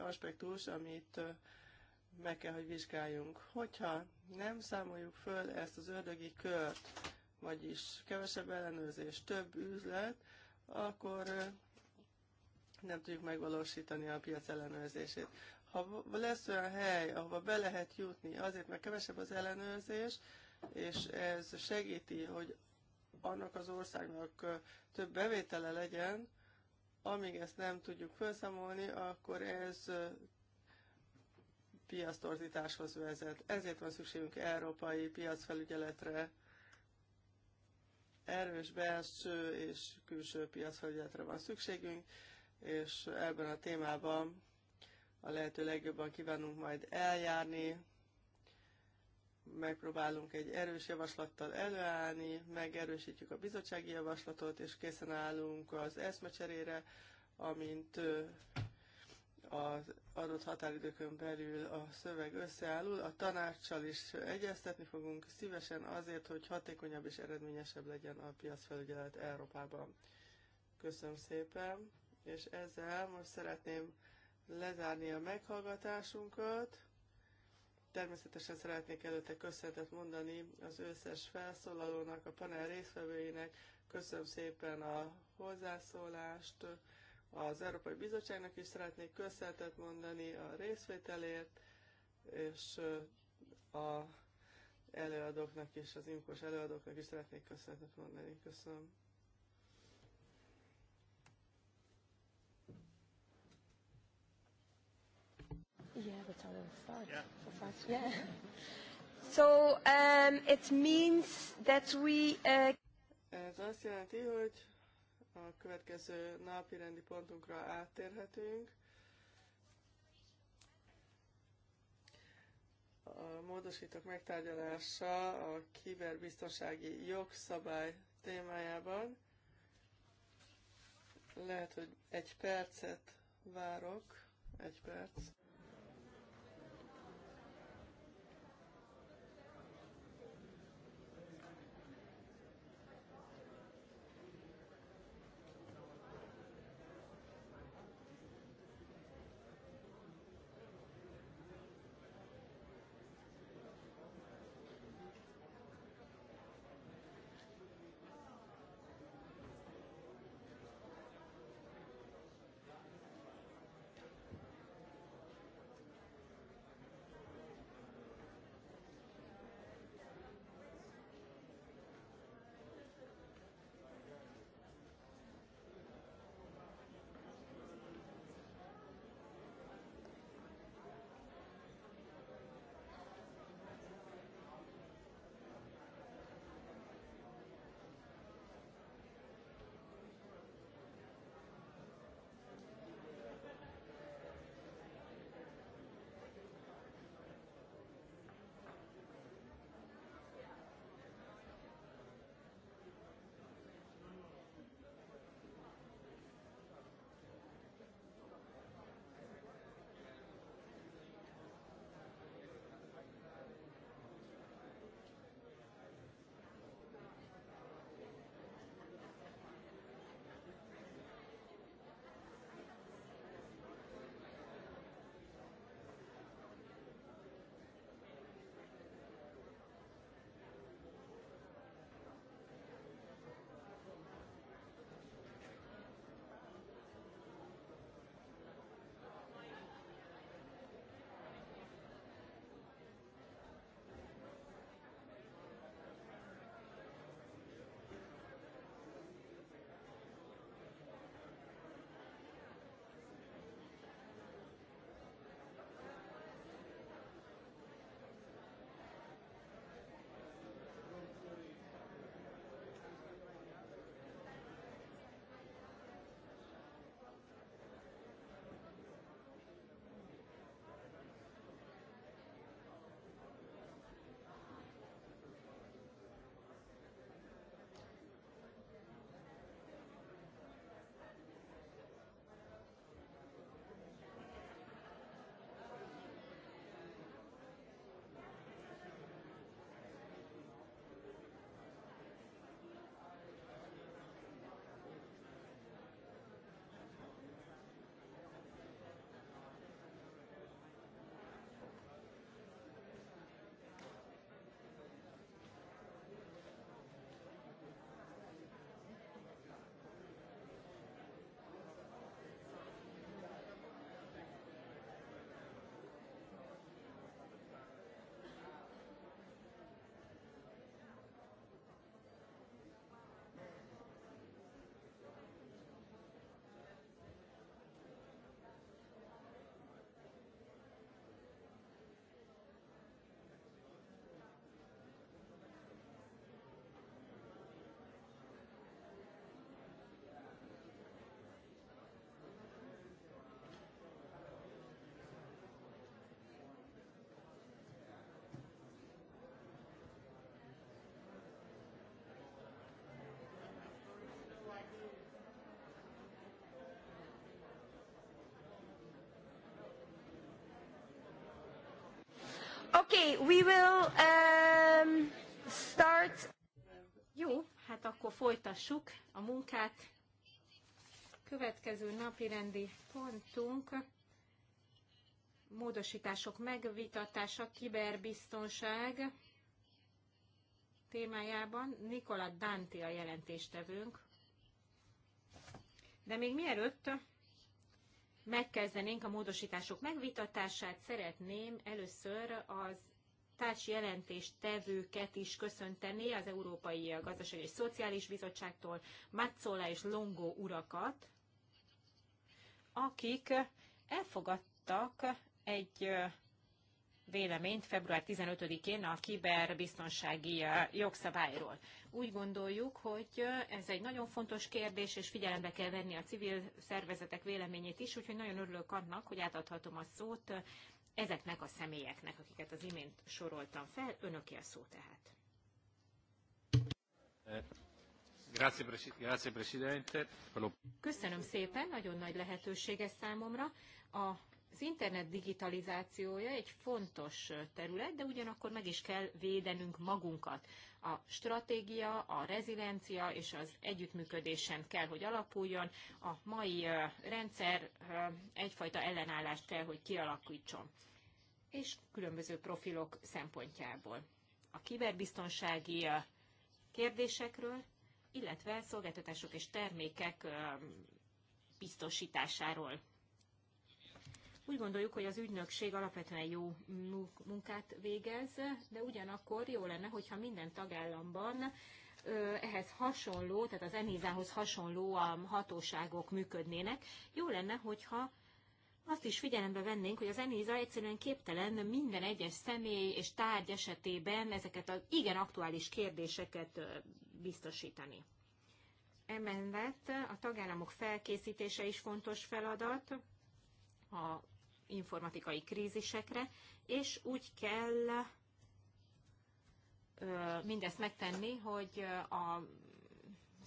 aspektus, amit meg kell, hogy vizsgáljunk. Hogyha nem számoljuk föl ezt az ördögi kört, vagyis kevesebb ellenőrzés, több üzlet, akkor nem tudjuk megvalósítani a piac ellenőrzését. Ha lesz olyan hely, ahova be lehet jutni, azért, mert kevesebb az ellenőrzés, és ez segíti, hogy annak az országnak több bevétele legyen, amíg ezt nem tudjuk felszámolni, akkor ez piasztorzításhoz vezet. Ezért van szükségünk európai piacfelügyeletre, erős belső és külső piacfelügyeletre van szükségünk, és ebben a témában a lehető legjobban kívánunk majd eljárni, megpróbálunk egy erős javaslattal előállni, megerősítjük a bizottsági javaslatot, és készen állunk az eszmecserére, amint az adott határidőkön belül a szöveg összeállul. A tanácssal is egyeztetni fogunk szívesen azért, hogy hatékonyabb és eredményesebb legyen a piacfelügyelet Európában. Köszönöm szépen, és ezzel most szeretném lezárni a meghallgatásunkat. Természetesen szeretnék előtte köszönetet mondani az összes felszólalónak, a panel résztvevőinek. Köszönöm szépen a hozzászólást. Az Európai Bizottságnak is szeretnék köszönetet mondani a részvételért, és a előadóknak is, az inkos előadóknak is szeretnék köszönetet mondani. Köszönöm. Yeah, that's how it starts. Yeah. For fast. Yeah. So um, it means that we. Uh... Ez azt jelenti, hogy a következő napi rendi pontunkra áttérhetünk. A módosítók megtárgyalása a kiberbiztonsági jogszabály témájában. Lehet, hogy egy percet várok. Egy perc. Okay, we will um, start. Jó, hát akkor folytassuk a munkát. Következő napi rendi pontunk módosítások megvitatása, kiberbiztonság témájában Nikola Danti a jelentéstevőnk. De még mielőtt megkezdenénk a módosítások megvitatását, szeretném először az jelentést tevőket is köszönteni az Európai Gazdasági és Szociális Bizottságtól, Mazzola és Longo urakat, akik elfogadtak egy véleményt február 15-én a kiberbiztonsági jogszabályról. Úgy gondoljuk, hogy ez egy nagyon fontos kérdés, és figyelembe kell venni a civil szervezetek véleményét is, úgyhogy nagyon örülök annak, hogy átadhatom a szót ezeknek a személyeknek, akiket az imént soroltam fel. Önöké a szó tehát. Eh, Köszönöm szépen, nagyon nagy lehetőség ez számomra. A az internet digitalizációja egy fontos terület, de ugyanakkor meg is kell védenünk magunkat. A stratégia, a reziliencia és az együttműködésen kell, hogy alapuljon. A mai rendszer egyfajta ellenállást kell, hogy kialakítson. És különböző profilok szempontjából. A kiberbiztonsági kérdésekről, illetve szolgáltatások és termékek biztosításáról úgy gondoljuk, hogy az ügynökség alapvetően jó munkát végez, de ugyanakkor jó lenne, hogyha minden tagállamban ehhez hasonló, tehát az ENISA-hoz hasonló a hatóságok működnének. Jó lenne, hogyha azt is figyelembe vennénk, hogy az ENISA egyszerűen képtelen minden egyes személy és tárgy esetében ezeket az igen aktuális kérdéseket biztosítani. Emellett a tagállamok felkészítése is fontos feladat, a informatikai krízisekre, és úgy kell mindezt megtenni, hogy a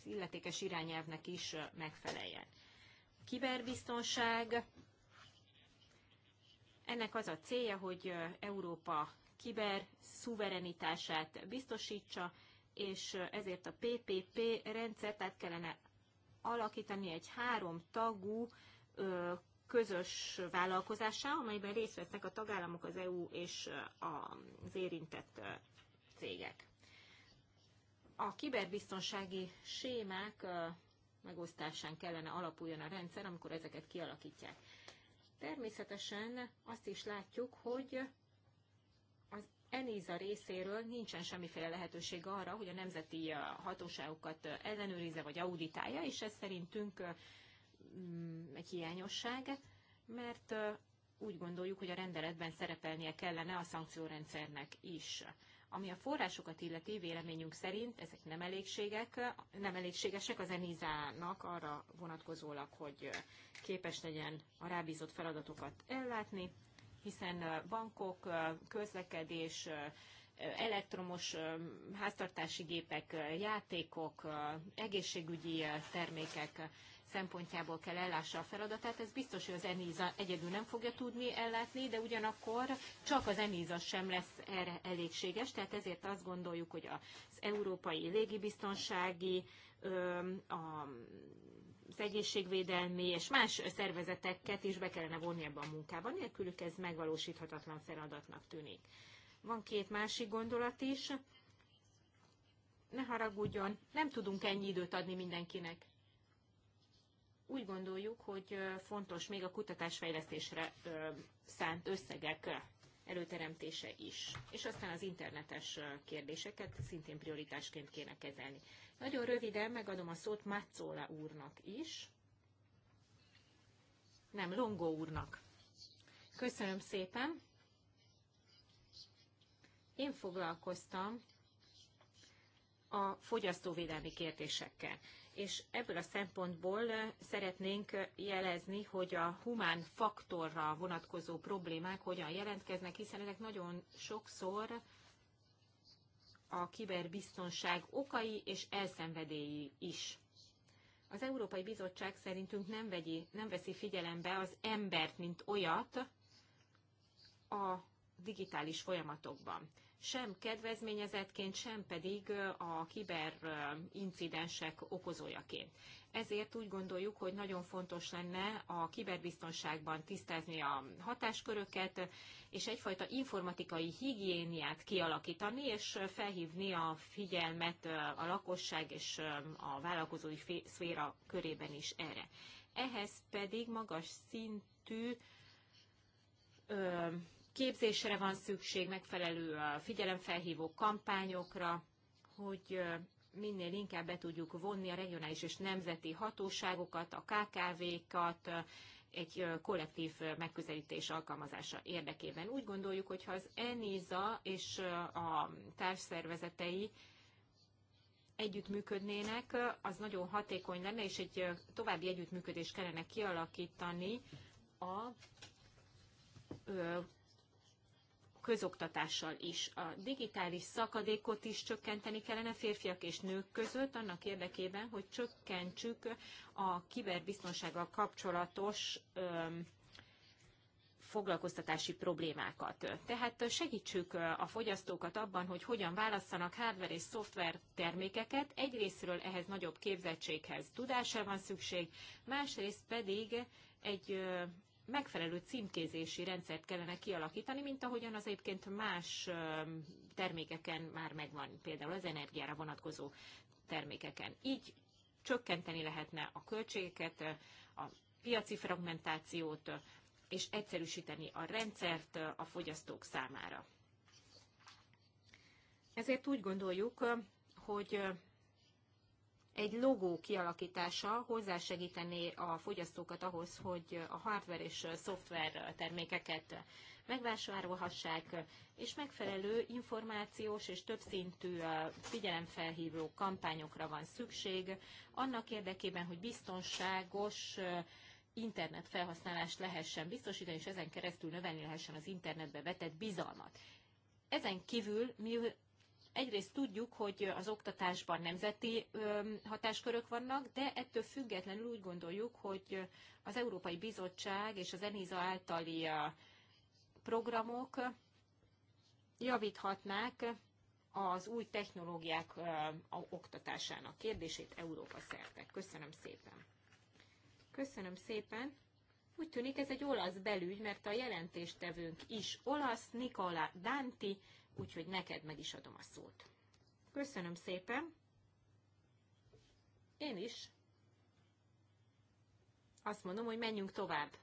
az illetékes irányelvnek is megfeleljen. Kiberbiztonság. Ennek az a célja, hogy Európa kiber szuverenitását biztosítsa, és ezért a PPP rendszert át kellene alakítani egy három tagú közös vállalkozásá, amelyben részt vettek a tagállamok, az EU és az érintett cégek. A kiberbiztonsági sémák megosztásán kellene alapuljon a rendszer, amikor ezeket kialakítják. Természetesen azt is látjuk, hogy az ENISA részéről nincsen semmiféle lehetőség arra, hogy a nemzeti hatóságokat ellenőrizze vagy auditálja, és ez szerintünk Mm, egy hiányosság, mert úgy gondoljuk, hogy a rendeletben szerepelnie kellene a szankciórendszernek is. Ami a forrásokat illeti, véleményünk szerint ezek nem, elégségek, nem elégségesek az ENIZÁ-nak arra vonatkozólag, hogy képes legyen a rábízott feladatokat ellátni, hiszen bankok, közlekedés, elektromos háztartási gépek, játékok, egészségügyi termékek, szempontjából kell ellássa a feladatát. Ez biztos, hogy az ENISA egyedül nem fogja tudni ellátni, de ugyanakkor csak az ENISA sem lesz erre elégséges, tehát ezért azt gondoljuk, hogy az európai légibiztonsági, a az egészségvédelmi és más szervezeteket is be kellene vonni ebbe a munkába, nélkülük ez megvalósíthatatlan feladatnak tűnik. Van két másik gondolat is. Ne haragudjon, nem tudunk ennyi időt adni mindenkinek. Úgy gondoljuk, hogy fontos még a kutatásfejlesztésre szánt összegek előteremtése is. És aztán az internetes kérdéseket szintén prioritásként kéne kezelni. Nagyon röviden megadom a szót Mácóla úrnak is. Nem, Longó úrnak. Köszönöm szépen. Én foglalkoztam a fogyasztóvédelmi kérdésekkel és ebből a szempontból szeretnénk jelezni, hogy a humán faktorra vonatkozó problémák hogyan jelentkeznek, hiszen ezek nagyon sokszor a kiberbiztonság okai és elszenvedélyi is. Az Európai Bizottság szerintünk nem, vegyi, nem veszi figyelembe az embert, mint olyat a digitális folyamatokban sem kedvezményezetként, sem pedig a kiberincidensek okozójaként. Ezért úgy gondoljuk, hogy nagyon fontos lenne a kiberbiztonságban tisztázni a hatásköröket, és egyfajta informatikai higiéniát kialakítani, és felhívni a figyelmet a lakosság és a vállalkozói szféra körében is erre. Ehhez pedig magas szintű képzésre van szükség, megfelelő a figyelemfelhívó kampányokra, hogy minél inkább be tudjuk vonni a regionális és nemzeti hatóságokat, a KKV-kat, egy kollektív megközelítés alkalmazása érdekében. Úgy gondoljuk, hogy ha az ENISA és a társszervezetei együttműködnének, az nagyon hatékony lenne, és egy további együttműködést kellene kialakítani a közoktatással is. A digitális szakadékot is csökkenteni kellene férfiak és nők között, annak érdekében, hogy csökkentsük a kiberbiztonsággal kapcsolatos foglalkoztatási problémákat. Tehát segítsük a fogyasztókat abban, hogy hogyan válasszanak hardware és szoftver termékeket. Egyrésztről ehhez nagyobb képzettséghez, tudásra van szükség, másrészt pedig egy megfelelő címkézési rendszert kellene kialakítani, mint ahogyan az egyébként más termékeken már megvan, például az energiára vonatkozó termékeken. Így csökkenteni lehetne a költségeket, a piaci fragmentációt, és egyszerűsíteni a rendszert a fogyasztók számára. Ezért úgy gondoljuk, hogy egy logó kialakítása hozzásegítené a fogyasztókat ahhoz, hogy a hardware és szoftver termékeket megvásárolhassák, és megfelelő információs és többszintű figyelemfelhívó kampányokra van szükség, annak érdekében, hogy biztonságos internet felhasználást lehessen biztosítani, és ezen keresztül növelni lehessen az internetbe vetett bizalmat. Ezen kívül, Egyrészt tudjuk, hogy az oktatásban nemzeti hatáskörök vannak, de ettől függetlenül úgy gondoljuk, hogy az Európai Bizottság és az ENISA általi programok javíthatnák az új technológiák a oktatásának kérdését Európa szerte. Köszönöm szépen. Köszönöm szépen. Úgy tűnik ez egy olasz belügy, mert a jelentéstevőnk is olasz, Nikola Danti, úgyhogy neked meg is adom a szót. Köszönöm szépen. Én is azt mondom, hogy menjünk tovább.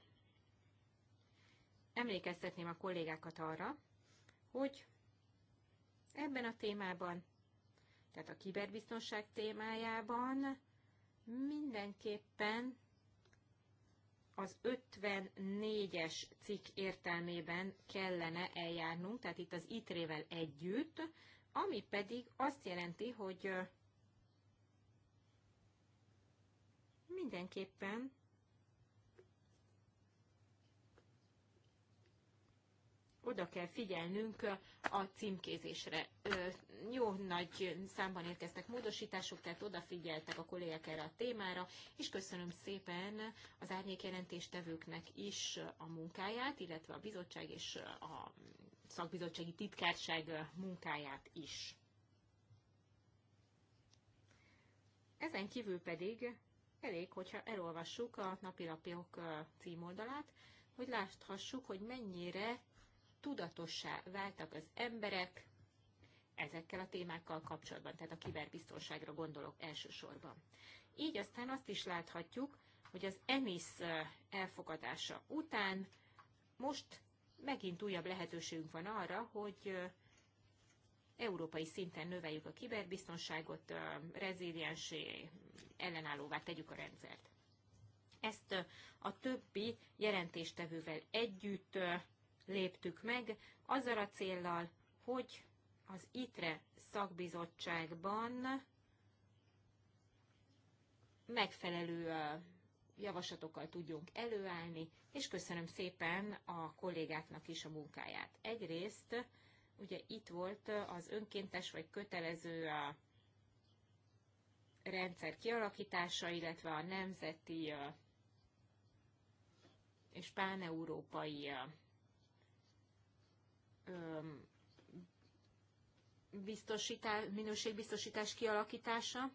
Emlékeztetném a kollégákat arra, hogy ebben a témában, tehát a kiberbiztonság témájában mindenképpen az 54-es cikk értelmében kellene eljárnunk, tehát itt az ITRE-vel együtt, ami pedig azt jelenti, hogy mindenképpen oda kell figyelnünk a címkézésre. Jó nagy számban érkeztek módosítások, tehát odafigyeltek a kollégák erre a témára, és köszönöm szépen az árnyékjelentéstevőknek is a munkáját, illetve a bizottság és a szakbizottsági titkárság munkáját is. Ezen kívül pedig elég, hogyha elolvassuk a napilapjok címoldalát, hogy láthassuk, hogy mennyire tudatossá váltak az emberek ezekkel a témákkal kapcsolatban, tehát a kiberbiztonságra gondolok elsősorban. Így aztán azt is láthatjuk, hogy az ENISZ elfogadása után most megint újabb lehetőségünk van arra, hogy európai szinten növeljük a kiberbiztonságot, reziliensé, ellenállóvá tegyük a rendszert. Ezt a többi jelentéstevővel együtt léptük meg, azzal a céllal, hogy az ITRE szakbizottságban megfelelő javaslatokkal tudjunk előállni, és köszönöm szépen a kollégáknak is a munkáját. Egyrészt ugye itt volt az önkéntes vagy kötelező a rendszer kialakítása, illetve a nemzeti és páneurópai biztosítás, minőségbiztosítás kialakítása.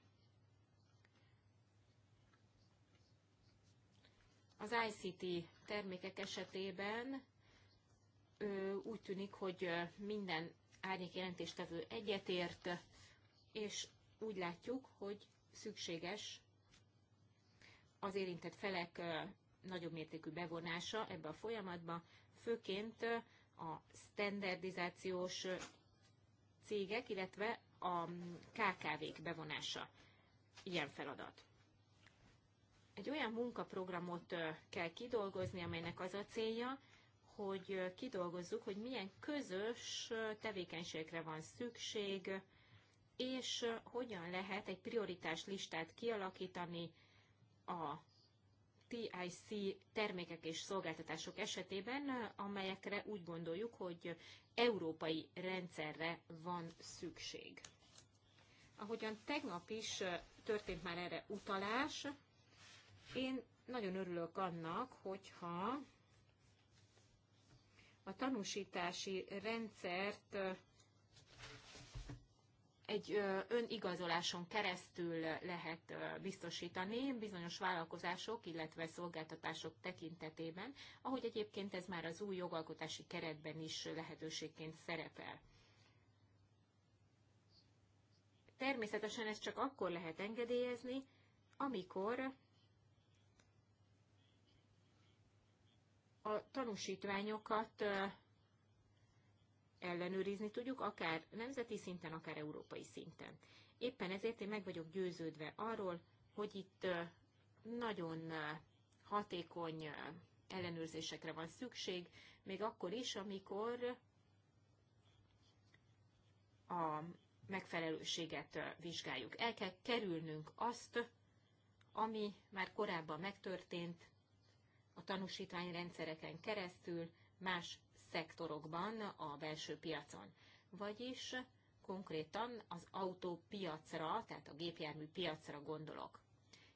Az ICT termékek esetében úgy tűnik, hogy minden árnyék jelentéstevő egyetért, és úgy látjuk, hogy szükséges az érintett felek nagyobb mértékű bevonása ebbe a folyamatba, főként a standardizációs cégek, illetve a KKV-k bevonása ilyen feladat. Egy olyan munkaprogramot kell kidolgozni, amelynek az a célja, hogy kidolgozzuk, hogy milyen közös tevékenységre van szükség, és hogyan lehet egy prioritás listát kialakítani a TIC termékek és szolgáltatások esetében, amelyekre úgy gondoljuk, hogy európai rendszerre van szükség. Ahogyan tegnap is történt már erre utalás, én nagyon örülök annak, hogyha a tanúsítási rendszert egy önigazoláson keresztül lehet biztosítani bizonyos vállalkozások, illetve szolgáltatások tekintetében, ahogy egyébként ez már az új jogalkotási keretben is lehetőségként szerepel. Természetesen ezt csak akkor lehet engedélyezni, amikor a tanúsítványokat ellenőrizni tudjuk, akár nemzeti szinten, akár európai szinten. Éppen ezért én meg vagyok győződve arról, hogy itt nagyon hatékony ellenőrzésekre van szükség, még akkor is, amikor a megfelelőséget vizsgáljuk. El kell kerülnünk azt, ami már korábban megtörtént a tanúsítványrendszereken keresztül más szektorokban a belső piacon. Vagyis konkrétan az autópiacra, tehát a gépjármű piacra gondolok.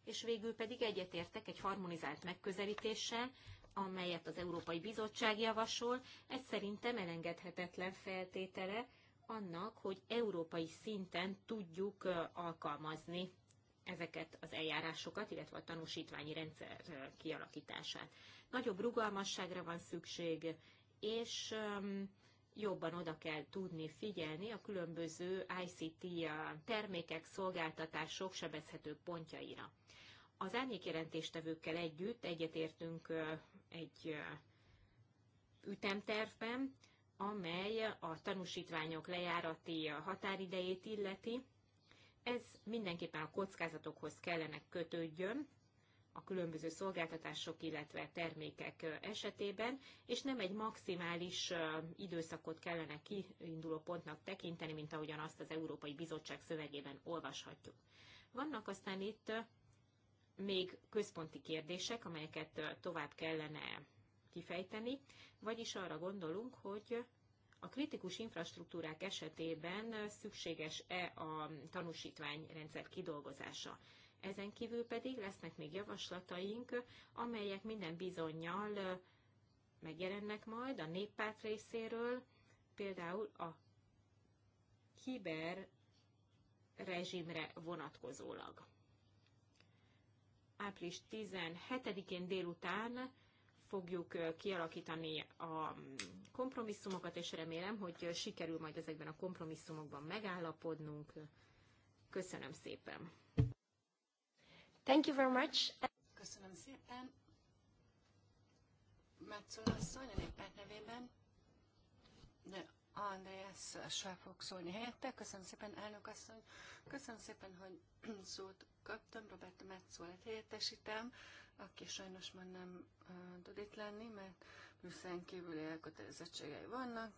És végül pedig egyetértek egy harmonizált megközelítéssel, amelyet az Európai Bizottság javasol, ez szerintem elengedhetetlen feltétele annak, hogy európai szinten tudjuk alkalmazni ezeket az eljárásokat, illetve a tanúsítványi rendszer kialakítását. Nagyobb rugalmasságra van szükség, és jobban oda kell tudni figyelni a különböző ICT termékek, szolgáltatások sebezhető pontjaira. Az árnyékjelentéstevőkkel együtt egyetértünk egy ütemtervben, amely a tanúsítványok lejárati határidejét illeti. Ez mindenképpen a kockázatokhoz kellene kötődjön, a különböző szolgáltatások, illetve termékek esetében, és nem egy maximális időszakot kellene kiinduló pontnak tekinteni, mint ahogyan azt az Európai Bizottság szövegében olvashatjuk. Vannak aztán itt még központi kérdések, amelyeket tovább kellene kifejteni, vagyis arra gondolunk, hogy a kritikus infrastruktúrák esetében szükséges-e a tanúsítványrendszer kidolgozása. Ezen kívül pedig lesznek még javaslataink, amelyek minden bizonyal megjelennek majd a néppárt részéről, például a kiber rezsimre vonatkozólag. Április 17-én délután fogjuk kialakítani a mm, kompromisszumokat, és remélem, hogy sikerül majd ezekben a kompromisszumokban megállapodnunk. Köszönöm szépen! Thank you very much. Köszönöm szépen. Metzola asszony, a néppárt nevében. De andreas Sá fog szólni helyette. Köszönöm szépen, elnök asszony. Köszönöm szépen, hogy [CLEARS THROAT] szót kaptam. Robert Metzolát helyettesítem, aki sajnos már nem uh, tud itt lenni, mert Brüsszelen kívüli elkötelezettségei vannak.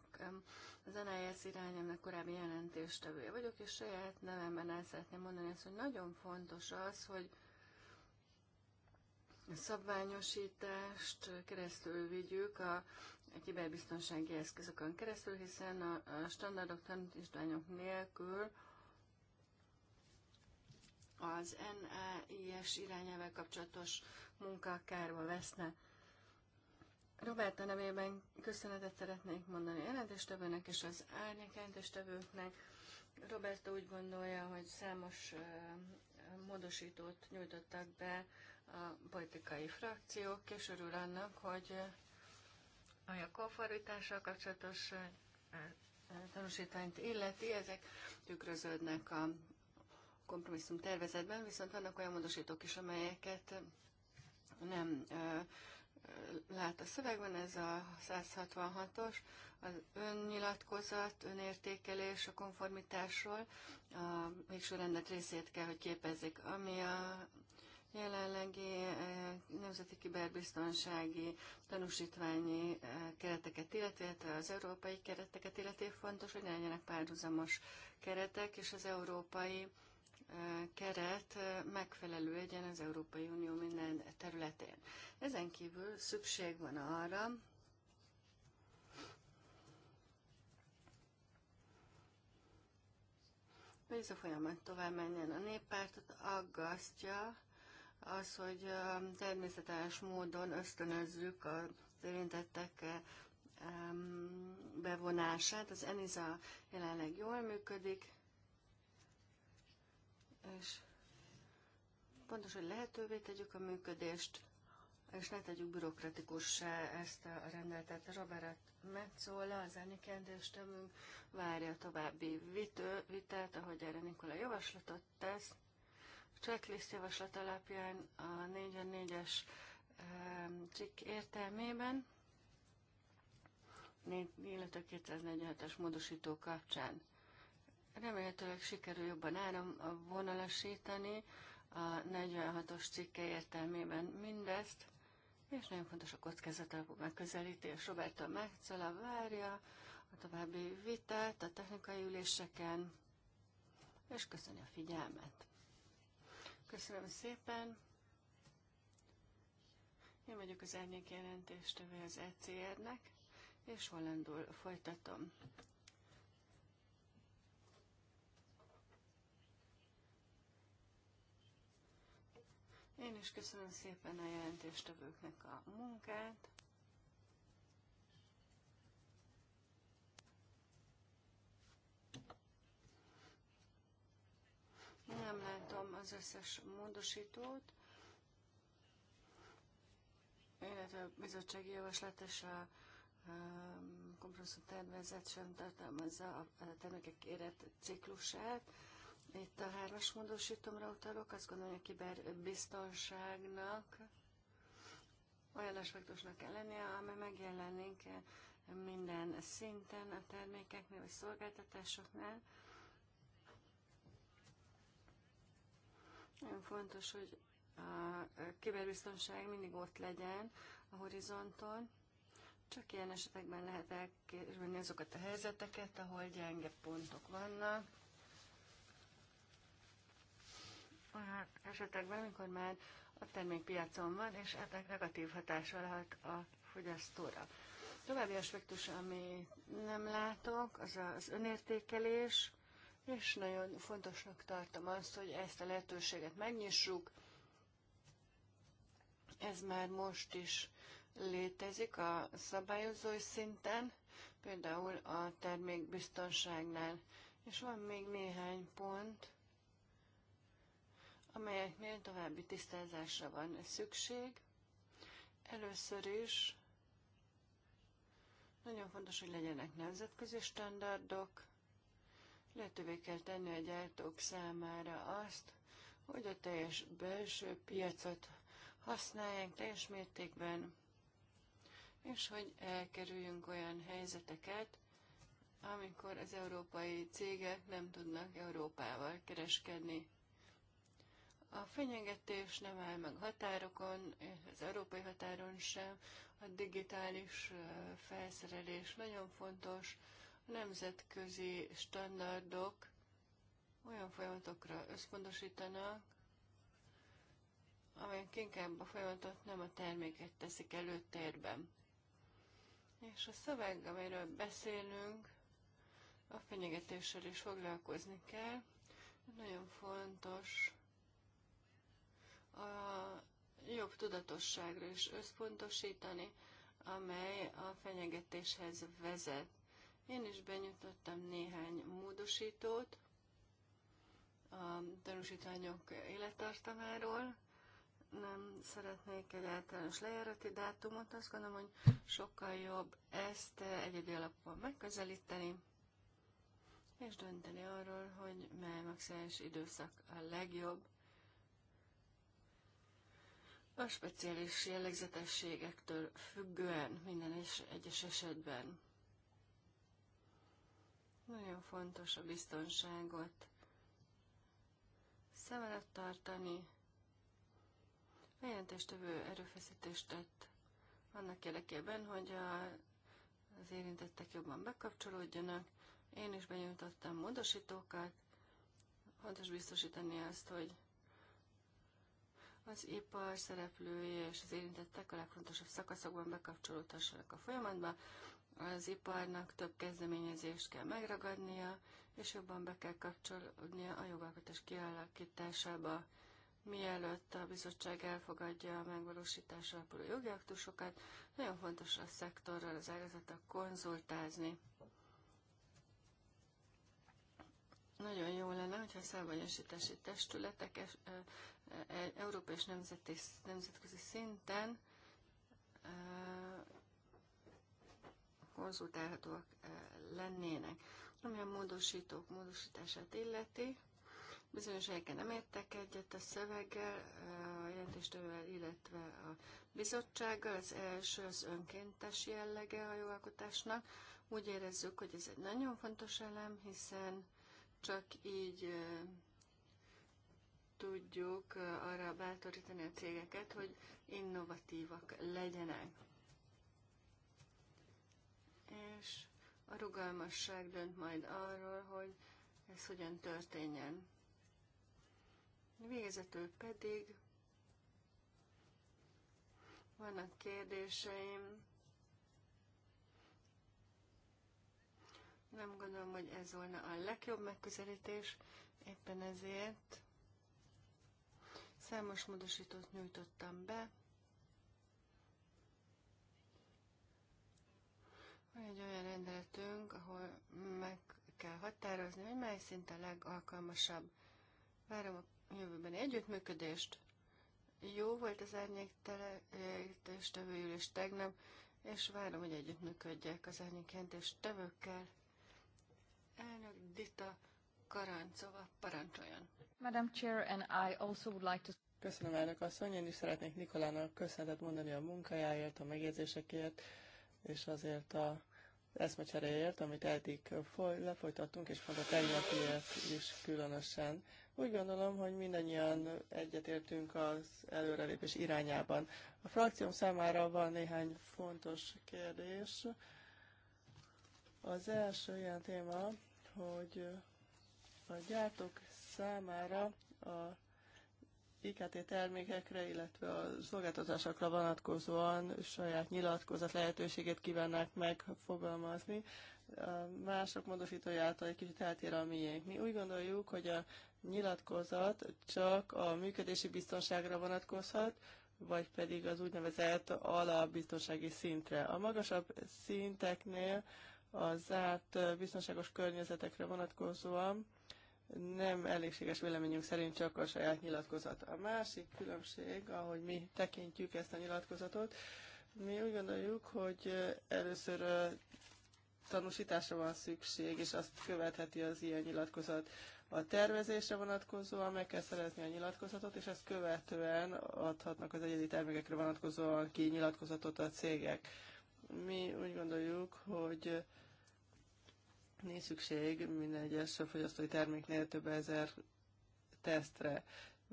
Az NIS irányának korábbi jelentéstevője vagyok, és saját nevemben el szeretném mondani azt, hogy nagyon fontos az, hogy szabványosítást keresztül vigyük a kiberbiztonsági eszközökön keresztül, hiszen a standardok tanítványok nélkül az NAIS e irányával kapcsolatos munka kárba veszne. a nevében köszönetet szeretnék mondani a jelentéstevőnek és az árnyék jelentéstevőknek. Roberta úgy gondolja, hogy számos módosítót nyújtottak be a politikai frakciók, és örül annak, hogy eh, ami a konformitással kapcsolatos eh, eh, tanúsítványt illeti, ezek tükröződnek a kompromisszum tervezetben, viszont vannak olyan módosítók is, amelyeket nem lát a szövegben, ez a 166-os, az önnyilatkozat, önértékelés a konformitásról, a végső rendet részét kell, hogy képezzék, ami a jelenlegi eh, nemzeti kiberbiztonsági tanúsítványi eh, kereteket illetve az európai kereteket illetve fontos, hogy ne legyenek párhuzamos keretek, és az európai eh, keret megfelelő legyen az Európai Unió minden területén. Ezen kívül szükség van arra, hogy ez a folyamat tovább menjen. A néppártot aggasztja, az, hogy természetes módon ösztönözzük az érintettek bevonását. Az ENISA jelenleg jól működik, és pontosan hogy lehetővé tegyük a működést, és ne tegyük bürokratikussá ezt a rendeltet. Robert Metzola, az elnökendőstevünk várja a további vitő, vitát, ahogy erre Nikola javaslatot tesz checklist javaslat alapján a 4-4-es cikk értelmében, illetve 247-es módosító kapcsán. Remélhetőleg sikerül jobban áram a vonalasítani 46-os cikke értelmében mindezt, és nagyon fontos a alapú megközelítés. Roberta Megcola várja a további vitát a technikai üléseken, és köszönöm a figyelmet! Köszönöm szépen. Én vagyok az árnyék jelentéstevő az ECR-nek, és hollandul folytatom. Én is köszönöm szépen a jelentéstevőknek a munkát. Nem lehet az összes módosítót, illetve a bizottsági javaslat és a um, kompromisszum tervezet sem tartalmazza a termékek érett ciklusát. Itt a hármas módosítomra utalok, azt gondolom, hogy a kiberbiztonságnak olyan aspektusnak kell lennie, amely megjelenik minden szinten a termékeknél vagy szolgáltatásoknál, Nagyon fontos, hogy a kiberbiztonság mindig ott legyen a horizonton. Csak ilyen esetekben lehet elkerülni azokat a helyzeteket, ahol gyenge pontok vannak. Olyan esetekben, amikor már a termék piacon van, és ennek negatív hatása lehet a fogyasztóra. További aspektus, ami nem látok, az az önértékelés és nagyon fontosnak tartom azt, hogy ezt a lehetőséget megnyissuk. Ez már most is létezik a szabályozói szinten, például a termékbiztonságnál. És van még néhány pont, amelyeknél további tisztázásra van szükség. Először is nagyon fontos, hogy legyenek nemzetközi standardok, Lehetővé kell tenni a gyártók számára azt, hogy a teljes belső piacot használják teljes mértékben, és hogy elkerüljünk olyan helyzeteket, amikor az európai cégek nem tudnak Európával kereskedni. A fenyegetés nem áll meg határokon, az európai határon sem. A digitális felszerelés nagyon fontos, nemzetközi standardok olyan folyamatokra összpontosítanak, amelyek inkább a folyamatot, nem a terméket teszik előtérben. És a szöveg, amelyről beszélünk, a fenyegetéssel is foglalkozni kell. Nagyon fontos a jobb tudatosságra is összpontosítani, amely a fenyegetéshez vezet. Én is benyújtottam néhány módosítót a tanúsítványok élettartamáról. Nem szeretnék egy általános lejárati dátumot, azt gondolom, hogy sokkal jobb ezt egyedi alapon megközelíteni, és dönteni arról, hogy mely maximális időszak a legjobb, a speciális jellegzetességektől függően minden egyes esetben. Nagyon fontos a biztonságot szem előtt tartani. A jelentéstevő erőfeszítést tett annak érdekében, hogy a, az érintettek jobban bekapcsolódjanak. Én is benyújtottam módosítókat. Fontos biztosítani azt, hogy az ipar szereplői és az érintettek a legfontosabb szakaszokban bekapcsolódhassanak a folyamatba. Az iparnak több kezdeményezést kell megragadnia, és jobban be kell kapcsolódnia a jogalkotás kialakításába, mielőtt a bizottság elfogadja a megvalósításra alapuló jogi aktusokat, nagyon fontos a szektorral, az ágazatok konzultázni. Nagyon jó lenne, hogyha a szabványosítási testületek európai és nemzeti, nemzetközi szinten konzultálhatóak eh, lennének. Ami a módosítók módosítását illeti, bizonyos helyeken nem értek egyet a szöveggel, eh, a jelentéstővel, illetve a bizottsággal. Az első az önkéntes jellege a jogalkotásnak. Úgy érezzük, hogy ez egy nagyon fontos elem, hiszen csak így eh, tudjuk arra bátorítani a cégeket, hogy innovatívak legyenek és a rugalmasság dönt majd arról, hogy ez hogyan történjen. Végezetül pedig vannak kérdéseim. Nem gondolom, hogy ez volna a legjobb megközelítés, éppen ezért számos módosítót nyújtottam be. Van egy olyan rendeletünk, ahol meg kell határozni, hogy mely szint a legalkalmasabb. Várom a jövőbeni együttműködést. Jó volt az árnyéktelés tevőülés tegnap, és várom, hogy együttműködjek az árnyékjelentés tevőkkel. Elnök Dita Karancova parancsoljon. Madam Chair, and I also would like to... Köszönöm, elnök asszony, én is szeretnék Nikolának köszönetet mondani a munkájáért, a megjegyzésekért, és azért a eszmecseréért, amit eddig foly, lefolytattunk, és pont a tegnapiért is különösen. Úgy gondolom, hogy mindannyian egyetértünk az előrelépés irányában. A frakcióm számára van néhány fontos kérdés. Az első ilyen téma, hogy a gyártók számára a IKT termékekre, illetve a szolgáltatásokra vonatkozóan saját nyilatkozat lehetőségét kívánnák megfogalmazni. A mások módosítójától egy kicsit eltér a miénk. Mi úgy gondoljuk, hogy a nyilatkozat csak a működési biztonságra vonatkozhat, vagy pedig az úgynevezett alapbiztonsági szintre. A magasabb szinteknél a zárt biztonságos környezetekre vonatkozóan nem elégséges véleményünk szerint csak a saját nyilatkozat. A másik különbség, ahogy mi tekintjük ezt a nyilatkozatot, mi úgy gondoljuk, hogy először tanúsításra van szükség, és azt követheti az ilyen nyilatkozat. A tervezésre vonatkozóan meg kell szerezni a nyilatkozatot, és ezt követően adhatnak az egyedi termékekre vonatkozóan ki nyilatkozatot a cégek. Mi úgy gondoljuk, hogy nincs szükség minden egyes fogyasztói terméknél több ezer tesztre.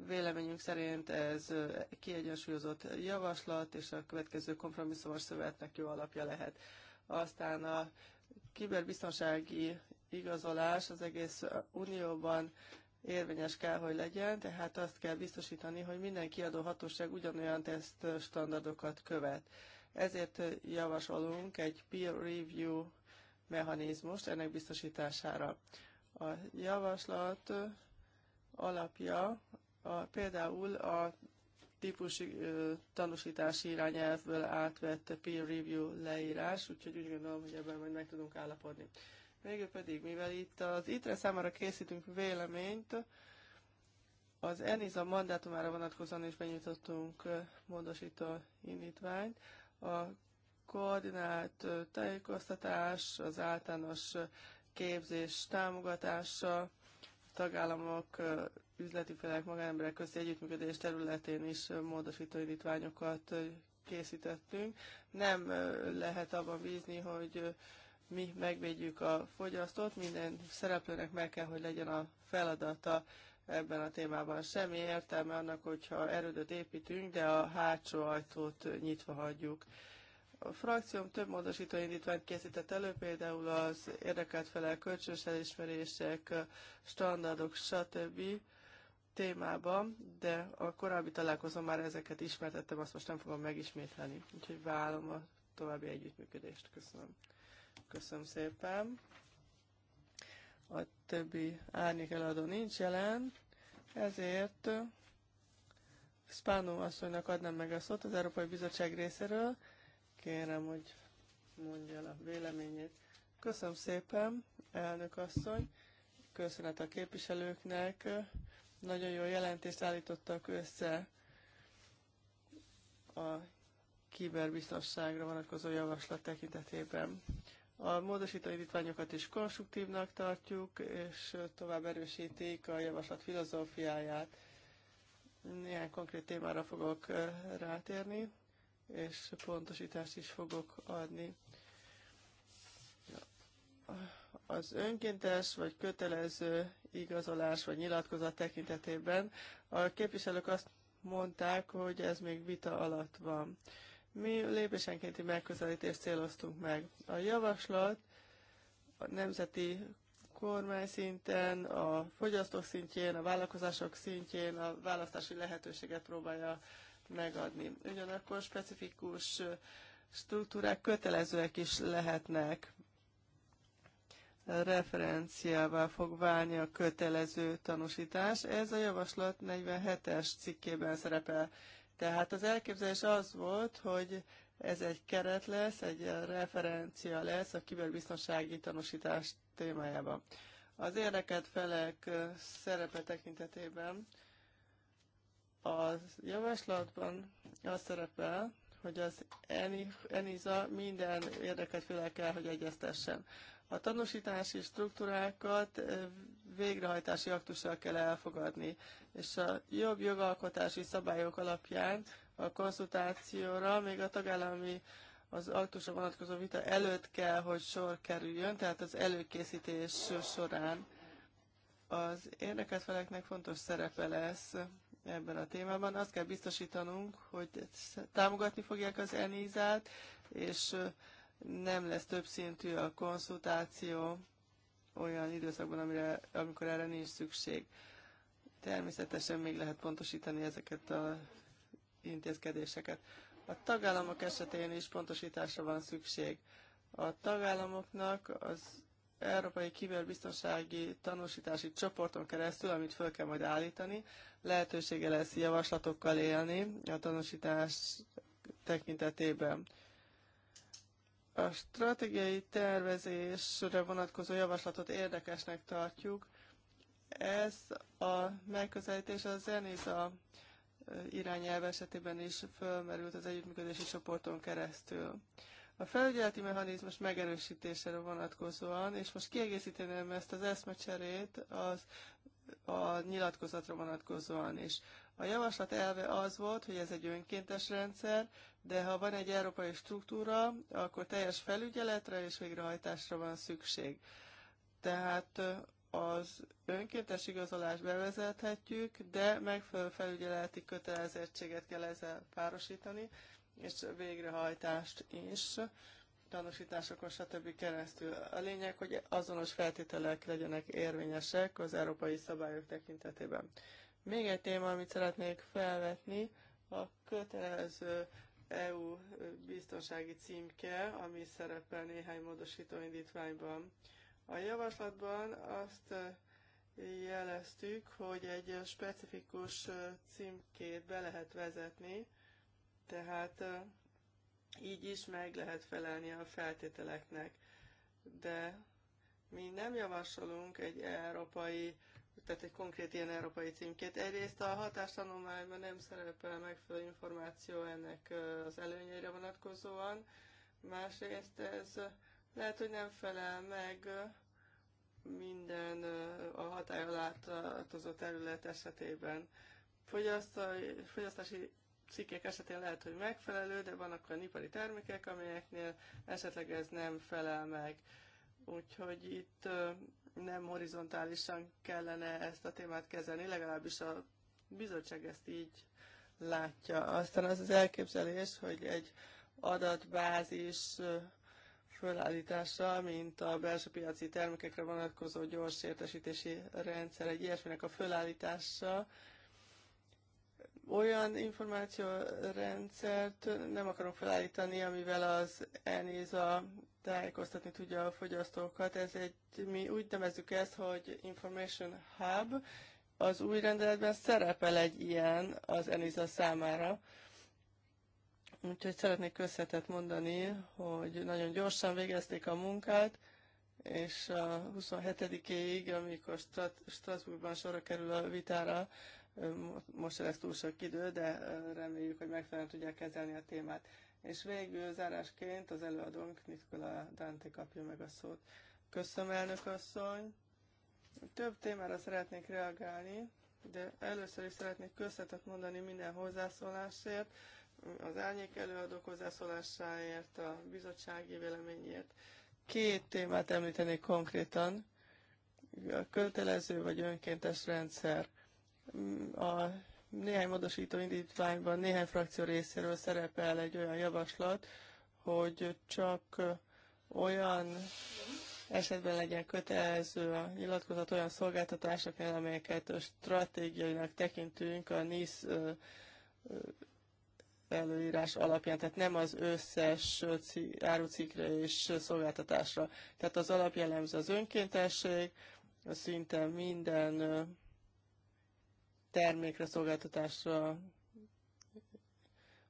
Véleményünk szerint ez kiegyensúlyozott javaslat, és a következő kompromisszumos szövetnek jó alapja lehet. Aztán a kiberbiztonsági igazolás az egész unióban érvényes kell, hogy legyen, tehát azt kell biztosítani, hogy minden kiadó hatóság ugyanolyan teszt standardokat követ. Ezért javasolunk egy peer review mechanizmust ennek biztosítására. A javaslat alapja a, például a típus tanúsítási irányelvből átvett peer review leírás, úgyhogy úgy gondolom, hogy ebben majd meg tudunk állapodni. Végül pedig, mivel itt az ITRE számára készítünk véleményt, az ENISA mandátumára vonatkozóan is benyújtottunk módosító indítványt. A koordinált tájékoztatás, az általános képzés támogatása, tagállamok, üzleti felek, magánemberek közti együttműködés területén is módosító indítványokat készítettünk. Nem lehet abban bízni, hogy mi megvédjük a fogyasztót, minden szereplőnek meg kell, hogy legyen a feladata ebben a témában. Semmi értelme annak, hogyha erődöt építünk, de a hátsó ajtót nyitva hagyjuk. A frakcióm több módosító indítványt készített elő, például az érdekelt felel kölcsönös elismerések, standardok, stb. témában, de a korábbi találkozom már ezeket ismertettem, azt most nem fogom megismételni. Úgyhogy vállom a további együttműködést. Köszönöm. Köszönöm szépen. A többi árnyék eladó nincs jelen, ezért Spánó asszonynak adnám meg a szót az Európai Bizottság részéről Kérem, hogy mondja el a véleményét. Köszönöm szépen, elnök asszony. Köszönet a képviselőknek. Nagyon jó jelentést állítottak össze a kiberbiztonságra vonatkozó javaslat tekintetében. A módosító indítványokat is konstruktívnak tartjuk, és tovább erősítik a javaslat filozófiáját. Néhány konkrét témára fogok eh, rátérni és pontosítást is fogok adni. Az önkéntes vagy kötelező igazolás vagy nyilatkozat tekintetében a képviselők azt mondták, hogy ez még vita alatt van. Mi lépésenkénti megközelítést céloztunk meg. A javaslat a nemzeti kormány szinten, a fogyasztók szintjén, a vállalkozások szintjén a választási lehetőséget próbálja megadni. Ugyanakkor specifikus struktúrák kötelezőek is lehetnek. referenciával fog válni a kötelező tanúsítás. Ez a javaslat 47-es cikkében szerepel. Tehát az elképzelés az volt, hogy ez egy keret lesz, egy referencia lesz a kiberbiztonsági tanúsítás témájában. Az érdeket felek szerepe tekintetében a javaslatban az szerepel, hogy az ENISA minden érdeket fel kell, hogy egyeztessen. A tanúsítási struktúrákat végrehajtási aktussal kell elfogadni, és a jobb jogalkotási szabályok alapján a konzultációra még a tagállami az aktusra vonatkozó vita előtt kell, hogy sor kerüljön, tehát az előkészítés során az érdekelt feleknek fontos szerepe lesz ebben a témában. Azt kell biztosítanunk, hogy támogatni fogják az ENISA-t, és nem lesz többszintű a konszultáció olyan időszakban, amire, amikor erre nincs szükség. Természetesen még lehet pontosítani ezeket az intézkedéseket. A tagállamok esetén is pontosításra van szükség. A tagállamoknak az európai kiberbiztonsági tanúsítási csoporton keresztül, amit föl kell majd állítani, lehetősége lesz javaslatokkal élni a tanúsítás tekintetében. A stratégiai tervezésre vonatkozó javaslatot érdekesnek tartjuk. Ez a megközelítés a zenész eh, irányelv esetében is fölmerült az együttműködési csoporton keresztül. A felügyeleti mechanizmus megerősítésére vonatkozóan, és most kiegészíteném ezt az eszmecserét az, a nyilatkozatra vonatkozóan is. A javaslat elve az volt, hogy ez egy önkéntes rendszer, de ha van egy európai struktúra, akkor teljes felügyeletre és végrehajtásra van szükség. Tehát az önkéntes igazolást bevezethetjük, de megfelelő felügyeleti kötelezettséget kell ezzel párosítani, és végrehajtást is, tanúsításokon, stb. keresztül. A lényeg, hogy azonos feltételek legyenek érvényesek az európai szabályok tekintetében. Még egy téma, amit szeretnék felvetni, a kötelező EU biztonsági címke, ami szerepel néhány módosító indítványban. A javaslatban azt eh, jeleztük, hogy egy specifikus eh, címkét be lehet vezetni, tehát így is meg lehet felelni a feltételeknek. De mi nem javasolunk egy európai, tehát egy konkrét ilyen európai címkét. Egyrészt a hatástanulmányban nem szerepel megfelelő információ ennek az előnyeire vonatkozóan, másrészt ez lehet, hogy nem felel meg minden a hatály alá tartozó terület esetében. Fogyasztási cikkek esetén lehet, hogy megfelelő, de vannak olyan ipari termékek, amelyeknél esetleg ez nem felel meg. Úgyhogy itt nem horizontálisan kellene ezt a témát kezelni, legalábbis a bizottság ezt így látja. Aztán az az elképzelés, hogy egy adatbázis fölállítása, mint a belső piaci termékekre vonatkozó gyors értesítési rendszer, egy ilyesminek a fölállítása olyan információrendszert nem akarunk felállítani, amivel az ENISA tájékoztatni tudja a fogyasztókat. Ez egy, mi úgy nevezzük ezt, hogy Information Hub. Az új rendeletben szerepel egy ilyen az ENISA számára. Úgyhogy szeretnék köszönetet mondani, hogy nagyon gyorsan végezték a munkát, és a 27-éig, amikor Strasbourgban sorra kerül a vitára, most se lesz túl sok idő, de reméljük, hogy megfelelően tudják kezelni a témát. És végül zárásként az előadónk Nikola Dante kapja meg a szót. Köszönöm, elnök asszony! Több témára szeretnék reagálni, de először is szeretnék köszönetet mondani minden hozzászólásért, az árnyék előadók hozzászólásáért, a bizottsági véleményért. Két témát említenék konkrétan. A kötelező vagy önkéntes rendszer. A néhány módosító indítványban néhány frakció részéről szerepel egy olyan javaslat, hogy csak olyan esetben legyen kötelező a nyilatkozat olyan szolgáltatásoknál, amelyeket stratégiainak tekintünk a NISZ előírás alapján, tehát nem az összes árucikre és szolgáltatásra. Tehát az alapjellemző az önkéntesség, szinte minden termékre, szolgáltatásra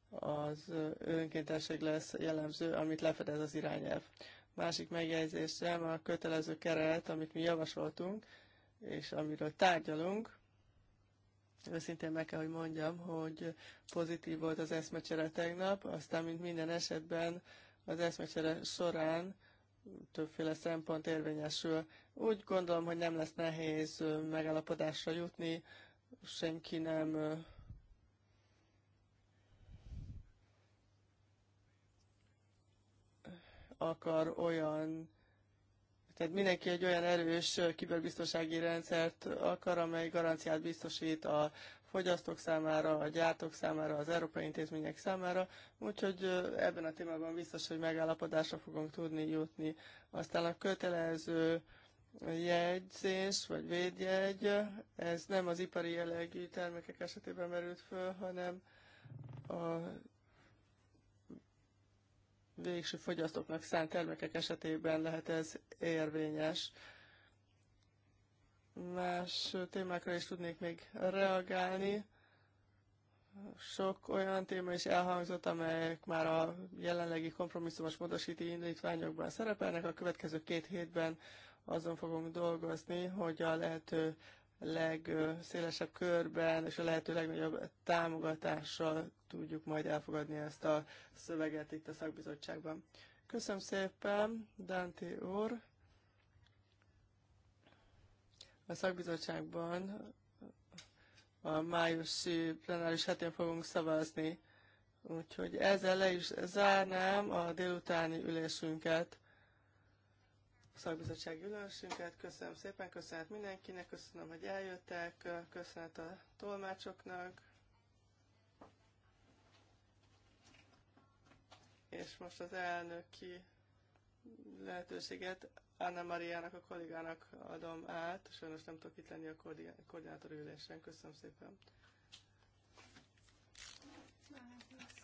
az önkéntesség lesz jellemző, amit lefedez az irányelv. Másik megjegyzésem a kötelező keret, amit mi javasoltunk, és amiről tárgyalunk, őszintén meg kell, hogy mondjam, hogy pozitív volt az eszmecsere tegnap, aztán, mint minden esetben, az eszmecsere során többféle szempont érvényesül. Úgy gondolom, hogy nem lesz nehéz megállapodásra jutni senki nem akar olyan, tehát mindenki egy olyan erős kiberbiztonsági rendszert akar, amely garanciát biztosít a fogyasztók számára, a gyártók számára, az európai intézmények számára, úgyhogy ebben a témában biztos, hogy megállapodásra fogunk tudni jutni. Aztán a kötelező jegyzés vagy védjegy, ez nem az ipari jellegű termékek esetében merült föl, hanem a végső fogyasztóknak szánt termékek esetében lehet ez érvényes. Más témákra is tudnék még reagálni. Sok olyan téma is elhangzott, amelyek már a jelenlegi kompromisszumos módosíti indítványokban szerepelnek. A következő két hétben azon fogunk dolgozni, hogy a lehető legszélesebb körben és a lehető legnagyobb támogatással tudjuk majd elfogadni ezt a szöveget itt a szakbizottságban. Köszönöm szépen, Dante úr! A szakbizottságban a májusi plenáris hetén fogunk szavazni, úgyhogy ezzel le is zárnám a délutáni ülésünket szakbizottsági ülésünket. Köszönöm szépen, köszönet mindenkinek, köszönöm, hogy eljöttek, köszönet a tolmácsoknak. És most az elnöki lehetőséget Anna Mariának, a kollégának adom át. Sajnos nem tudok itt lenni a koordinátor ülésen. Köszönöm szépen.